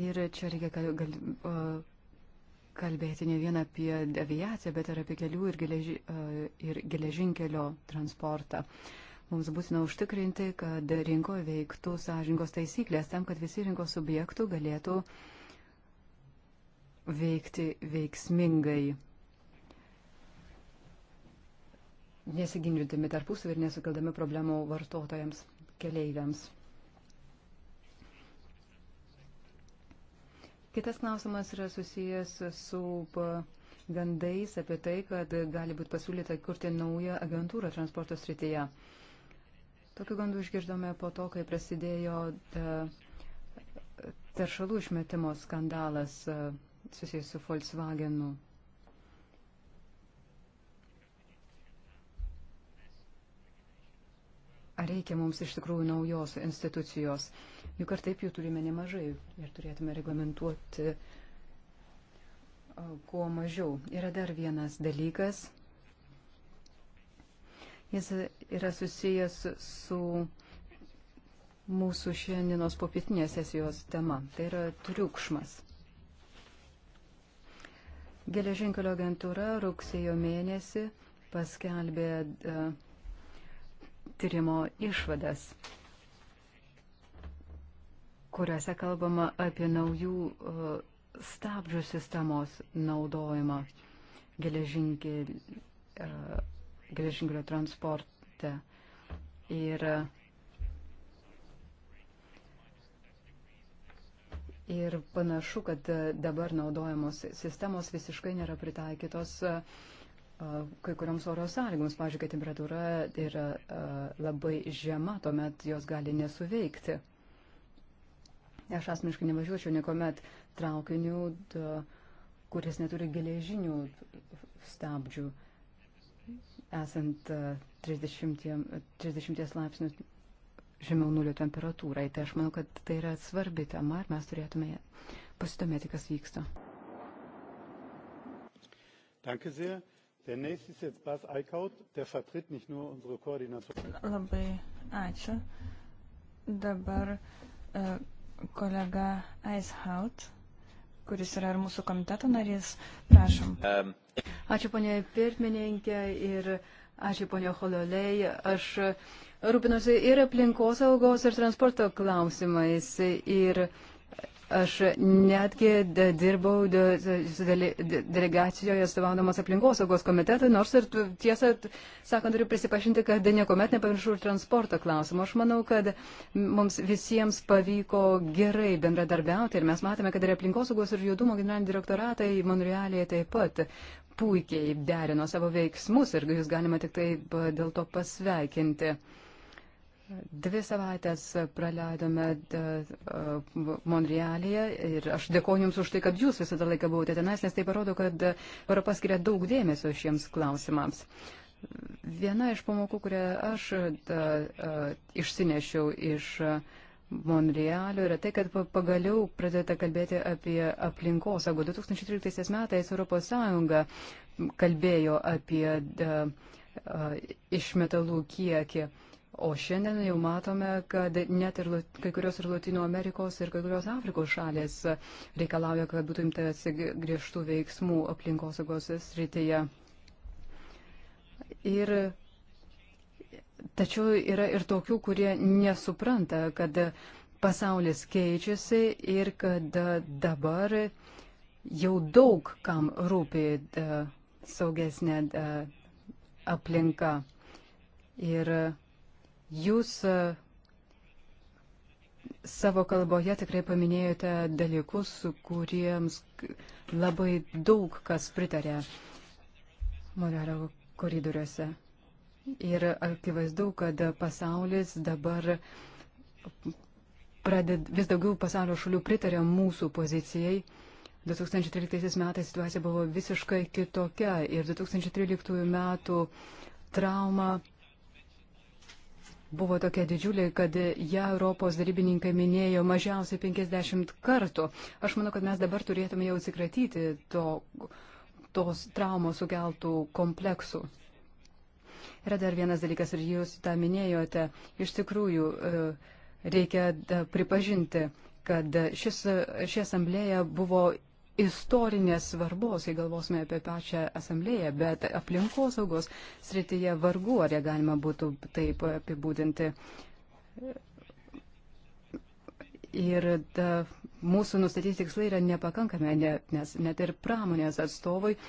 Ir čia reikia gal, gal, e, kalbėti ne vien apie aviaciją, bet ir apie kelių ir, geleži, e, ir geležinkelio transportą. Mums būtina užtikrinti, kad rinkoje veiktų sąžingos taisyklės tam, kad visi rinkos subjektų galėtų veikti veiksmingai, nesiginčiuodami tarpusavį ir nesukeldami problemų vartotojams, keleiviams. Kitas klausimas yra susijęs su gandais apie tai, kad gali būti pasiūlyta kurti naują agentūrą transporto srityje. Tokių gandų išgirdome po to, kai prasidėjo e, teršalų išmetimo skandalas e, susijęs su Volkswagenu. Ar reikia mums iš tikrųjų naujos institucijos? Juk ar taip jų turime nemažai ir turėtume reglamentuoti kuo mažiau. Yra dar vienas dalykas. Jis yra susijęs su mūsų šiandienos popietinės sesijos tema. Tai yra triukšmas. Geležinkelio agentūra rugsėjo mėnesį paskelbė uh, tyrimo išvadas, kuriuose kalbama apie naujų e, stabdžių sistemos naudojimą e, geležinkelio transporte. Ir, ir panašu, kad dabar naudojamos sistemos visiškai nėra pritaikytos uh, kai kurioms oro sąlygoms, pažiūrėk, kad temperatūra yra labai žema, tuomet jos gali nesuveikti. Aš asmeniškai nevažiuočiau niekuomet traukinių, kuris neturi geležinių stabdžių, esant 30, 30 laipsnių žemiau nulio temperatūrai. Tai aš manau, kad tai yra svarbi tema ir mes turėtume pasidomėti, kas vyksta. Danke sehr. Der nächste ist jetzt Bas Eickhout, der vertritt nicht nur unsere Koordinatoren. Labai ačiū. Dabar uh, kolega Eishaut, kuris yra ir mūsų komiteto narys, prašom. Um. Ačiū ponė pirmininkė ir ačiū ponė Hololei. Aš rūpinosi ir aplinkosaugos, ir transporto klausimais. Ir uh, Aš netgi dirbau delegacijoje atstovaudamas aplinkosaugos komitetui, nors ir tiesą sakant, turiu prisipažinti, kad niekuomet nepamiršau ir transporto klausimų. Aš manau, kad mums visiems pavyko gerai bendradarbiauti ir mes matome, kad ir aplinkosaugos ir judumo generaliniai direktoratai Monrealėje taip pat puikiai derino savo veiksmus ir jūs galima tik tai dėl to pasveikinti. Dvi savaitės praleidome Monrealėje ir aš dėkoju Jums už tai, kad Jūs visą tą laiką buvote tenais, nes tai parodo, kad Europa skiria daug dėmesio šiems klausimams. Viena iš pamokų, kurią aš da, a, išsinešiau iš Monrealio yra tai, kad pagaliau pradėta kalbėti apie aplinkosaugą. 2013 metais ES kalbėjo apie da, a, išmetalų kiekį. Kiek O šiandien jau matome, kad net ir kai kurios ir Latino Amerikos, ir kai kurios Afrikos šalės reikalauja, kad būtų imtas griežtų veiksmų aplinkosaugos srityje. Ir tačiau yra ir tokių, kurie nesupranta, kad pasaulis keičiasi ir kad dabar jau daug kam rūpi e, saugesnė e, aplinka. Ir Jūs e, savo kalboje tikrai paminėjote dalykus, kuriems labai daug kas pritarė Morero koridoriuose. Ir akivaizdu, kad pasaulis dabar praded, vis daugiau pasaulio šalių pritarė mūsų pozicijai. 2013 metais situacija buvo visiškai kitokia ir 2013 metų trauma buvo tokia didžiulė, kad ją Europos darybininkai minėjo mažiausiai 50 kartų. Aš manau, kad mes dabar turėtume jau atsikratyti to, tos traumos sukeltų kompleksų. Yra dar vienas dalykas, ir jūs tą minėjote, iš tikrųjų e, reikia pripažinti, kad e, šis, ši asamblėja buvo istorinės svarbos, jei galvosime apie pačią asamblėją, bet aplinkosaugos srityje vargu, ar ją galima būtų taip apibūdinti. Ir ta, mūsų nustatyti tikslai yra nepakankami, ne, nes net ir pramonės atstovai e,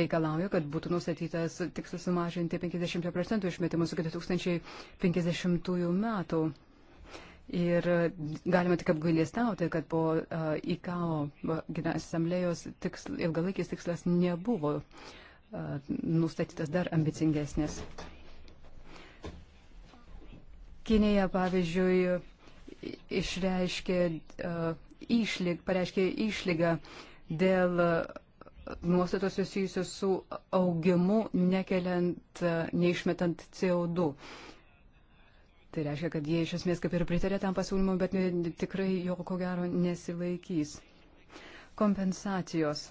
reikalauja, kad būtų nustatytas tikslas sumažinti 50 procentų išmetimus iki 2050 metų. Ir e, galima tik apgailėstauti, kad po e, IKAO e, asamblėjos tiksl, ilgalaikis tikslas nebuvo nustatytas dar ambicingesnis. Kinėje, pavyzdžiui, išreiškė, išlyg, pareiškė išlygą dėl nuostatos susijusios su augimu, nekeliant, neišmetant CO2. Uh, Tai reiškia, kad jie iš esmės kaip ir pritarė tam pasiūlymui, bet tikrai jo ko gero nesilaikys. Kompensacijos.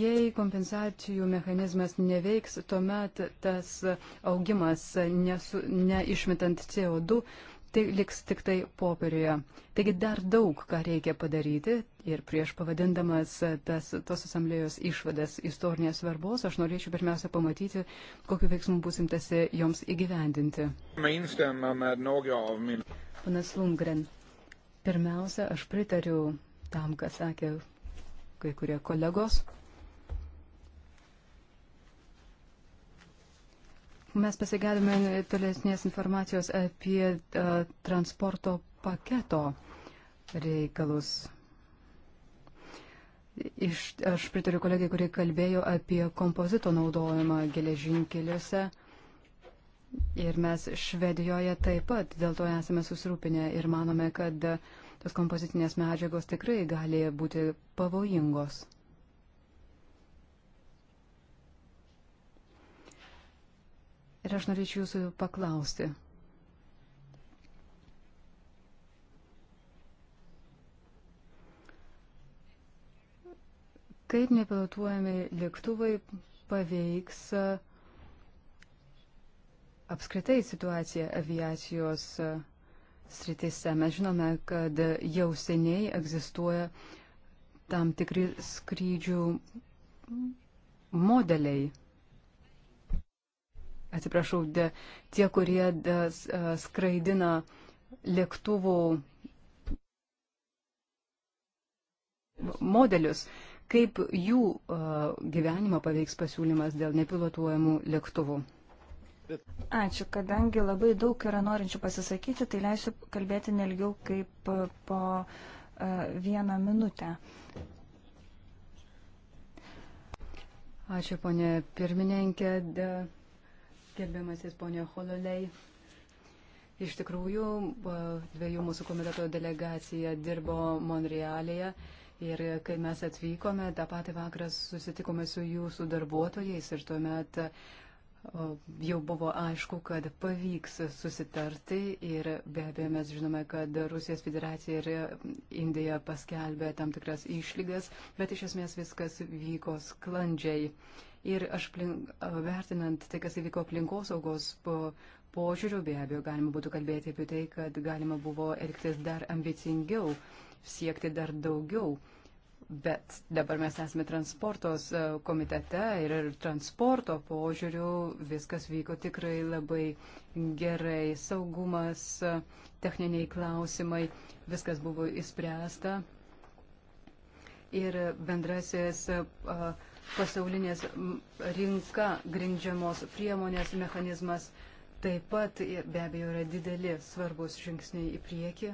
Jei kompensacijų mechanizmas neveiks, tuomet tas augimas nesu, neišmetant CO2 tai liks tik tai popieriuje. Taigi dar daug ką reikia padaryti ir prieš pavadindamas tas, tos asamblėjos išvadas istorinės svarbos, aš norėčiau pirmiausia pamatyti, kokiu veiksmu bus imtasi joms įgyvendinti. Panas Lundgren, pirmiausia, aš pritariu tam, ką sakė kai kurie kolegos. Mes pasigėdome tolesnės informacijos apie uh, transporto paketo reikalus. Iš, aš pritariu kolegai, kurie kalbėjo apie kompozito naudojimą geležinkeliuose. Ir mes Švedijoje taip pat dėl to esame susirūpinę ir manome, kad tos kompozitinės medžiagos tikrai gali būti pavojingos. Ir aš norėčiau jūsų paklausti. Kaip nepilotuojami lėktuvai paveiks apskritai situaciją aviacijos sritise? Mes žinome, kad jau seniai egzistuoja tam tikri skrydžių modeliai atsiprašau, de, tie, kurie de, e, skraidina lėktuvų modelius, kaip jų e, gyvenimą paveiks pasiūlymas dėl nepilotuojamų lėktuvų. Ačiū, kadangi labai daug yra norinčių pasisakyti, tai leisiu kalbėti nelgiau kaip e, po vieną minutę. Ačiū, ponė pirmininkė. De... Gerbiamasis ponio Hololei, iš tikrųjų dviejų mūsų komiteto delegacija dirbo Monrealėje ir kai mes atvykome, tą patį vakarą susitikome su jūsų darbuotojais ir tuomet jau buvo aišku, kad pavyks susitarti ir be abejo mes žinome, kad Rusijos federacija ir Indija paskelbė tam tikras išlygas, bet iš esmės viskas vyko sklandžiai. Uh, Ir aš aplink, vertinant tai, kas įvyko aplinkosaugos požiūrių, be abejo, galima būtų kalbėti apie tai, kad galima buvo elgtis dar ambicingiau, siekti dar daugiau. Bet dabar mes esame transportos komitete ir transporto požiūrių viskas vyko tikrai labai gerai. Saugumas, techniniai klausimai, viskas buvo įspręsta. Ir bendrasis uh, pasaulinės rinka grindžiamos priemonės mechanizmas taip pat be abejo yra dideli svarbus žingsniai į priekį.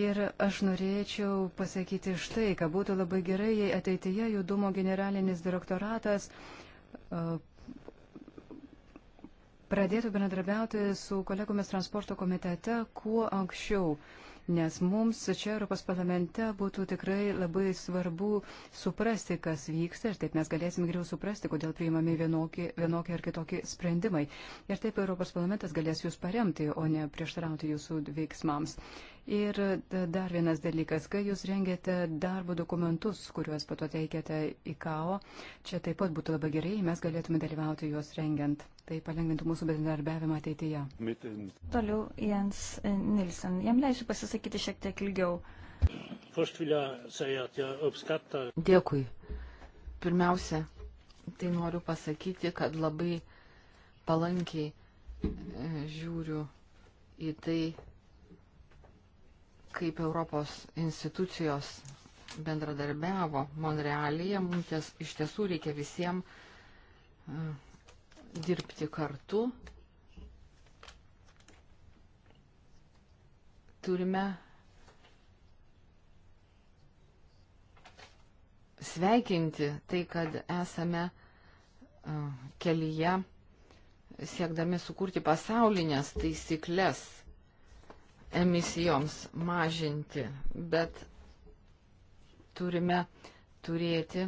Ir aš norėčiau pasakyti štai, kad būtų labai gerai, jei ateityje judumo generalinis direktoratas pradėtų bendradarbiauti su kolegomis transporto komitete kuo anksčiau. Uh, nes mums čia Europos parlamente būtų tikrai labai svarbu suprasti, kas vyksta ir taip mes galėsime geriau suprasti, kodėl priimami vienokie, vienokie ar kitokie sprendimai. Ir taip Europos parlamentas galės jūs paremti, o ne prieštarauti jūsų veiksmams. Ir dar vienas dalykas, kai jūs rengiate darbo dokumentus, kuriuos pato teikiate į KAO, čia taip pat būtų labai gerai, mes galėtume dalyvauti juos rengiant. Tai palengvintų mūsų bendradarbiavimą ateityje. Toliau Jens Nilsen. Jam leisiu pasisakyti šiek tiek ilgiau. Dėkui. Pirmiausia, tai noriu pasakyti, kad labai palankiai e, žiūriu į tai, kaip Europos institucijos bendradarbiavo Monrealyje, mums ties, iš tiesų reikia visiems e, dirbti kartu. Turime sveikinti tai, kad esame e, kelyje siekdami sukurti pasaulinės taisyklės emisijoms mažinti, bet turime turėti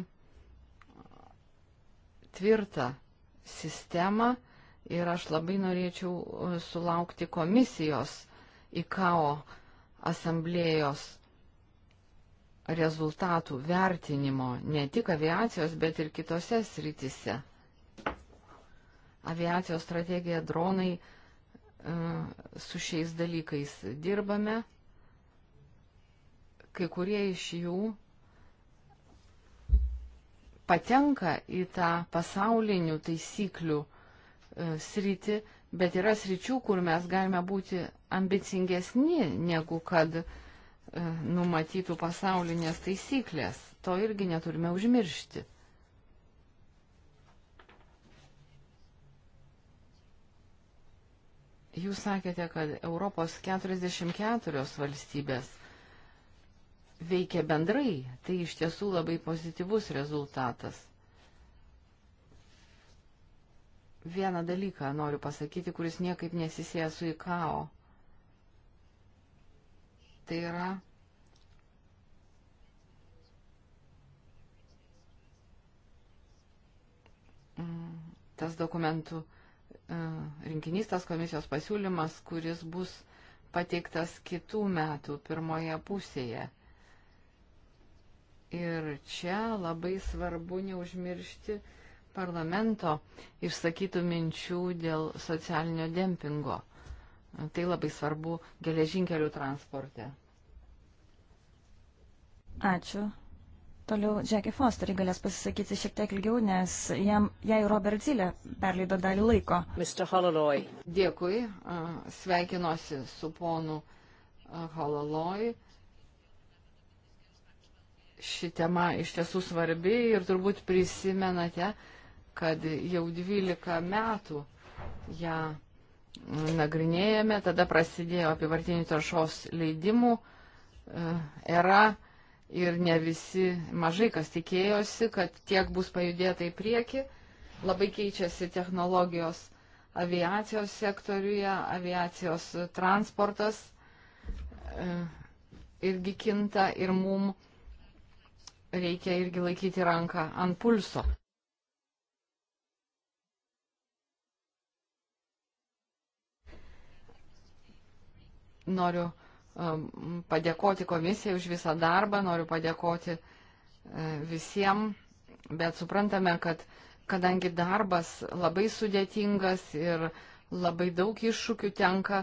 tvirtą sistemą ir aš labai norėčiau uh, sulaukti komisijos IKAO asamblėjos rezultatų vertinimo ne tik aviacijos, bet ir kitose sritise. Aviacijos strategija dronai E, su šiais dalykais dirbame. Kai kurie iš jų patenka į tą pasaulinių taisyklių e, sritį, bet yra sričių, kur mes galime būti ambicingesni, negu kad e, numatytų pasaulinės taisyklės. To irgi neturime užmiršti. Jūs sakėte, kad Europos 44 valstybės veikia bendrai. Tai iš tiesų labai pozityvus rezultatas. Vieną dalyką noriu pasakyti, kuris niekaip nesisėja su IKAO. Tai yra tas dokumentų rinkinys, tas komisijos pasiūlymas, kuris bus pateiktas kitų metų pirmoje pusėje. Ir čia labai svarbu neužmiršti parlamento išsakytų minčių dėl socialinio dempingo. Tai labai svarbu geležinkelių transporte. Ačiū. Toliau Jackie Fosterį galės pasisakyti šiek tiek ilgiau, nes jam, jai Robert Zilė perleido dalį laiko. Dėkui, sveikinuosi su ponu Hololoj. Ši tema iš tiesų svarbi ir turbūt prisimenate, kad jau 12 metų ją nagrinėjame, tada prasidėjo apivartinių taršos leidimų era ir ne visi mažai kas tikėjosi, kad tiek bus pajudėta į priekį. Labai keičiasi technologijos aviacijos sektoriuje, aviacijos transportas e, irgi kinta ir mum reikia irgi laikyti ranką ant pulso. Noriu padėkoti komisijai už visą darbą, noriu padėkoti e, visiems, bet suprantame, kad kadangi darbas labai sudėtingas ir labai daug iššūkių tenka,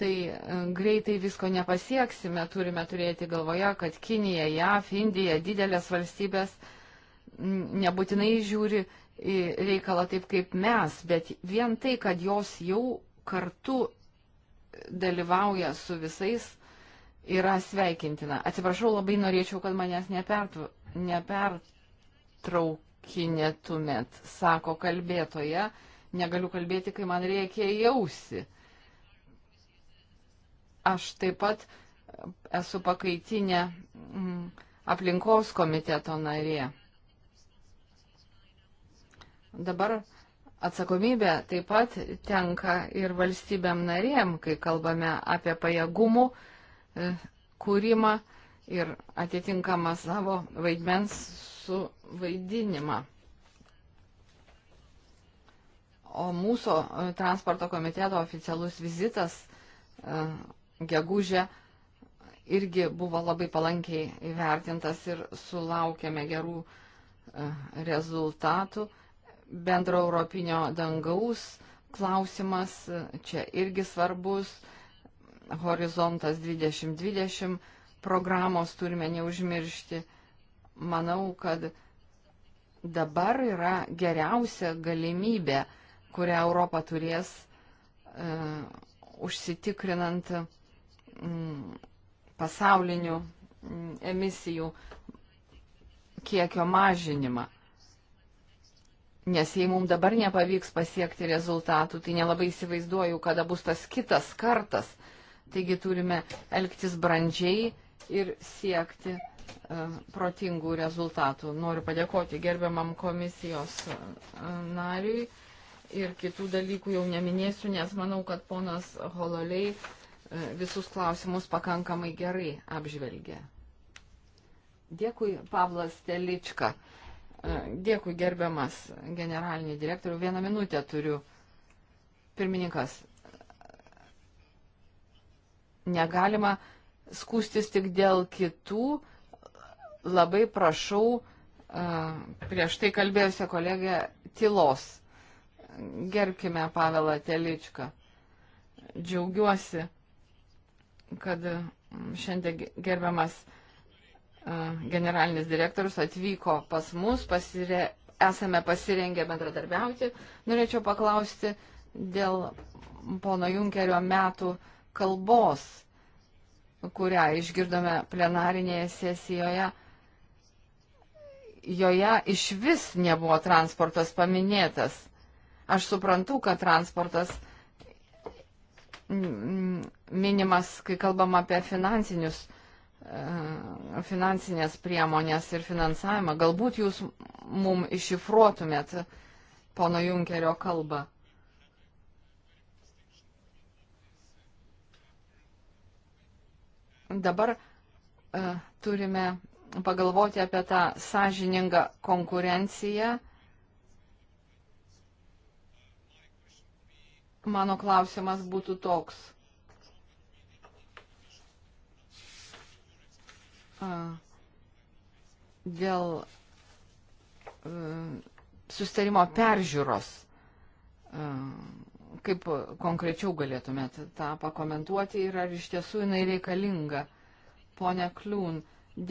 tai e, greitai visko nepasieksime, turime turėti galvoje, kad Kinija, JAF, Indija, didelės valstybės nebūtinai žiūri į reikalą taip kaip mes, bet vien tai, kad jos jau kartu dalyvauja su visais, yra sveikintina. Atsiprašau, labai norėčiau, kad manęs nepertu, nepertraukinėtumėt, sako kalbėtoja. Negaliu kalbėti, kai man reikia jausi. Aš taip pat esu pakaitinė mm, aplinkos komiteto narė. Dabar atsakomybė taip pat tenka ir valstybėm narėm, kai kalbame apie pajėgumų e, kūrimą ir atitinkamą savo vaidmens suvaidinimą. O mūsų e, transporto komiteto oficialus vizitas e, gegužė irgi buvo labai palankiai įvertintas ir sulaukėme gerų rezultatų bendro europinio dangaus klausimas čia irgi svarbus. Horizontas 2020 programos turime neužmiršti. Manau, kad dabar yra geriausia galimybė, kurią Europa turės e, užsitikrinant mm, pasaulinių mm, emisijų kiekio mažinimą. Nes jei mums dabar nepavyks pasiekti rezultatų, tai nelabai įsivaizduoju, kada bus tas kitas kartas. Taigi turime elgtis brandžiai ir siekti uh, protingų rezultatų. Noriu padėkoti gerbiamam komisijos uh, nariui ir kitų dalykų jau neminėsiu, nes manau, kad ponas Hololiai uh, e, visus klausimus pakankamai gerai apžvelgė. Dėkui, Pavlas Telička. Dėkui, gerbiamas generalinį direktorių. Vieną minutę turiu. Pirmininkas, negalima skūstis tik dėl kitų. Labai prašau prieš tai kalbėjusią kolegę tylos. Gerbkime Pavelą Teličką. Džiaugiuosi, kad šiandien gerbiamas generalinis direktorius atvyko pas mus, pasire, esame pasirengę bendradarbiauti. Norėčiau paklausti dėl pono Junkerio metų kalbos, kurią išgirdome plenarinėje sesijoje. Joje iš vis nebuvo transportas paminėtas. Aš suprantu, kad transportas minimas, kai kalbam apie finansinius E, finansinės priemonės ir finansavimą. Galbūt jūs mum iššifruotumėt pono Junkerio kalbą. Dabar uh, turime pagalvoti apie tą sąžiningą konkurenciją. Mano klausimas būtų toks. dėl e, sustarimo peržiūros. E, kaip konkrečiau galėtumėt tą pakomentuoti ir ar iš tiesų jinai reikalinga? Pone Kliūn,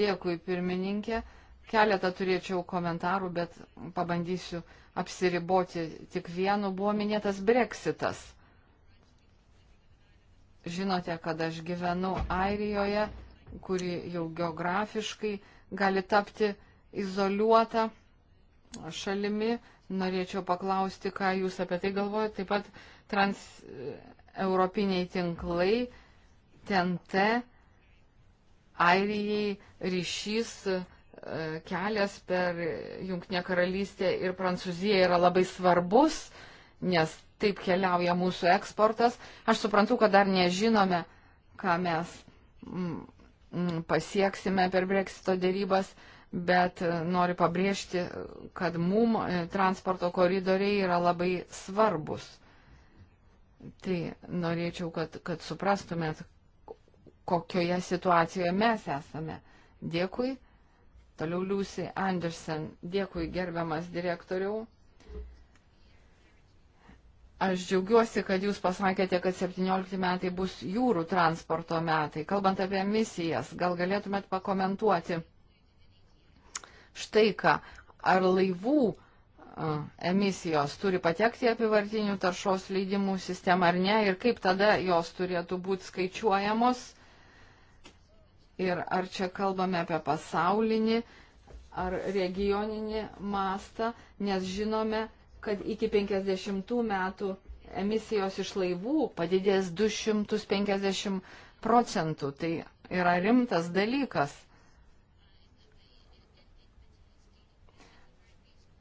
dėkui pirmininkė. Keletą turėčiau komentarų, bet pabandysiu apsiriboti tik vienu. Buvo minėtas Brexitas. Žinote, kad aš gyvenu Airijoje kuri jau geografiškai gali tapti izoliuota šalimi. Norėčiau paklausti, ką Jūs apie tai galvojate. Taip pat transeuropiniai tinklai, TNT, Airijai ryšys e, kelias per Junktinę karalystę ir Prancūziją yra labai svarbus, nes taip keliauja mūsų eksportas. Aš suprantu, kad dar nežinome, ką mes Mm, pasieksime per breksito dėrybas, bet e, noriu pabrėžti, kad mum e, transporto koridoriai yra labai svarbus. Tai norėčiau, kad, kad suprastumėt, kokioje situacijoje mes esame. Dėkui. Toliau Liusi Andersen. Dėkui, gerbiamas direktoriau. Aš džiaugiuosi, kad jūs pasakėte, kad 17 metai bus jūrų transporto metai. Kalbant apie misijas, gal galėtumėt pakomentuoti štai ką. Ar laivų uh, emisijos turi patekti į apivartinių taršos leidimų sistemą ar ne ir kaip tada jos turėtų būti skaičiuojamos? Ir ar čia kalbame apie pasaulinį ar regioninį mastą, nes žinome, kad iki 50 metų emisijos iš laivų padidės 250 procentų. Tai yra rimtas dalykas.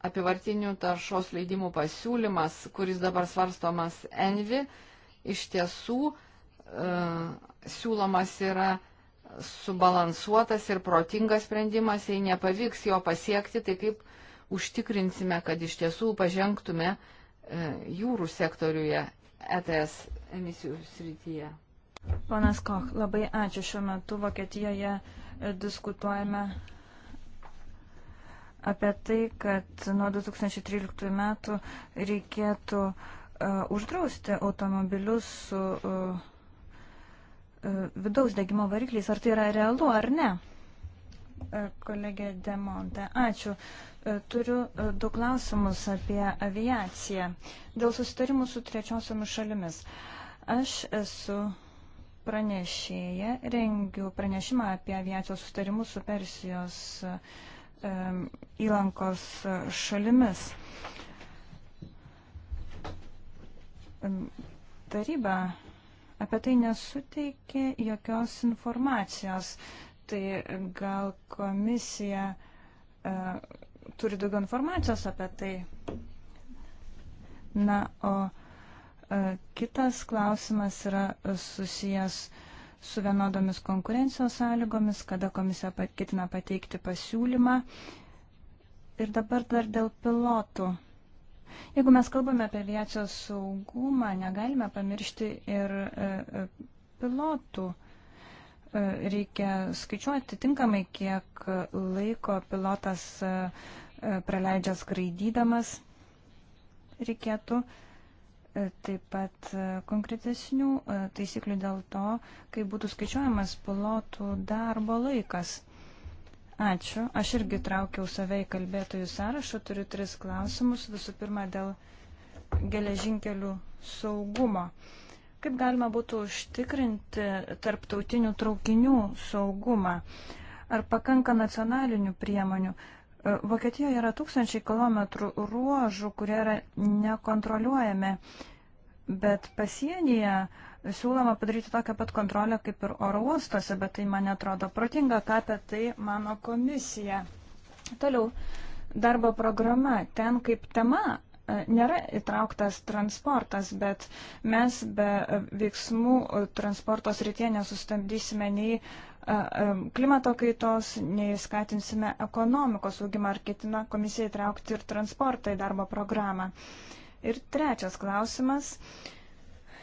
Apivartinių taršos leidimų pasiūlymas, kuris dabar svarstomas Envi, iš tiesų e, siūlomas yra subalansuotas ir protingas sprendimas, jei nepavyks jo pasiekti, tai kaip užtikrinsime, kad iš tiesų pažengtume e, jūrų sektoriuje ETS emisijų srityje. Panas Koch, labai ačiū. Šiuo metu Vokietijoje e, diskutuojame apie tai, kad nuo 2013 metų reikėtų uh, uždrausti automobilius su uh, uh, vidaus degimo varikliais. Ar tai yra realu ar ne? Uh, E, kolegė Demonte. Ačiū. E, turiu e, du klausimus apie aviaciją. Dėl susitarimų su trečiosiomis šalimis. Aš esu pranešėja, rengiu pranešimą apie aviacijos susitarimus su Persijos įlankos šalimis. Taryba apie tai nesuteikė jokios informacijos tai gal komisija uh, turi daugiau informacijos apie tai. Na, o uh, kitas klausimas yra susijęs su vienodomis konkurencijos sąlygomis, kada komisija ketina pateikti pasiūlymą. Ir dabar dar dėl pilotų. Jeigu mes kalbame apie aviacijos saugumą, negalime pamiršti ir e, pilotų reikia skaičiuoti tinkamai, kiek laiko pilotas e, praleidžia skraidydamas reikėtų e, taip pat e, konkretesnių taisyklių dėl to, kaip būtų skaičiuojamas pilotų darbo laikas. Ačiū. Aš irgi traukiau save į kalbėtojų sąrašą, turiu tris klausimus. Visų pirma, dėl geležinkelių saugumo. Uh, Kaip galima būtų užtikrinti tarptautinių traukinių saugumą? Ar pakanka nacionalinių priemonių? E, Vokietijoje yra tūkstančiai kilometrų ruožų, kurie yra nekontroliuojami, bet pasienyje siūloma padaryti tokią pat kontrolę kaip ir oro uostose, bet tai man atrodo protinga, ką apie tai mano komisija. Toliau, darbo programa, ten kaip tema E, nėra įtrauktas transportas, bet mes be veiksmų transporto srityje nesustabdysime nei e, e, klimato kaitos, nei skatinsime ekonomikos augimą ar ketina komisija įtraukti ir transportą į darbo programą. Ir trečias klausimas.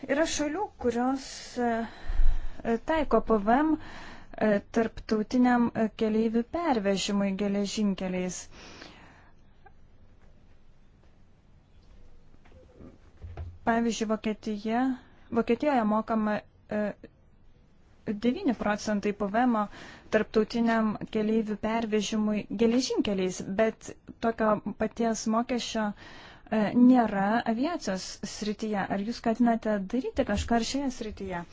Yra šalių, kurios taiko PVM tarptautiniam keleivių pervežimui geležinkeliais. Pavyzdžiui, Vokietija, Vokietijoje mokama 9 e, procentai PVM tarptautiniam keleivių pervežimui geležinkeliais, bet tokio paties mokesčio e, nėra aviacijos srityje. Ar jūs skatinate daryti kažką ar šioje srityje?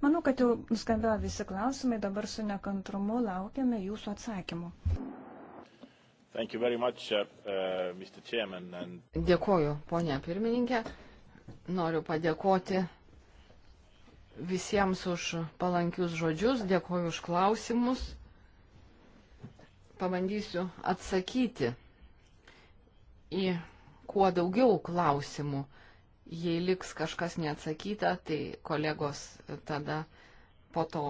Manau, kad jau nuskambėjo visi klausimai, dabar su nekantrumu laukiame jūsų atsakymų. Much, uh, uh Chairman, and... Dėkuoju, ponia pirmininkė. Uh, Noriu padėkoti visiems už palankius žodžius, dėkoju už klausimus. Pabandysiu atsakyti į kuo daugiau klausimų. Jei liks kažkas neatsakyta, tai kolegos tada po to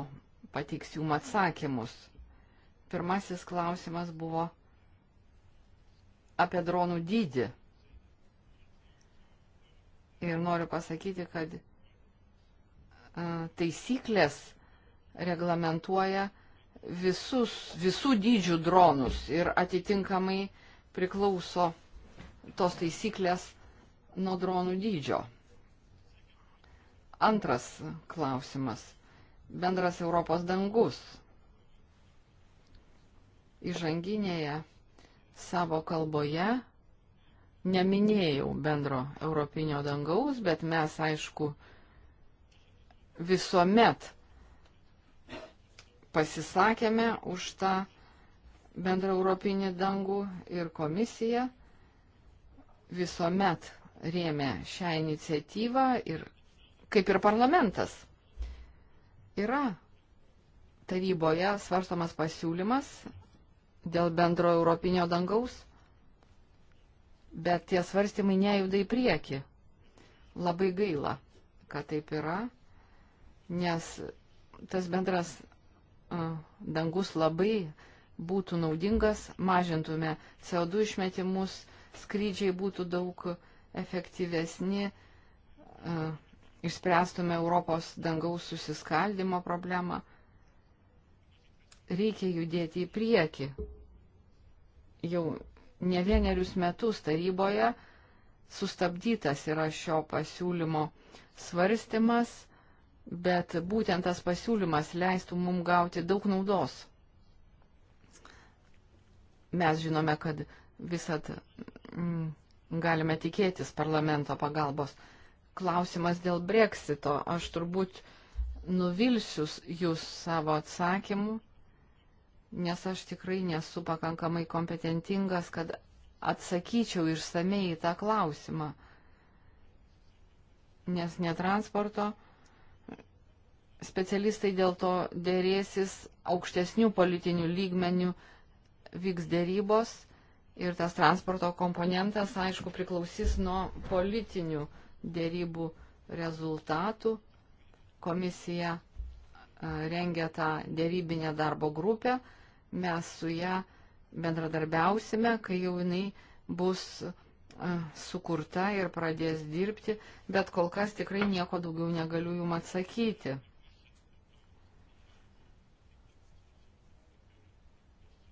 patiks jum atsakymus. Pirmasis klausimas buvo apie dronų dydį. Ir noriu pasakyti, kad taisyklės reglamentuoja visus, visų dydžių dronus ir atitinkamai priklauso tos taisyklės nuo dronų dydžio. Antras klausimas. Bendras Europos dangus. Įžanginėje savo kalboje neminėjau bendro europinio dangaus, bet mes, aišku, visuomet pasisakėme už tą bendrą europinį dangų ir komisija visuomet rėmė šią iniciatyvą ir kaip ir parlamentas. Yra taryboje svarstomas pasiūlymas dėl bendro europinio dangaus bet tie svarstymai nejuda į priekį. Labai gaila, kad taip yra, nes tas bendras dangus labai būtų naudingas, mažintume CO2 išmetimus, skrydžiai būtų daug efektyvesni, išspręstume Europos dangaus susiskaldimo problemą. Reikia judėti į priekį. Jau ne vienerius metus taryboje sustabdytas yra šio pasiūlymo svarstymas, bet būtent tas pasiūlymas leistų mums gauti daug naudos. Mes žinome, kad visat mm, galime tikėtis parlamento pagalbos. Klausimas dėl breksito. Aš turbūt nuvilsiu jūs savo atsakymu, nes aš tikrai nesu pakankamai kompetentingas, kad atsakyčiau išsamei į tą klausimą. Nes ne transporto specialistai dėl to dėrėsis aukštesnių politinių lygmenių, vyks dėrybos ir tas transporto komponentas, aišku, priklausys nuo politinių dėrybų rezultatų. Komisija rengia tą dėrybinę darbo grupę mes su ją bendradarbiausime, kai jau jinai bus sukurta ir pradės dirbti, bet kol kas tikrai nieko daugiau negaliu jum atsakyti.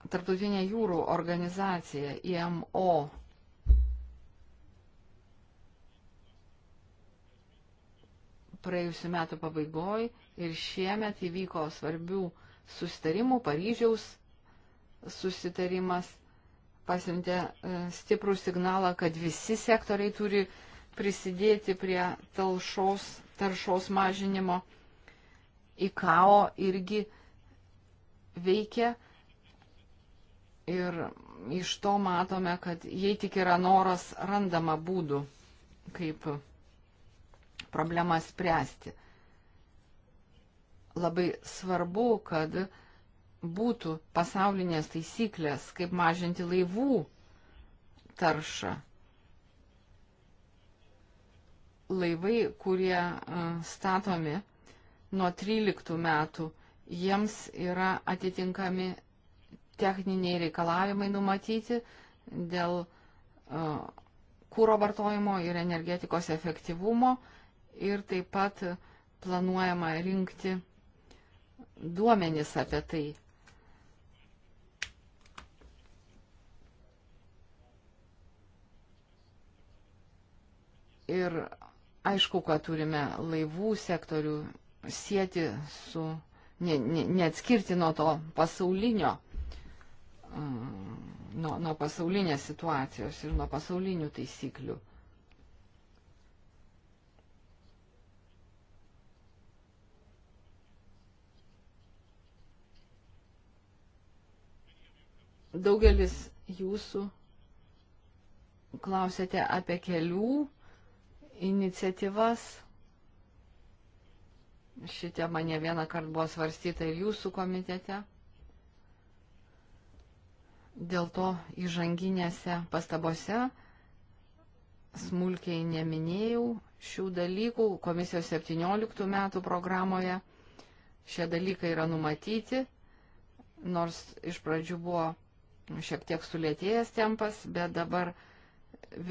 Tarptautinė jūrų organizacija IMO praėjusiu metu pabaigoj ir šiemet įvyko svarbių sustarimų Paryžiaus susitarimas pasiuntė e, stiprų signalą, kad visi sektoriai turi prisidėti prie talšos, taršos mažinimo. IKAO irgi veikia ir iš to matome, kad jei tik yra noras, randama būdų, kaip problemą spręsti. Labai svarbu, kad būtų pasaulinės taisyklės, kaip mažinti laivų taršą. Laivai, kurie e, statomi nuo 13 metų, jiems yra atitinkami techniniai reikalavimai numatyti dėl e, kūro vartojimo ir energetikos efektyvumo ir taip pat planuojama rinkti duomenis apie tai. Ir aišku, kad turime laivų sektorių sieti su, ne, ne, neatskirti nuo to pasaulinio, nuo, nuo pasaulinės situacijos ir nuo pasaulinių taisyklių. Daugelis jūsų klausėte apie kelių iniciatyvas. Šitie mane vieną kartą buvo svarstyta ir jūsų komitete. Dėl to įžanginėse pastabose smulkiai neminėjau šių dalykų. Komisijos 17 metų programoje šie dalykai yra numatyti, nors iš pradžių buvo šiek tiek sulėtėjęs tempas, bet dabar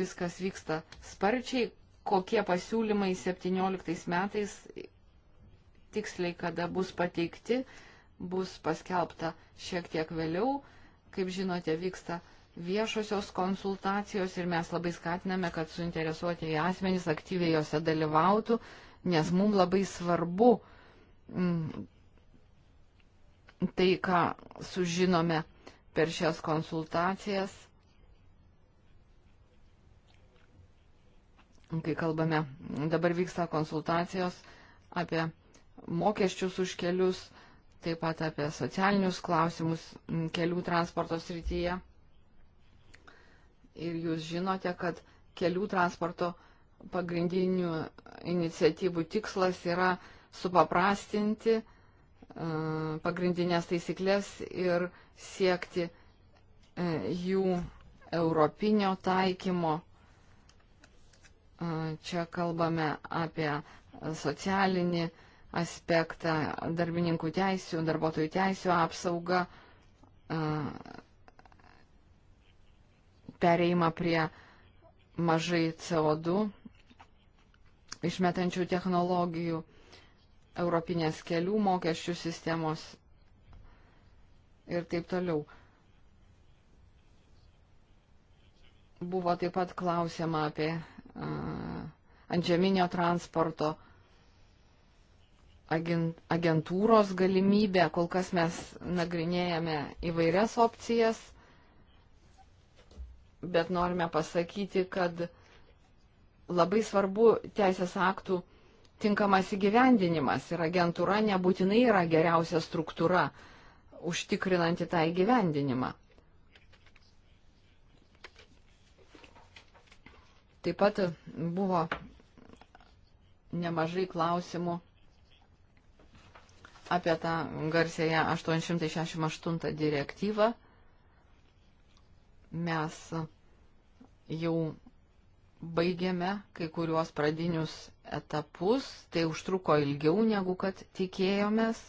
viskas vyksta sparčiai, kokie pasiūlymai 17 metais tiksliai kada bus pateikti, bus paskelbta šiek tiek vėliau. Kaip žinote, vyksta viešosios konsultacijos ir mes labai skatiname, kad suinteresuotieji asmenys aktyviai jose dalyvautų, nes mums labai svarbu mm, tai, ką sužinome per šias konsultacijas kai kalbame, dabar vyksta konsultacijos apie mokesčius už kelius, taip pat apie socialinius klausimus kelių transporto srityje. Ir jūs žinote, kad kelių transporto pagrindinių iniciatyvų tikslas yra supaprastinti e, pagrindinės taisyklės ir siekti e, jų europinio taikymo Čia kalbame apie socialinį aspektą, darbininkų teisių, darbuotojų teisių apsaugą, pereimą prie mažai CO2 išmetančių technologijų, europinės kelių mokesčių sistemos ir taip toliau. Buvo taip pat klausima apie antžeminio transporto agentūros galimybę. Kol kas mes nagrinėjame įvairias opcijas, bet norime pasakyti, kad labai svarbu teisės aktų tinkamas įgyvendinimas ir agentūra nebūtinai yra geriausia struktūra užtikrinanti tą įgyvendinimą. Taip pat buvo nemažai klausimų apie tą garsėją 868 direktyvą. Mes jau baigėme kai kuriuos pradinius etapus, tai užtruko ilgiau negu kad tikėjomės.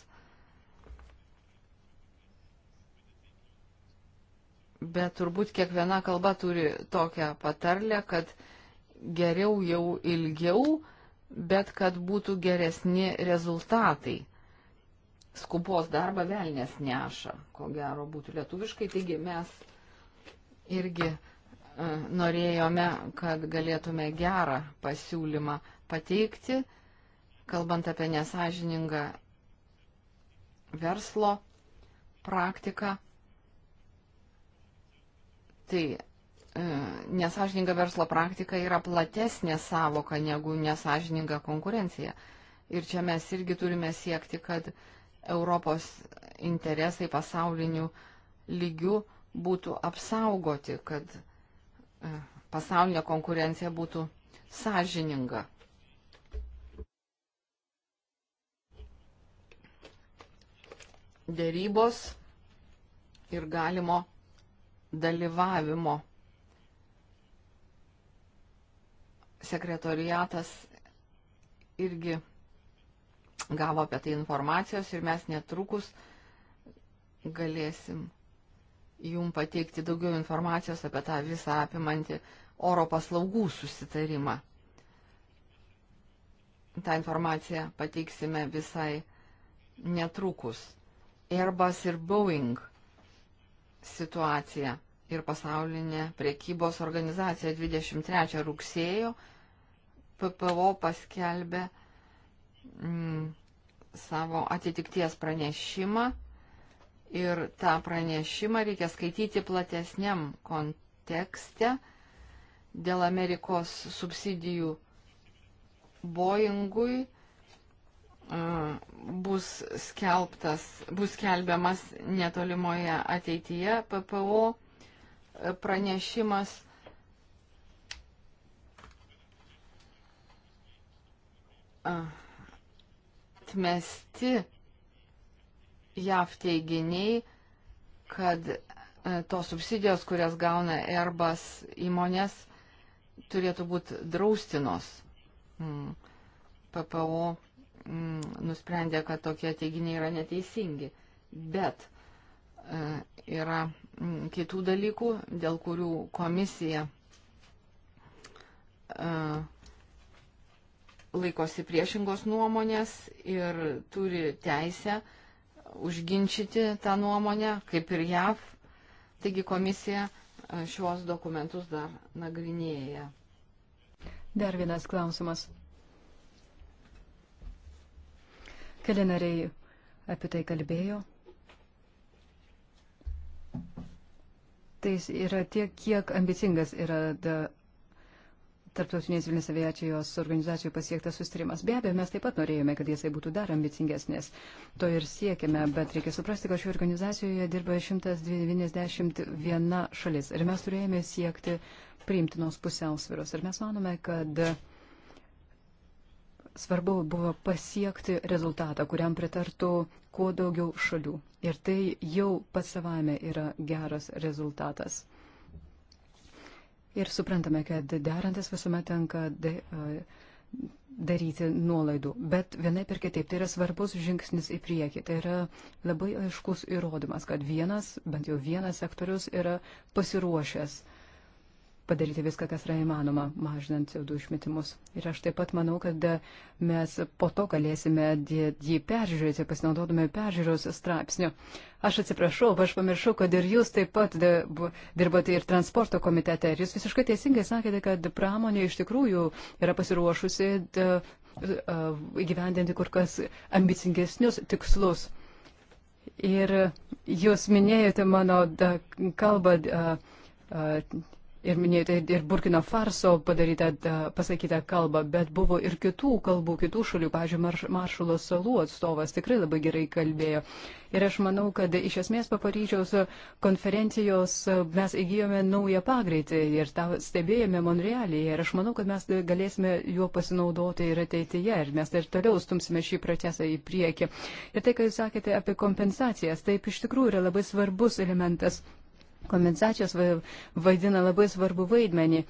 Bet turbūt kiekviena kalba turi tokią patarlę, kad geriau jau ilgiau, bet kad būtų geresni rezultatai. Skubos darbą velnės neša, ko gero būtų lietuviškai, taigi mes irgi e, norėjome, kad galėtume gerą pasiūlymą pateikti, kalbant apie nesažiningą verslo praktiką. Tai E, nesažininga verslo praktika yra platesnė savoka negu nesažininga konkurencija. Ir čia mes irgi turime siekti, kad Europos interesai pasauliniu lygiu būtų apsaugoti, kad e, pasaulinė konkurencija būtų sąžininga. Dėrybos ir galimo dalyvavimo sekretoriatas irgi gavo apie tai informacijos ir mes netrukus galėsim jum pateikti daugiau informacijos apie tą visą apimantį oro paslaugų susitarimą. Ta informacija pateiksime visai netrukus. Airbus ir Boeing situacija ir pasaulinė priekybos organizacija 23 rugsėjo PPO paskelbė mm, savo atitikties pranešimą ir tą pranešimą reikia skaityti platesniam kontekste dėl Amerikos subsidijų Boeingui bus skelbtas, bus skelbiamas netolimoje ateityje PPO pranešimas. Atmesti JAV teiginiai, kad e, tos subsidijos, kurias gauna Airbus įmonės, turėtų būti draustinos. Hmm. PPO hmm, nusprendė, kad tokie teiginiai yra neteisingi. Bet e, yra kitų dalykų, dėl kurių komisija e, laikosi priešingos nuomonės ir turi teisę užginčyti tą nuomonę, kaip ir JAV. Taigi komisija e, šiuos dokumentus dar nagrinėja. Dar vienas klausimas. Keli nariai apie tai kalbėjo. tai yra tiek, kiek ambicingas yra da, Tarptautinės Vilnius aviacijos organizacijų pasiektas sustarimas. Be abejo, mes taip pat norėjome, kad jisai būtų dar ambicingesnis. To ir siekime, bet reikia suprasti, kad šioje organizacijoje dirba 191 šalis ir mes turėjome siekti priimtinos pusiausviros. Ir mes manome, kad svarbu buvo pasiekti rezultatą, kuriam pritartų kuo daugiau šalių. Ir tai jau pats savame yra geras rezultatas. Ir suprantame, kad derantis visuomet tenka de, daryti nuolaidų. Bet vienai per kitaip tai yra svarbus žingsnis į priekį. Tai yra labai aiškus įrodymas, kad vienas, bent jau vienas sektorius yra pasiruošęs uh, padaryti viską, kas yra įmanoma, mažinant CO2 išmetimus. Ir aš taip pat manau, kad mes po to galėsime jį peržiūrėti, pasinaudodami peržiūros straipsniu. Aš atsiprašau, aš pamiršau, kad ir jūs taip pat dirbate ir transporto komitete. Ir jūs visiškai teisingai sakėte, kad pramonė iš tikrųjų yra pasiruošusi įgyvendinti kur kas ambicingesnius tikslus. Ir jūs minėjote mano da, kalbą. Da, da, ir minėjote ir Burkino Farso padarytą pasakytą kalbą, bet buvo ir kitų kalbų, kitų šalių, pavyzdžiui, Marš, Maršalo salų atstovas tikrai labai gerai kalbėjo. Ir aš manau, kad iš esmės po Paryžiaus konferencijos mes įgyjome naują pagreitį ir tą stebėjome Monrealyje. Ir aš manau, kad mes galėsime juo pasinaudoti ir ateityje. Ir mes ir toliau stumsime šį procesą į priekį. Ir tai, ką jūs sakėte apie kompensacijas, taip iš tikrųjų yra labai svarbus elementas. Kompensacijos vaidina labai svarbu vaidmenį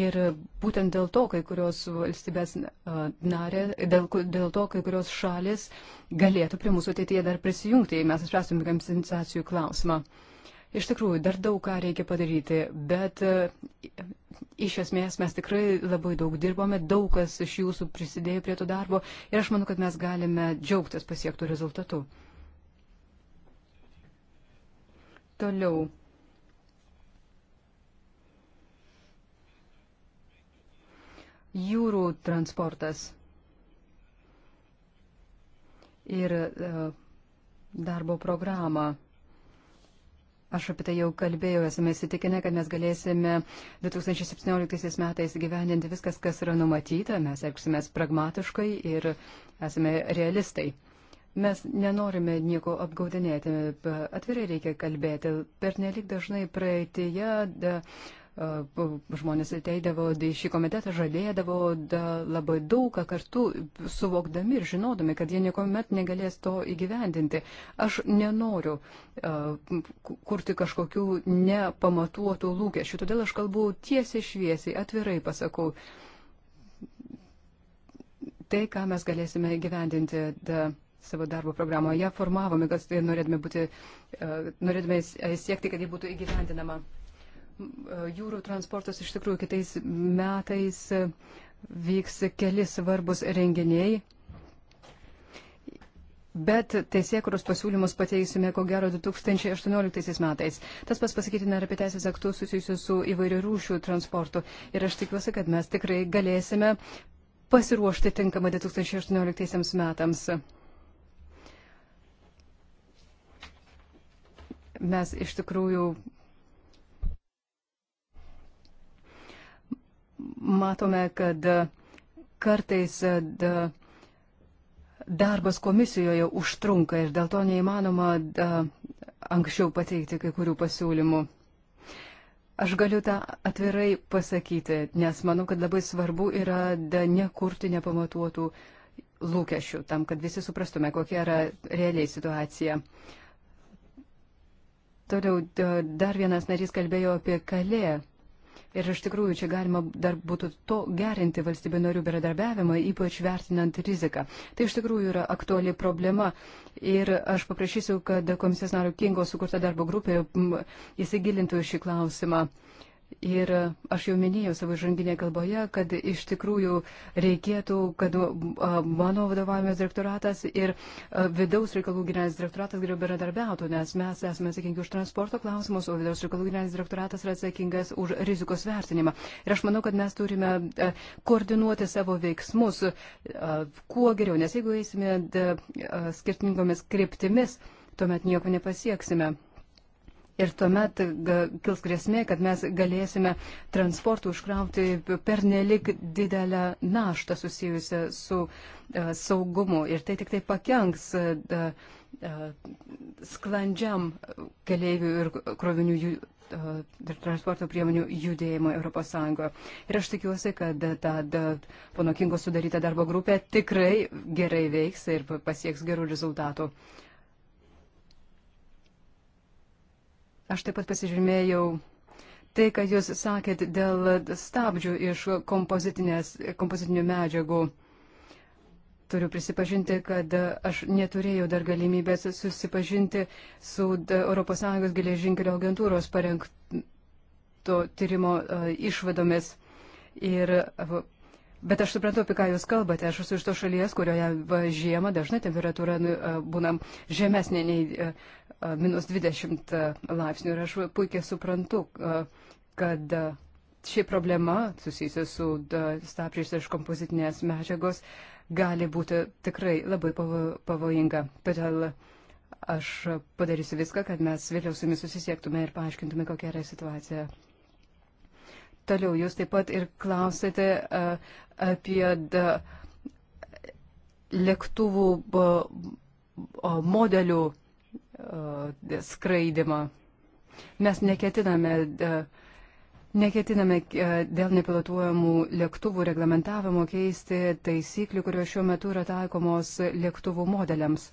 ir būtent dėl to kai kurios valstybės narė, dėl, dėl to kai kurios šalis galėtų prie mūsų ateityje dar prisijungti, jei mes išspręstume kompensacijų klausimą. Iš tikrųjų, dar daug ką reikia padaryti, bet iš esmės mes tikrai labai daug dirbome, daug kas iš jūsų prisidėjo prie to darbo ir aš manau, kad mes galime džiaugtis pasiektų rezultatų. Toliau. jūrų transportas ir e, darbo programą. Aš apie tai jau kalbėjau, esame įsitikinę, kad mes galėsime 2017 metais gyveninti viskas, kas yra numatyta, mes elgsime pragmatiškai ir esame realistai. Mes nenorime nieko apgaudinėti, atvirai reikia kalbėti. Per nelik dažnai praeitėje. Da, de žmonės ateidavo į šį komitetą, žadėdavo da, labai daugą kartu, suvokdami ir žinodami, kad jie niekuomet negalės to įgyvendinti. Aš nenoriu kurti kažkokių nepamatuotų lūkesčių, todėl aš kalbu tiesiai šviesiai, atvirai pasakau. Tai, ką mes galėsime įgyvendinti. Da, savo darbo programoje formavome, kad tai norėtume, būti, norėtume siekti, kad ji būtų įgyvendinama jūrų transportas iš tikrųjų kitais metais e, vyks keli svarbus renginiai. Bet teisėkuros pasiūlymus pateiksime, ko gero, 2018 metais. Tas pas pasakytina ir apie teisės aktus susijusius su įvairių rūšių transportu. Ir aš tikiuosi, kad mes tikrai galėsime pasiruošti tinkamą 2018 metams. Mes iš tikrųjų matome, kad kartais da, darbas komisijoje užtrunka ir dėl to neįmanoma da, anksčiau pateikti kai kurių pasiūlymų. Aš galiu tą atvirai pasakyti, nes manau, kad labai svarbu yra da, nekurti nepamatuotų lūkesčių, tam, kad visi suprastume, kokia yra realiai situacija. Toliau dar vienas narys kalbėjo apie kalė Ir iš tikrųjų čia galima dar būtų to gerinti valstybių narių bendradarbiavimą, ypač vertinant riziką. Tai iš tikrųjų yra aktuali problema. Ir aš paprašysiu, kad komisijos nario Kingo sukurta darbo grupė mm, įsigilintų šį klausimą. Ir aš jau minėjau savo žanginėje kalboje, kad iš tikrųjų reikėtų, kad mano vadovavimas direktoratas ir vidaus reikalų generalinis direktoratas geriau bendradarbiautų, nes mes esame atsakingi už transporto klausimus, o vidaus reikalų generalinis direktoratas yra atsakingas už rizikos vertinimą. Ir aš manau, kad mes turime koordinuoti savo veiksmus kuo geriau, nes jeigu eisime skirtingomis kryptimis, tuomet nieko nepasieksime. Ir tuomet kils grėsmė, kad mes galėsime transportų užkrauti per nelik didelę naštą susijusią su uh, saugumu. Ir tai tik tai pakenks uh, uh, sklandžiam keliaivių ir krovinių transporto priemonių judėjimo ES. Ir aš tikiuosi, kad ta pono Kingo sudaryta darbo grupė tikrai gerai veiks ir pasieks gerų rezultatų. Uh, Aš taip pat pasižymėjau tai, ką Jūs sakėt dėl stabdžių iš kompozitinių medžiagų. Turiu prisipažinti, kad aš neturėjau dar galimybės susipažinti su ES geležinkelio agentūros parengto tyrimo e, išvadomis. Ir e, Bet aš suprantu, apie ką Jūs kalbate. Aš esu iš to šalies, kurioje žiemą dažnai temperatūra nu, būna žemesnė nei minus 20 laipsnių. Ir aš puikiai suprantu, kad ši problema susijusi su stapčiais iš kompozitinės medžiagos gali būti tikrai labai pavojinga. Todėl aš padarysiu viską, kad mes vėliau su jumis susisiektume ir paaiškintume, kokia yra situacija Toliau jūs taip pat ir klausėte apie lėktuvų modelių skraidimą. Mes neketiname, neketiname dėl nepilotuojamų lėktuvų reglamentavimo keisti taisyklių, kurios šiuo metu yra taikomos lėktuvų modeliams,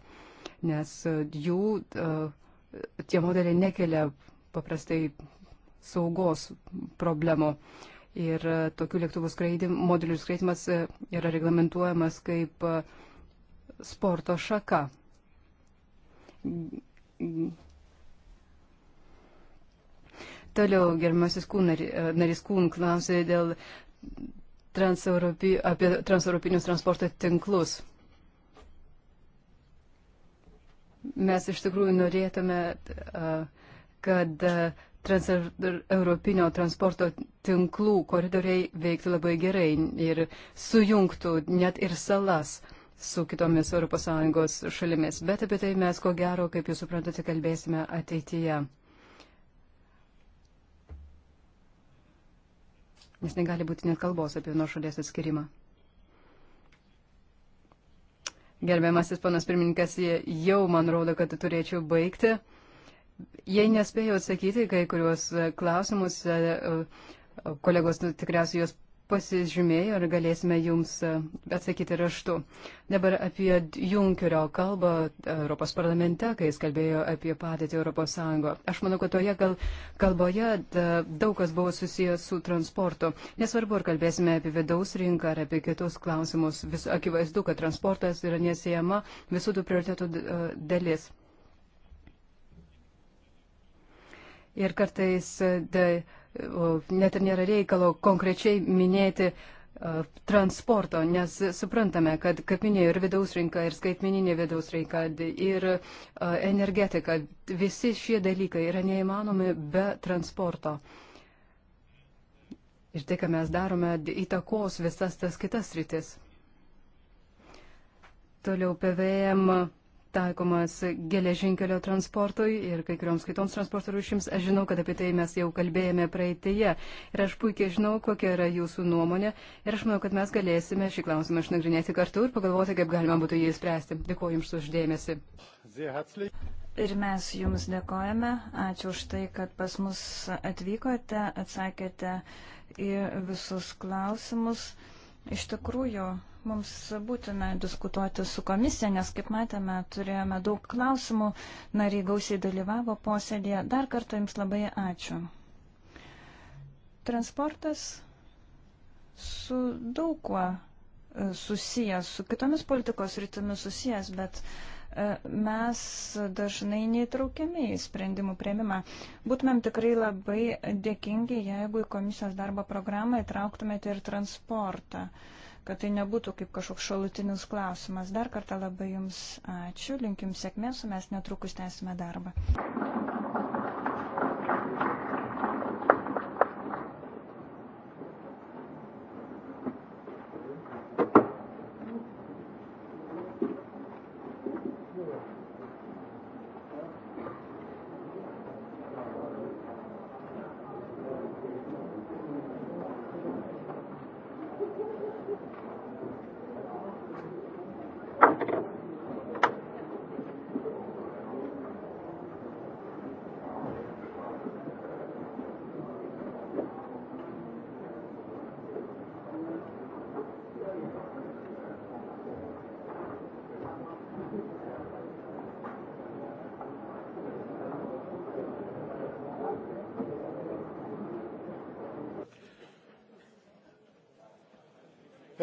nes jų tie modeliai nekelia paprastai saugos problemų. Ir e, tokių lėktuvų skraidim, modelių skraidimas e, yra reglamentuojamas kaip e, sporto šaka. Toliau gerbiamasis narys Kūn klausė dėl transeuropi, apie transeuropinius transporto tinklus. Mes iš tikrųjų norėtume, kad trans europinio transporto tinklų koridoriai veiktų labai gerai ir sujungtų net ir salas su kitomis ES šalimis. Bet apie tai mes, ko gero, kaip jūs suprantate, kalbėsime ateityje. Nes negali būti net kalbos apie nuo šalies atskirimą. Gerbiamasis panas pirmininkas jau man rodo, kad turėčiau baigti. Jei nespėjau atsakyti kai kuriuos e, klausimus, e, e, kolegos tikriausiai juos pasižymėjo ir galėsime jums atsakyti raštu. Dabar apie Junkerio kalbą Europos parlamente, kai jis kalbėjo apie padėtį Europos Sąjungo. Aš manau, kad toje gal, kalboje daug kas buvo susijęs su transportu. Nesvarbu, ar kalbėsime apie vidaus rinką ar apie kitus klausimus, vis, akivaizdu, kad transportas yra nesijama visų tų prioritetų dalis. ir kartais de, net ir nėra reikalo konkrečiai minėti uh, transporto, nes suprantame, kad, kaip minėjau, ir vidaus rinka, ir skaitmininė vidaus rinka, ir uh, energetika, visi šie dalykai yra neįmanomi be transporto. Ir tai, ką mes darome, įtakos visas tas kitas rytis. Toliau PVM taikomas geležinkelio transportui ir kai kurioms kitoms transporto rūšims. Aš žinau, kad apie tai mes jau kalbėjome praeitėje ir aš puikiai žinau, kokia yra jūsų nuomonė ir aš manau, kad mes galėsime šį klausimą išnagrinėti kartu ir pagalvoti, kaip galima būtų jį spręsti. Dėkuoju Jums uždėmesi. Ir mes Jums dėkojame. Ačiū už tai, kad pas mus atvykote, atsakėte į visus klausimus. Iš tikrųjų, Mums būtina diskutuoti su komisija, nes, kaip matėme, turėjome daug klausimų, nariai gausiai dalyvavo posėdėje. Dar kartą Jums labai ačiū. Transportas su daug kuo e, susijęs, su kitomis politikos rytimis susijęs, bet e, mes dažnai neįtraukiami į sprendimų prieimimą. Būtumėm tikrai labai dėkingi, jeigu į komisijos darbo programą įtrauktumėte ir transportą. Uh, kad tai nebūtų kaip kažkoks šalutinis klausimas. Dar kartą labai Jums ačiū, linkim sėkmės, mes netrukus tęsime darbą.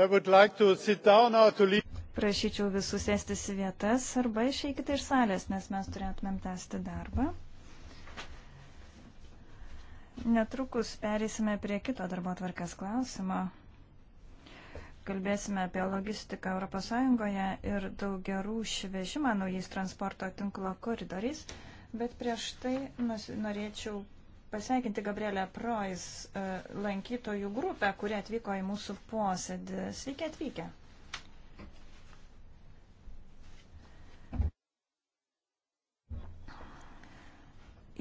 Like Prašyčiau visus sėstis į vietas arba išeikite iš salės, nes mes turėtumėm tęsti darbą. Netrukus perėsime prie kito darbo tvarkės klausimo. Kalbėsime apie logistiką ES ir daugiarų švežimą naujais transporto tinklo koridoriais, bet prieš tai norėčiau pasveikinti Gabrielę Prois e, lankytojų grupę, kurie atvyko į mūsų posėdį. Sveiki atvykę.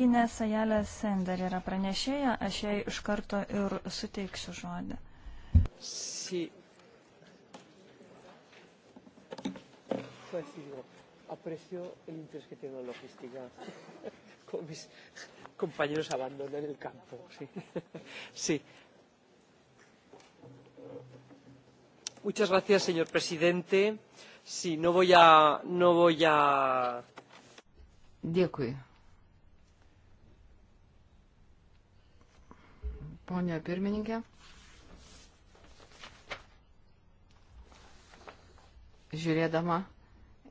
Inesa Jalė Sender yra pranešėja, aš jai iš karto ir suteiksiu žodį. Si. Aprecio el interés que tiene la logística con mis compañeros abandonan el campo. Sí. sí. Muchas gracias, señor presidente. Sí, no voy a... No voy a... Dėkui. Pone pirmininkė. Žiūrėdama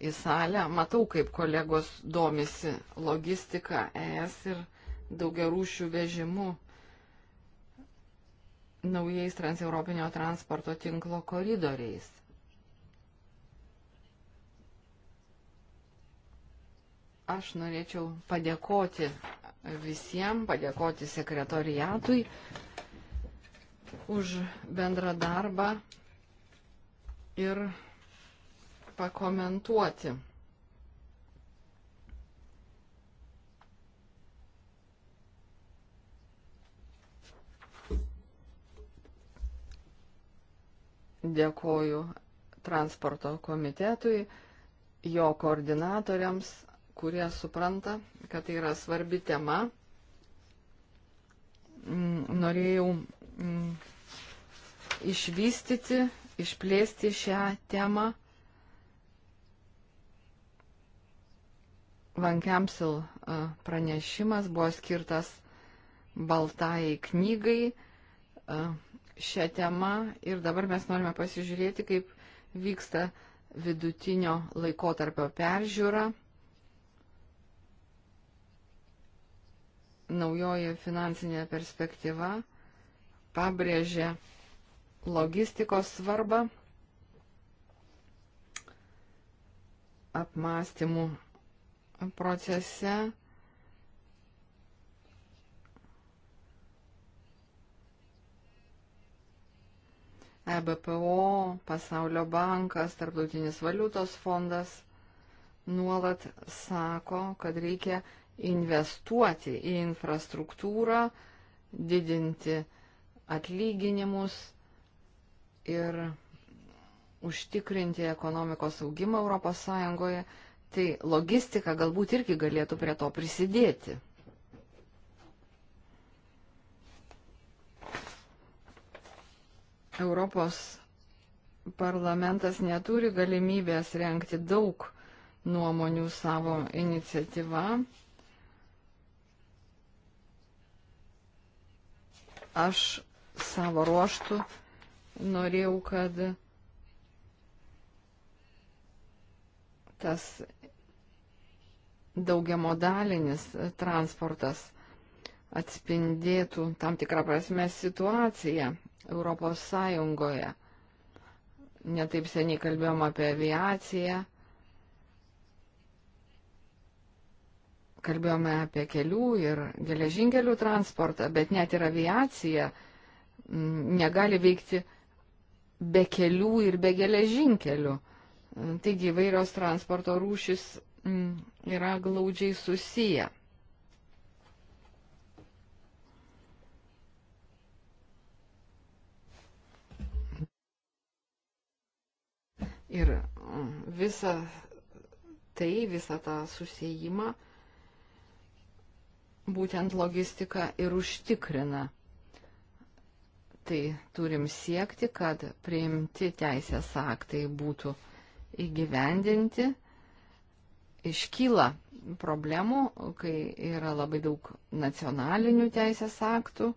į salę, matau, kaip kolegos domisi logistika ES ir daugiarūšių vežimu naujais transeuropinio transporto tinklo koridoriais. Aš norėčiau padėkoti visiems, padėkoti sekretoriatui už bendrą darbą ir pakomentuoti Dėkoju transporto komitetui, jo koordinatoriams, kurie supranta, kad tai yra svarbi tema. Mm, norėjau mm, išvystyti, išplėsti šią temą. Van Kemsil e, pranešimas buvo skirtas baltajai knygai, e, šią temą ir dabar mes norime pasižiūrėti, kaip vyksta vidutinio laikotarpio peržiūra. Naujoji finansinė perspektyva pabrėžė logistikos svarbą apmąstymų procese EBPO, Pasaulio bankas, Tarptautinis valiutos fondas nuolat sako, kad reikia investuoti į infrastruktūrą, didinti atlyginimus ir užtikrinti ekonomikos augimą ES, tai logistika galbūt irgi galėtų prie to prisidėti. Europos parlamentas neturi galimybės renkti daug nuomonių savo iniciatyvą. Aš savo ruoštų norėjau, kad tas daugiamodalinis transportas atspindėtų tam tikrą prasme situaciją Europos Sąjungoje. Netaip seniai kalbėjom apie aviaciją, kalbėjome apie kelių ir geležinkelių transportą, bet net ir aviacija mm, negali veikti be kelių ir be geležinkelių. Taigi vairios transporto rūšis mm, yra glaudžiai susiję. Ir mm, visą tai, visą tą susijimą būtent logistika ir užtikrina. Tai turim siekti, kad priimti teisės aktai būtų įgyvendinti. Iškyla problemų, kai yra labai daug nacionalinių teisės aktų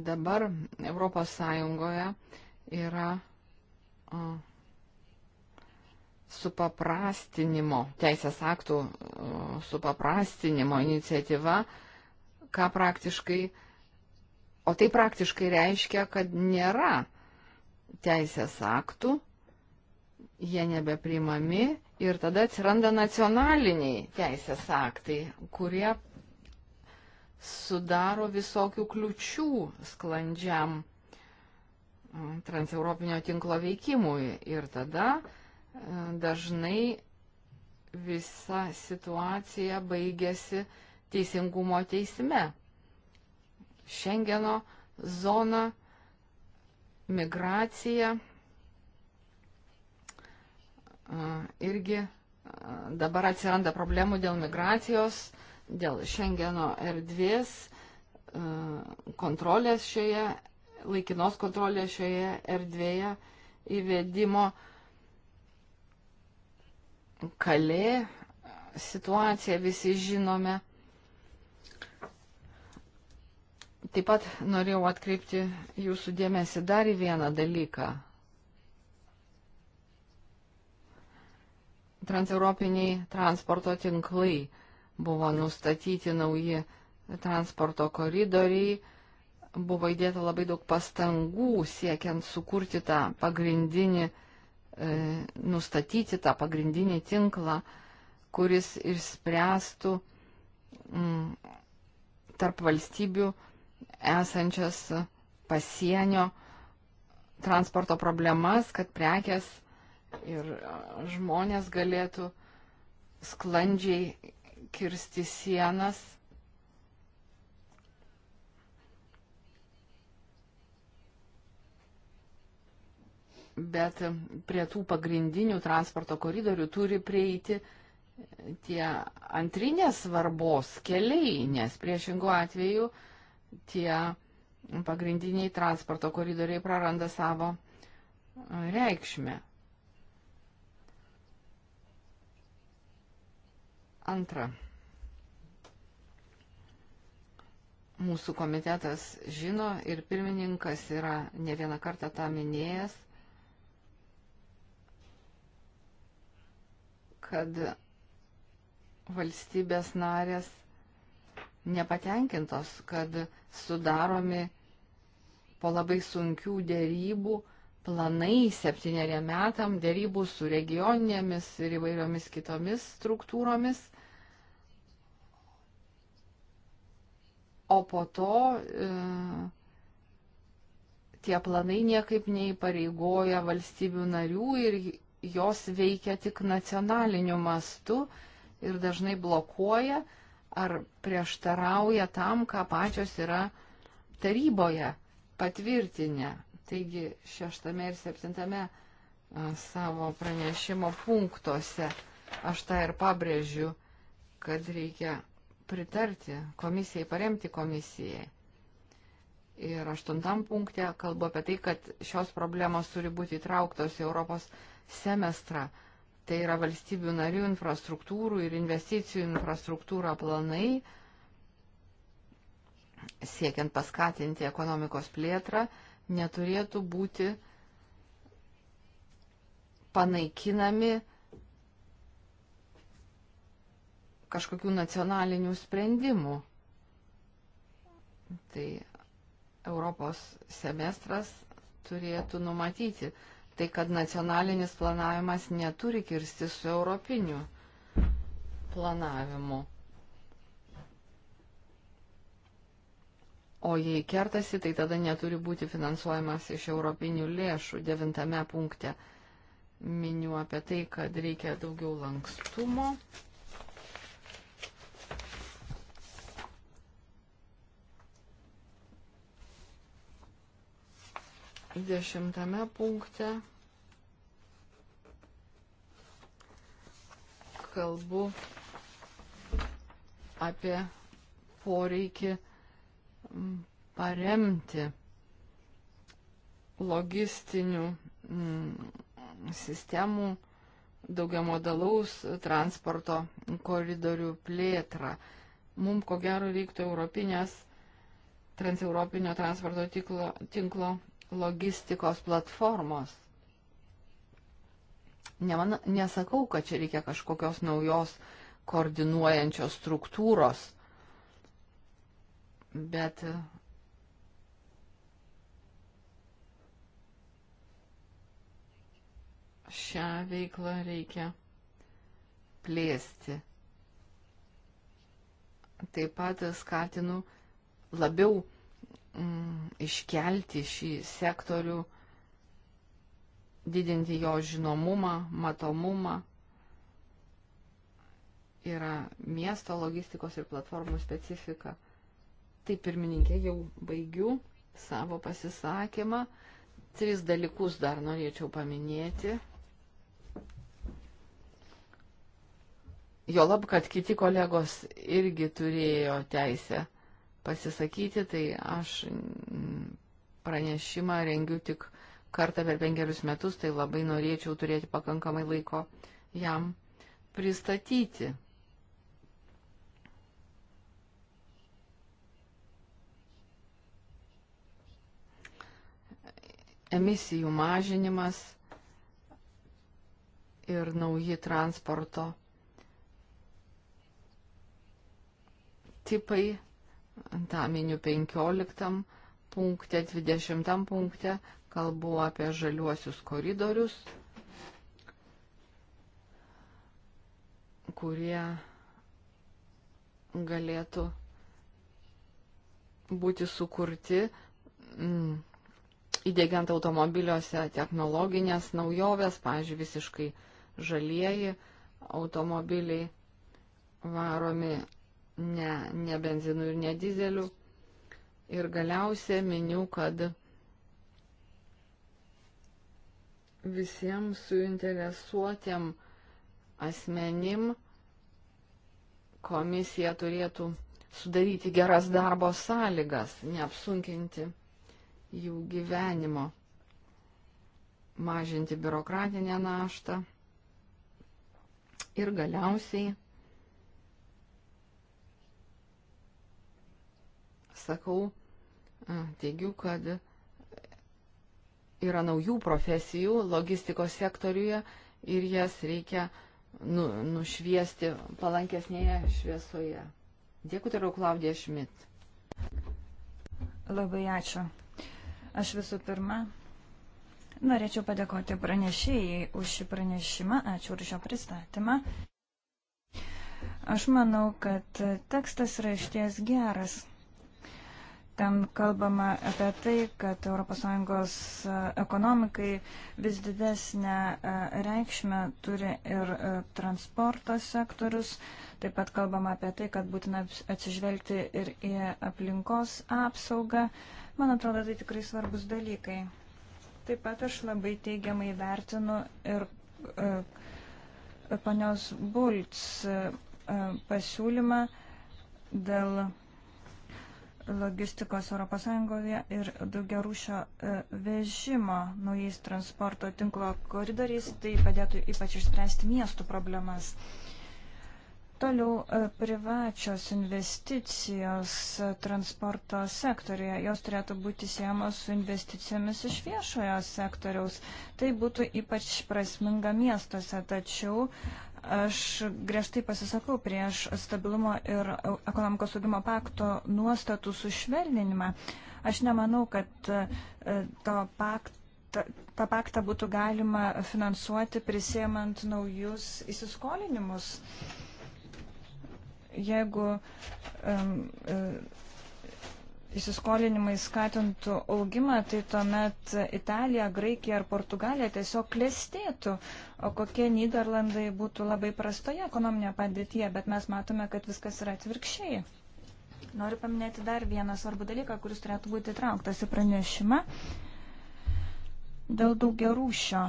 dabar Europos Sąjungoje yra supaprastinimo, teisės aktų supaprastinimo iniciatyva, ką praktiškai, o tai praktiškai reiškia, kad nėra teisės aktų, jie nebepriimami ir tada atsiranda nacionaliniai teisės aktai, kurie sudaro visokių kliučių sklandžiam transeuropinio tinklo veikimui. Ir tada dažnai visa situacija baigėsi teisingumo teisme. Šengeno zona, migracija irgi dabar atsiranda problemų dėl migracijos dėl Šengeno erdvės, e, kontrolės šioje, laikinos kontrolės šioje erdvėje įvedimo kalė situaciją visi žinome. Taip pat norėjau atkreipti jūsų dėmesį dar į vieną dalyką. Transeuropiniai transporto tinklai buvo nustatyti nauji transporto koridoriai, buvo įdėta labai daug pastangų siekiant sukurti tą pagrindinį, e, nustatyti tą pagrindinį tinklą, kuris išspręstų m, mm, tarp valstybių esančias pasienio transporto problemas, kad prekes ir žmonės galėtų sklandžiai kirsti sienas. Bet prie tų pagrindinių transporto koridorių turi prieiti tie antrinės svarbos keliai, nes priešingų atveju tie pagrindiniai transporto koridoriai praranda savo reikšmę. Antra. Mūsų komitetas žino ir pirmininkas yra ne vieną kartą tą minėjęs, kad valstybės narės nepatenkintos, kad sudaromi po labai sunkių dėrybų planai septyneriem metam dėrybų su regioninėmis ir įvairiomis kitomis struktūromis. o po to e, tie planai niekaip neįpareigoja valstybių narių ir jos veikia tik nacionaliniu mastu ir dažnai blokuoja ar prieštarauja tam, ką pačios yra taryboje patvirtinę. Taigi šeštame ir septintame savo pranešimo punktuose aš tą ir pabrėžiu, kad reikia pritarti komisijai, paremti komisijai. Ir aštuntam punktė kalbu apie tai, kad šios problemos turi būti įtrauktos į Europos semestrą. Tai yra valstybių narių infrastruktūrų ir investicijų infrastruktūra planai, siekiant paskatinti ekonomikos plėtrą, neturėtų būti panaikinami kažkokių nacionalinių sprendimų. Tai Europos semestras turėtų numatyti tai, kad nacionalinis planavimas neturi kirsti su europiniu planavimu. O jei kertasi, tai tada neturi būti finansuojamas iš europinių lėšų. Devintame punkte miniu apie tai, kad reikia daugiau lankstumo. dešimtame punkte kalbu apie poreikį paremti logistinių sistemų daugiamodalaus transporto koridorių plėtrą. Mums ko gero reiktų europinės transeuropinio transporto tinklo, tinklo logistikos platformos. Neman, nesakau, kad čia reikia kažkokios naujos koordinuojančios struktūros, bet šią veiklą reikia plėsti. Taip pat skatinu labiau mm, iškelti šį sektorių, didinti jo žinomumą, matomumą. Yra miesto logistikos ir platformų specifika. Tai pirmininkė jau baigiu savo pasisakymą. Tris dalykus dar norėčiau paminėti. Jo lab, kad kiti kolegos irgi turėjo teisę pasisakyti, tai aš pranešimą rengiu tik kartą per penkerius metus, tai labai norėčiau turėti pakankamai laiko jam pristatyti. Emisijų mažinimas ir nauji transporto tipai tą miniu 15 punkte, 20 punkte, kalbu apie žaliuosius koridorius, kurie galėtų būti sukurti mm, įdėgiant automobiliuose technologinės naujoves, pavyzdžiui, visiškai žalieji automobiliai varomi ne, ne benzinu ir ne dizeliu. Ir galiausia miniu, kad visiems suinteresuotiem asmenim komisija turėtų sudaryti geras darbo sąlygas, neapsunkinti jų gyvenimo, mažinti biurokratinę naštą ir galiausiai sakau, teigiu, kad yra naujų profesijų logistikos sektoriuje ir jas reikia nu, nušviesti palankesnėje šviesoje. Dėkui, turiu Klaudija Šmit. Labai ačiū. Aš visų pirma norėčiau padėkoti pranešėjai už šį pranešimą, ačiū už šio pristatymą. Aš manau, kad tekstas yra išties geras. Ten kalbama apie tai, kad ES ekonomikai vis didesnę e, reikšmę turi ir e, transporto sektorius. Taip pat kalbama apie tai, kad būtina atsižvelgti ir į aplinkos apsaugą. Man atrodo, tai tikrai svarbus dalykai. Taip pat aš labai teigiamai vertinu ir e, panios Bulc pasiūlymą dėl logistikos ES ir daugiarūšio e, vežimo naujais transporto tinklo koridoriais, tai padėtų ypač išspręsti miestų problemas. Toliau e, privačios investicijos transporto sektorija, jos turėtų būti siejamos su investicijomis iš viešojo sektoriaus. Tai būtų ypač prasminga miestuose, tačiau Aš griežtai pasisakau prieš stabilumo ir ekonomikos augimo pakto nuostatų sušvelninimą. Aš nemanau, kad e, to pakto Ta, tą paktą būtų galima finansuoti prisėmant naujus įsiskolinimus. Jeigu um, įsiskolinimai skatintų augimą, tai tuomet Italija, Graikija ar Portugalija tiesiog klestėtų, o kokie Niderlandai būtų labai prastoje ekonominėje padėtyje, bet mes matome, kad viskas yra atvirkščiai. Noriu paminėti dar vieną svarbų dalyką, kuris turėtų būti įtrauktas į pranešimą dėl daugiarūšio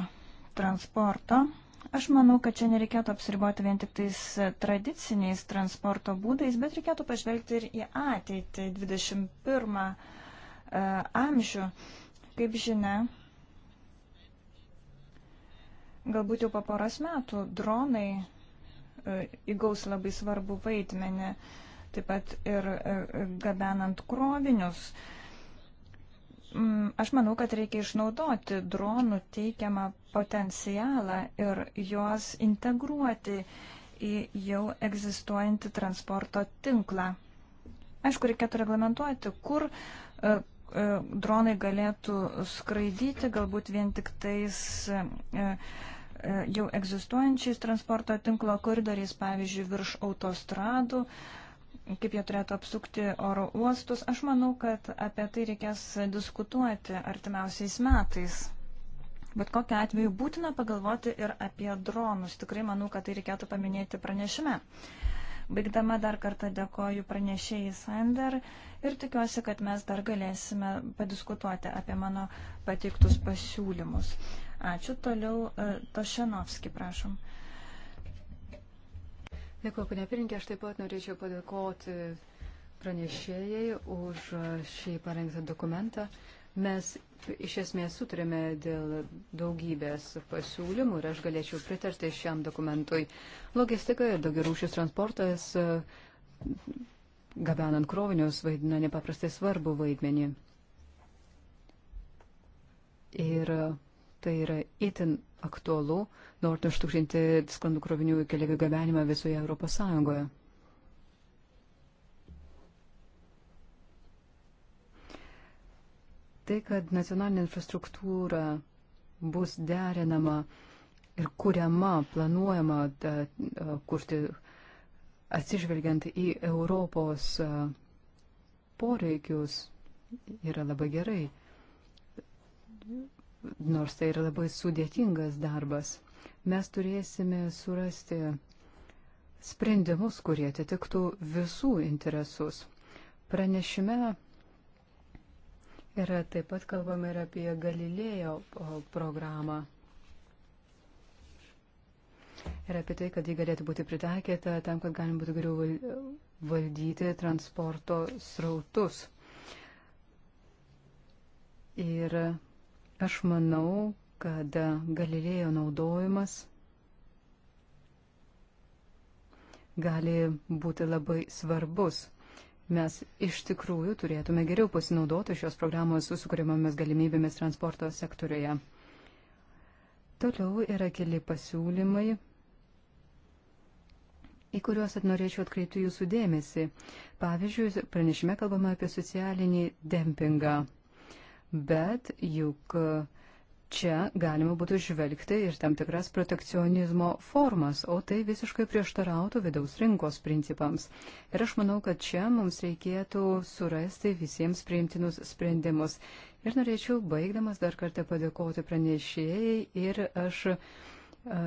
transporto. Aš manau, kad čia nereikėtų apsiriboti vien tik tais tradiciniais transporto būdais, bet reikėtų pažvelgti ir į ateitį, 21 e, amžių. Kaip žinia, galbūt jau po poros metų dronai e, įgaus labai svarbu vaidmenį, taip pat ir e, gabenant krovinius. Uh, Mm, aš manau, kad reikia išnaudoti dronų teikiamą potencialą ir juos integruoti į jau egzistuojantį transporto tinklą. Aišku, reikėtų reglamentuoti, kur e, e, dronai galėtų skraidyti, galbūt vien tik tais e, jau egzistuojančiais transporto tinklo koridoriais, pavyzdžiui, virš autostradų. Uh, kaip jie turėtų apsukti oro uostus. Aš manau, kad apie tai reikės diskutuoti artimiausiais metais. Bet kokiu atveju būtina pagalvoti ir apie dronus. Tikrai manau, kad tai reikėtų paminėti pranešime. Baigdama dar kartą dėkoju pranešėjai Sander ir tikiuosi, kad mes dar galėsime padiskutuoti apie mano pateiktus pasiūlymus. Ačiū. Toliau e, Tošenovski, prašom. Dėkuoju, ponia Pirinkė, aš taip pat norėčiau padėkoti pranešėjai už šį parengtą dokumentą. Mes iš esmės sutarėme dėl daugybės pasiūlymų ir aš galėčiau pritarti šiam dokumentui. Logistika ir daugiarūšis transportas e, gabenant krovinius vaidina nepaprastai svarbu vaidmenį. Ir tai yra itin aktualu, norint užtukrinti sklandų krovinių keliaivių gabenimą visoje Europos Sąjungoje. Tai, kad nacionalinė infrastruktūra bus derinama ir kuriama, planuojama da, kurti atsižvelgiant į Europos poreikius, yra labai gerai nors tai yra labai sudėtingas darbas, mes turėsime surasti sprendimus, kurie atitiktų visų interesus. Pranešime yra taip pat kalbama ir apie Galilėjo programą. Ir apie tai, kad jį galėtų būti pritaikyta tam, kad galim būtų geriau valdyti transporto srautus. Ir Aš manau, kad Galilėjo naudojimas gali būti labai svarbus. Mes iš tikrųjų turėtume geriau pasinaudoti šios programos sukūriamomis galimybėmis transporto sektoriuje. Toliau yra keli pasiūlymai, į kuriuos norėčiau atkreipti jūsų dėmesį. Pavyzdžiui, pranešime kalbame apie socialinį dempingą bet juk čia galima būtų žvelgti ir tam tikras protekcionizmo formas, o tai visiškai prieštarautų vidaus rinkos principams. Ir aš manau, kad čia mums reikėtų surasti visiems priimtinus sprendimus. Ir norėčiau, baigdamas, dar kartą padėkoti pranešėjai ir aš. A,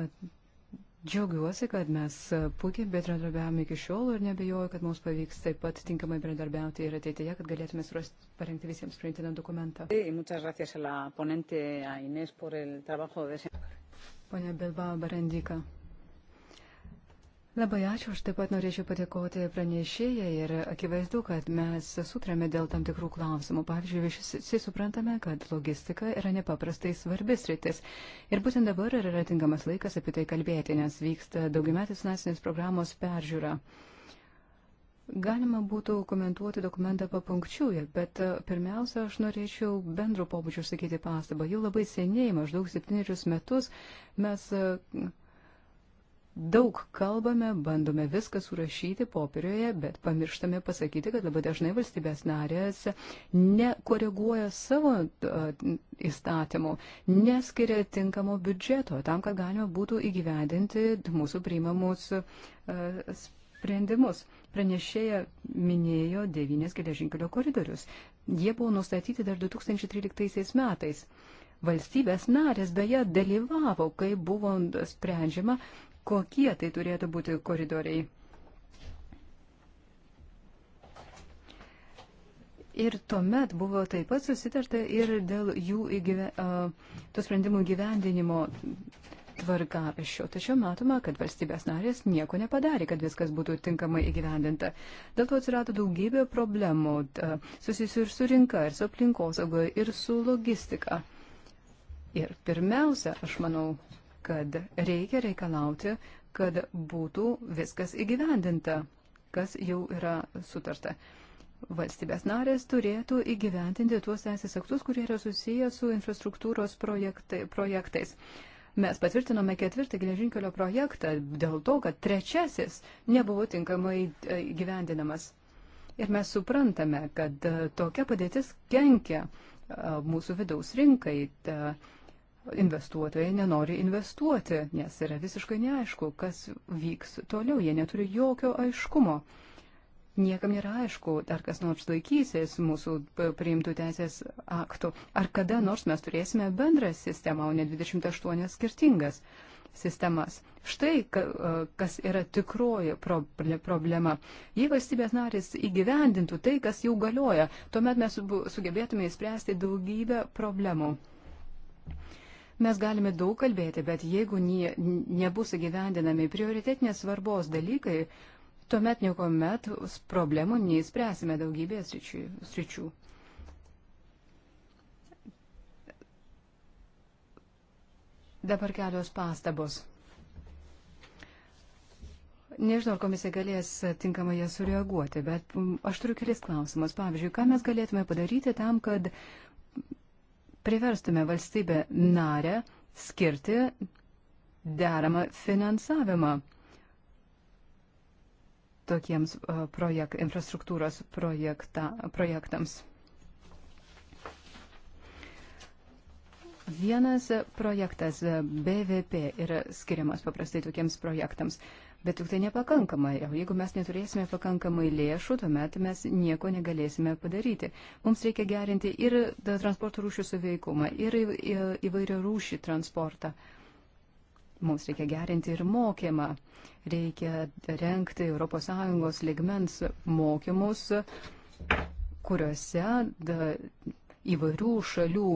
Džiaugiuosi, kad mes e, puikiai bendradarbiavome iki šiol ir nebejoju, kad mums pavyks taip pat tinkamai bendradarbiauti ir ateityje, kad galėtume surasti, parengti visiems priimtiną dokumentą. Pone Bilbao Barandika. Labai ačiū, aš taip pat norėčiau padėkoti pranešėjai ir akivaizdu, kad mes sutrėme dėl tam tikrų klausimų. Pavyzdžiui, visi suprantame, kad logistika yra nepaprastai svarbis rytis. Ir būtent dabar yra tinkamas laikas apie tai kalbėti, nes vyksta daugiametės finansinės programos peržiūra. Galima būtų komentuoti dokumentą papunkčiui, bet e, pirmiausia, aš norėčiau bendro pobūdžio sakyti pastabą. Jau labai seniai, maždaug septynerius metus, mes e, daug kalbame, bandome viską surašyti popieriuje, bet pamirštame pasakyti, kad labai dažnai valstybės narės nekoreguoja savo įstatymų, neskiria tinkamo biudžeto tam, kad galima būtų įgyvendinti mūsų priimamus sprendimus. Pranešėja minėjo devynės geležinkelio koridorius. Jie buvo nustatyti dar 2013 metais. Valstybės narės beje dalyvavo, kai buvo sprendžiama, kokie tai turėtų būti koridoriai. Ir tuomet buvo taip pat susitarta ir dėl jų įgyve, uh, tų sprendimų gyvendinimo tvarkaraščio. Tačiau matoma, kad valstybės narės nieko nepadarė, kad viskas būtų tinkamai įgyvendinta. Dėl to atsirado daugybė problemų uh, susijusių ir su rinka, ir su aplinkosaugoje, ir su logistika. Ir pirmiausia, aš manau, kad reikia reikalauti, kad būtų viskas įgyvendinta, kas jau yra sutarta. Valstybės narės turėtų įgyventinti tuos teisės aktus, kurie yra susiję su infrastruktūros projektai, projektais. Mes patvirtinome ketvirtą geležinkelio projektą dėl to, kad trečiasis nebuvo tinkamai e, gyvendinamas. Ir mes suprantame, kad e, tokia padėtis kenkia e, mūsų vidaus rinkai. Ta, investuotojai nenori investuoti, nes yra visiškai neaišku, kas vyks toliau, jie neturi jokio aiškumo. Niekam nėra aišku, ar kas nors laikysis mūsų priimtų teisės aktų, ar kada nors mes turėsime bendrą sistemą, o ne 28 skirtingas sistemas. Štai kas yra tikroji problema. Jei valstybės narės įgyvendintų tai, kas jau galioja, tuomet mes sugebėtume įspręsti daugybę problemų. Mes galime daug kalbėti, bet jeigu nie, nebus įgyvendinami prioritetinės svarbos dalykai, tuomet niekuomet problemų neįspręsime daugybėje sričių. Dabar kelios pastabos. Nežinau, ar komisija galės tinkamai jas sureaguoti, bet aš turiu kelias klausimas. Pavyzdžiui, ką mes galėtume padaryti tam, kad priverstume valstybę narę skirti deramą finansavimą tokiems e, projek, infrastruktūros projekta, projektams. Vienas projektas BVP yra skiriamas paprastai tokiems projektams bet tik tai nepakankamai. O jeigu mes neturėsime pakankamai lėšų, tuomet mes nieko negalėsime padaryti. Mums reikia gerinti ir transporto rūšių suveikumą, ir įvairių rūšių transportą. Mums reikia gerinti ir mokymą. Reikia renkti ES ligmens mokymus, kuriuose da, įvairių šalių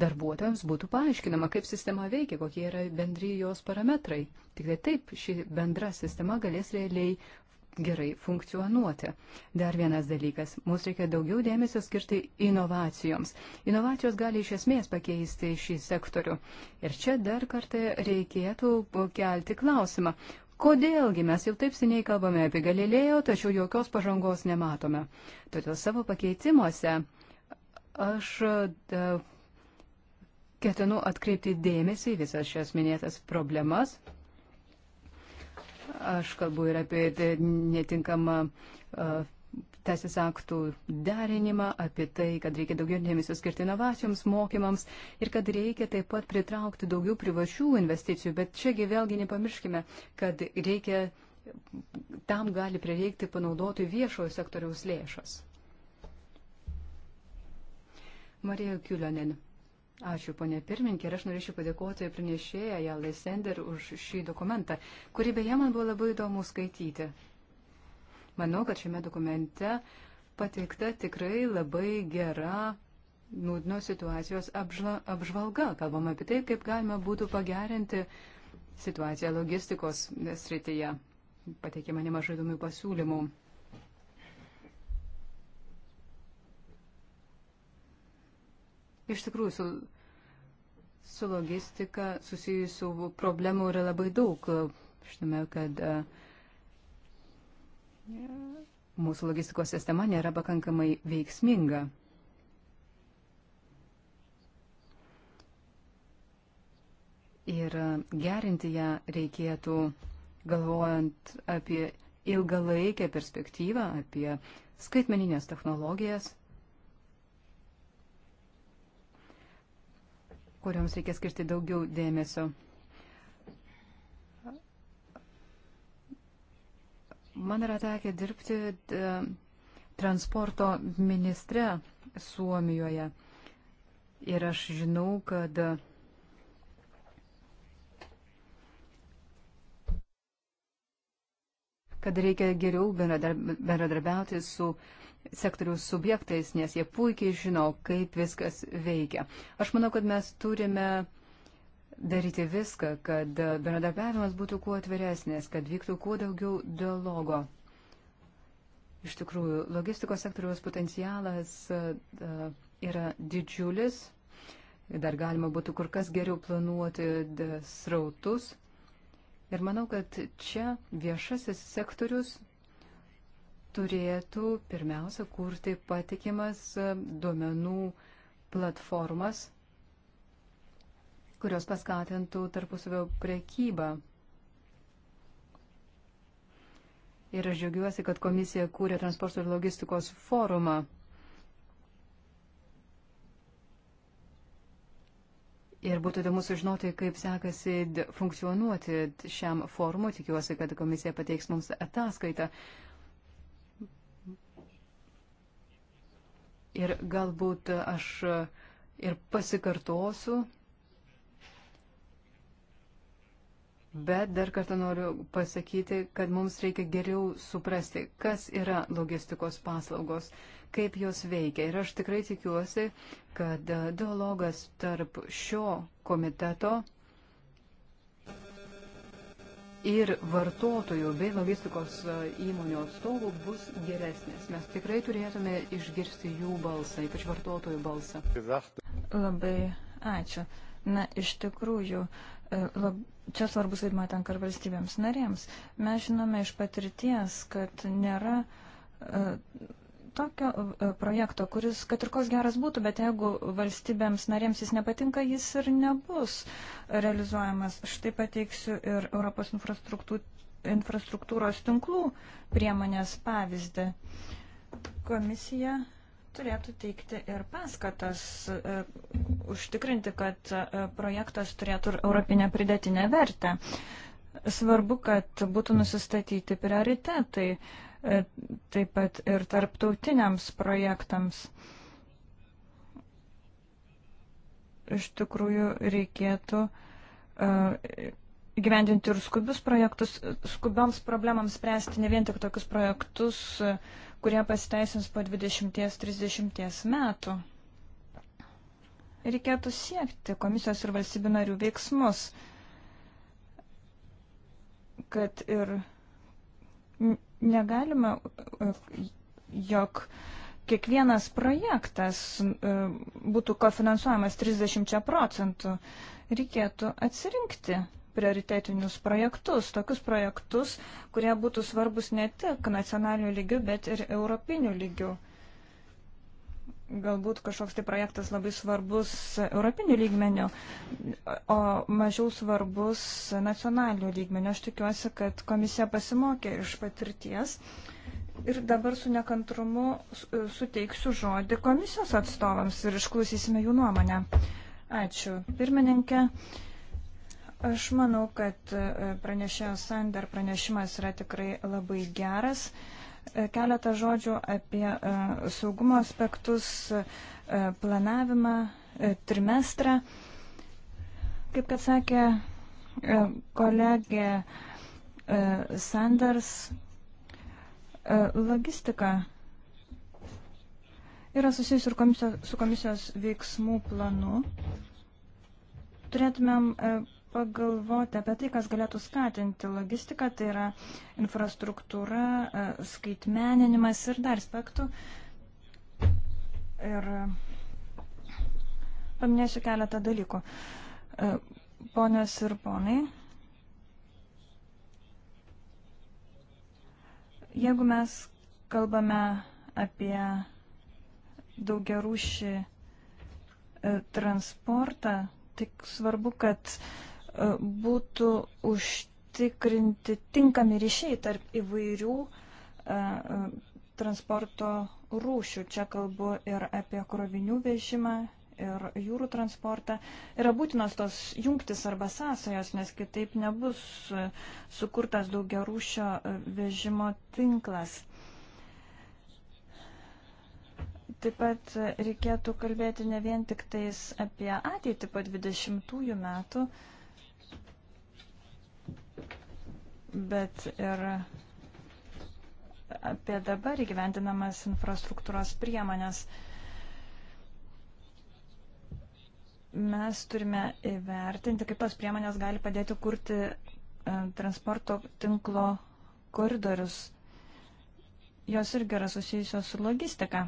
darbuotojams būtų paaiškinama, kaip sistema veikia, kokie yra bendrijos parametrai. Tik tai taip ši bendra sistema galės realiai gerai funkcionuoti. Dar vienas dalykas. Mums reikia daugiau dėmesio skirti inovacijoms. Inovacijos gali iš esmės pakeisti šį sektorių. Ir čia dar kartą reikėtų kelti klausimą. Kodėlgi mes jau taip seniai kalbame apie Galilėjo, tačiau jokios pažangos nematome. Todėl savo pakeitimuose aš da, e, ketinu atkreipti dėmesį visas šias minėtas problemas. Aš kalbu ir apie netinkamą uh, teisės aktų derinimą, apie tai, kad reikia daugiau dėmesio skirti inovacijoms, mokymams ir kad reikia taip pat pritraukti daugiau privačių investicijų. Bet čiagi vėlgi nepamirškime, kad reikia, tam gali prireikti panaudoti viešojo sektoriaus lėšas. Marija Kiulonin. Ačiū, ponė pirmininkė, ir aš norėčiau padėkoti pranešėją Jalai Sender už šį dokumentą, kurį beje man buvo labai įdomu skaityti. Manau, kad šiame dokumente pateikta tikrai labai gera nūdnos situacijos apžla, apžvalga. Kalbam apie tai, kaip galima būtų pagerinti situaciją logistikos srityje. Pateikima nemažai įdomių pasiūlymų. Iš tikrųjų, su, su logistika susijusių problemų yra labai daug. Žinome, kad e, mūsų logistikos sistema nėra pakankamai veiksminga. Ir gerinti ją reikėtų galvojant apie ilgalaikę perspektyvą, apie skaitmeninės technologijas kurioms reikia skirti daugiau dėmesio. Man yra tekę dirbti e, transporto ministre Suomijoje. Ir aš žinau, kad kad reikia geriau bendradarbiauti su uh, sektorių subjektais, nes jie puikiai žino, kaip viskas veikia. Aš manau, kad mes turime daryti viską, kad bendradarbiavimas būtų kuo atviresnės, kad vyktų kuo daugiau dialogo. Iš tikrųjų, logistikos sektoriaus potencialas e, yra didžiulis. Dar galima būtų kur kas geriau planuoti srautus. Ir manau, kad čia viešasis sektorius turėtų pirmiausia kurti patikimas e, duomenų platformas, kurios paskatintų tarpusavio priekybą. Ir aš džiaugiuosi, kad komisija kūrė transporto ir logistikos forumą. Ir būtų įdomu sužinoti, kaip sekasi funkcionuoti šiam formui. Tikiuosi, kad komisija pateiks mums ataskaitą. Ir galbūt aš ir pasikartosiu, bet dar kartą noriu pasakyti, kad mums reikia geriau suprasti, kas yra logistikos paslaugos, kaip jos veikia. Ir aš tikrai tikiuosi, kad dialogas tarp šio komiteto ir vartotojų bei logistikos e, įmonių atstovų bus geresnės. Mes tikrai turėtume išgirsti jų balsą, ypač vartotojų balsą. Labai ačiū. Na, iš tikrųjų, e, lab, čia svarbus vaidmuo tenka ir valstybėms narėms. Mes žinome iš patirties, kad nėra e, tokio e, projekto, kuris, kad ir koks geras būtų, bet jeigu valstybėms narėms jis nepatinka, jis ir nebus realizuojamas. Štai pateiksiu ir Europos infrastruktūros tinklų priemonės pavyzdį. Komisija turėtų teikti ir paskatas, e, užtikrinti, kad e, projektas turėtų ir europinę pridėtinę vertę. Svarbu, kad būtų nusistatyti prioritetai. E, E, taip pat ir tarptautiniams projektams. Iš tikrųjų reikėtų e, gyvendinti ir skubius projektus, skubioms problemams spręsti, ne vien tik tokius projektus, e, kurie pasiteisins po 20-30 metų. Reikėtų siekti komisijos ir valstybių narių veiksmus, kad ir Negalime, jog kiekvienas projektas e, būtų kofinansuojamas 30 procentų. Reikėtų atsirinkti prioritetinius projektus, tokius projektus, kurie būtų svarbus ne tik nacionaliniu lygiu, bet ir europiniu lygiu galbūt kažkoks tai projektas labai svarbus europinių lygmenių, o mažiau svarbus nacionalinių lygmenių. Aš tikiuosi, kad komisija pasimokė iš patirties. Ir dabar su nekantrumu suteiksiu žodį komisijos atstovams ir išklausysime jų nuomonę. Ačiū. Pirmininkė. Aš manau, kad pranešėjo Sander pranešimas yra tikrai labai geras. Keletą žodžių apie e, saugumo aspektus, e, planavimą, e, trimestrą. Kaip kad sakė kolegė Sanders, logistika yra susijusi ir komisijos, su komisijos veiksmų planu. Turėtumėm pagalvoti apie tai, kas galėtų skatinti logistiką, tai yra infrastruktūra, e, skaitmeninimas ir dar aspektų. Ir paminėsiu keletą dalykų. E, ponios ir ponai, jeigu mes kalbame apie daugiarūšį e, transportą, tik svarbu, kad uh, E, būtų užtikrinti tinkami ryšiai tarp įvairių e, e, transporto rūšių. Čia kalbu ir apie krovinių vežimą, ir jūrų transportą. Yra būtinos tos jungtis arba sąsajos, nes kitaip nebus sukurtas daugiarūšio vežimo tinklas. Taip pat reikėtų kalbėti ne vien tik tais apie ateitį po 20 metų, bet ir apie dabar įgyvendinamas infrastruktūros priemonės. Mes turime įvertinti, kaip tos priemonės gali padėti kurti e, transporto tinklo koridorius. Jos irgi yra susijusios su logistika.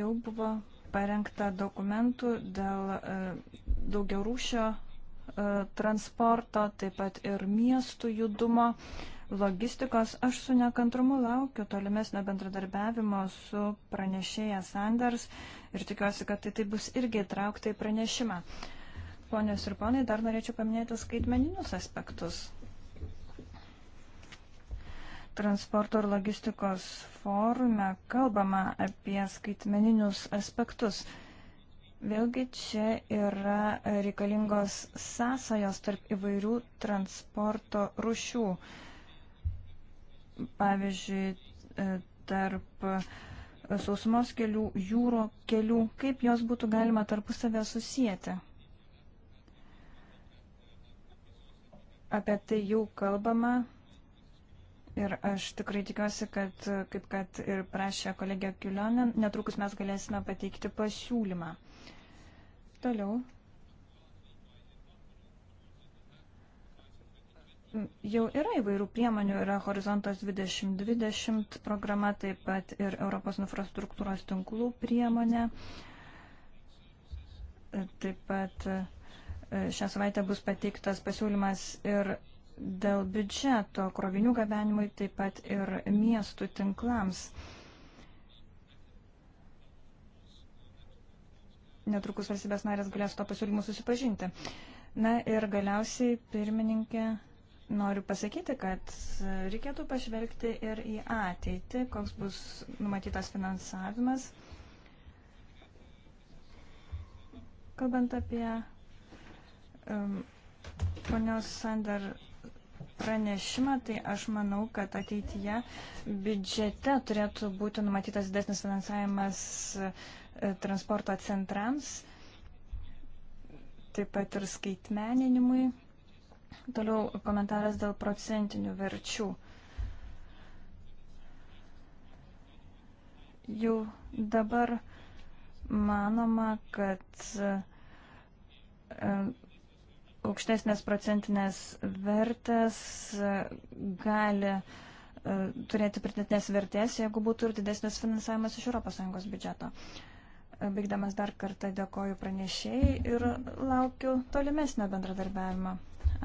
Jau buvo parengta dokumentų dėl e, daugiarūšio E, transporto, taip pat ir miestų judumo, logistikos. Aš su nekantrumu laukiu tolimesnio bendradarbiavimo su pranešėja Sanders ir tikiuosi, kad tai, tai bus irgi įtraukta į pranešimą. Ponios ir ponai, dar norėčiau paminėti skaitmeninius aspektus. Transporto ir logistikos forume kalbama apie skaitmeninius aspektus. Vėlgi čia yra reikalingos sąsajos tarp įvairių transporto rušių. Pavyzdžiui, e, tarp e, sausumos kelių, jūro kelių, kaip jos būtų galima tarpusavę susijęti. Apie tai jau kalbama ir aš tikrai tikiuosi, kad, kaip kad ir prašė kolegė Kilionė, netrukus mes galėsime pateikti pasiūlymą. Toliau. Jau yra įvairių priemonių, yra Horizontas 2020 programa, taip pat ir Europos infrastruktūros tinklų priemonė. Taip pat e, šią savaitę bus pateiktas pasiūlymas ir dėl biudžeto krovinių gabenimui, taip pat ir miestų tinklams. netrukus valstybės narės galės to pasiūlymu susipažinti. Na ir galiausiai, pirmininkė, noriu pasakyti, kad reikėtų pažvelgti ir į ateitį, koks bus numatytas finansavimas. Kalbant apie um, ponios Sander pranešimą, tai aš manau, kad ateityje biudžete turėtų būti numatytas didesnis finansavimas uh, E, transporto centrams, taip pat ir skaitmeninimui. Toliau komentaras dėl procentinių verčių. Jau dabar manoma, kad e, aukštesnės procentinės vertės e, gali turėti pridėtinės vertės, jeigu būtų ir didesnis finansavimas iš ES biudžeto. Uh, Baigdamas dar kartą dėkoju pranešėjai ir laukiu tolimesnio bendradarbiavimo.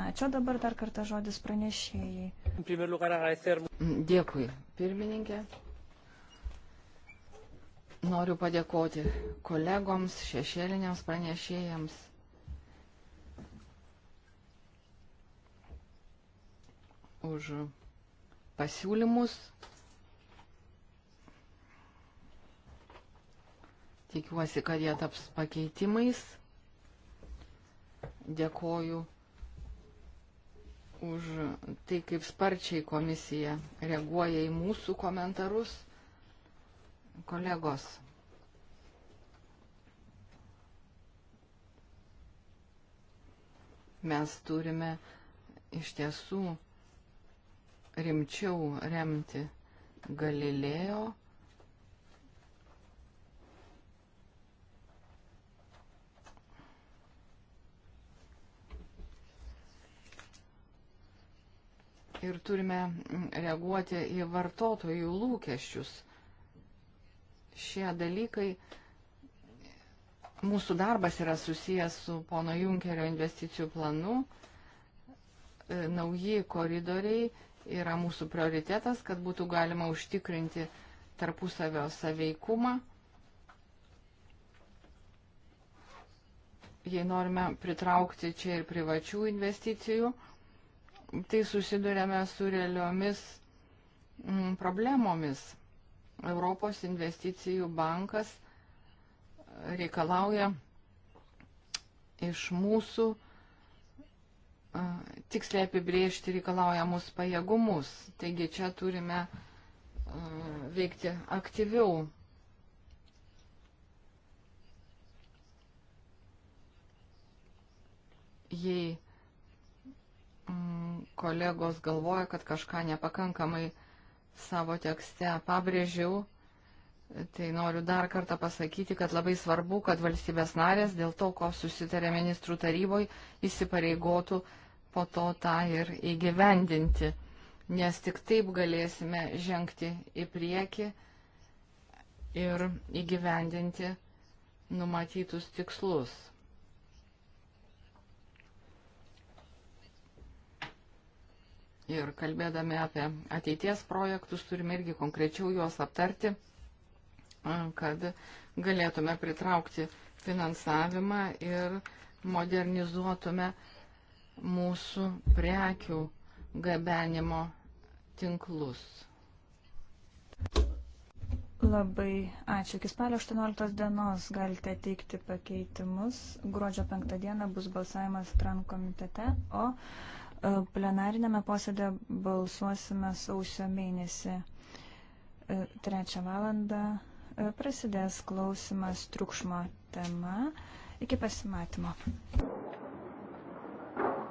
Ačiū dabar dar kartą žodis pranešėjai. Dėkui, pirmininkė. Noriu padėkoti kolegoms, šešėliniams pranešėjams. už pasiūlymus Tikiuosi, kad jie taps pakeitimais. Dėkoju už tai, kaip sparčiai komisija reaguoja į mūsų komentarus. Kolegos. Mes turime iš tiesų rimčiau remti Galilėjo ir turime reaguoti į vartotojų lūkesčius. Šie dalykai, mūsų darbas yra susijęs su pono Junkerio investicijų planu, e, nauji koridoriai yra mūsų prioritetas, kad būtų galima užtikrinti tarpusavio saveikumą. Jei norime pritraukti čia ir privačių investicijų, tai susidurėme su realiomis mm, problemomis. Europos investicijų bankas e, reikalauja iš mūsų e, tiksliai apibriežti reikalaujamus pajėgumus. Taigi čia turime e, veikti aktyviau. Jei Mm, kolegos galvoja, kad kažką nepakankamai savo tekste pabrėžiau, tai noriu dar kartą pasakyti, kad labai svarbu, kad valstybės narės dėl to, ko susitarė ministrų taryboj, įsipareigotų po to tą ir įgyvendinti, nes tik taip galėsime žengti į priekį ir įgyvendinti numatytus tikslus. ir kalbėdami apie ateities projektus turime irgi konkrečiau juos aptarti, kad galėtume pritraukti finansavimą ir modernizuotume mūsų prekių gabenimo tinklus. Labai ačiū. Iki spalio 18 dienos galite teikti pakeitimus. Gruodžio 5 dieną bus balsavimas TRAN komitete, o Plenarinėme posėdė balsuosime sausio mėnesį. E, trečią valandą e, prasidės klausimas triukšmo tema. Iki pasimatymo.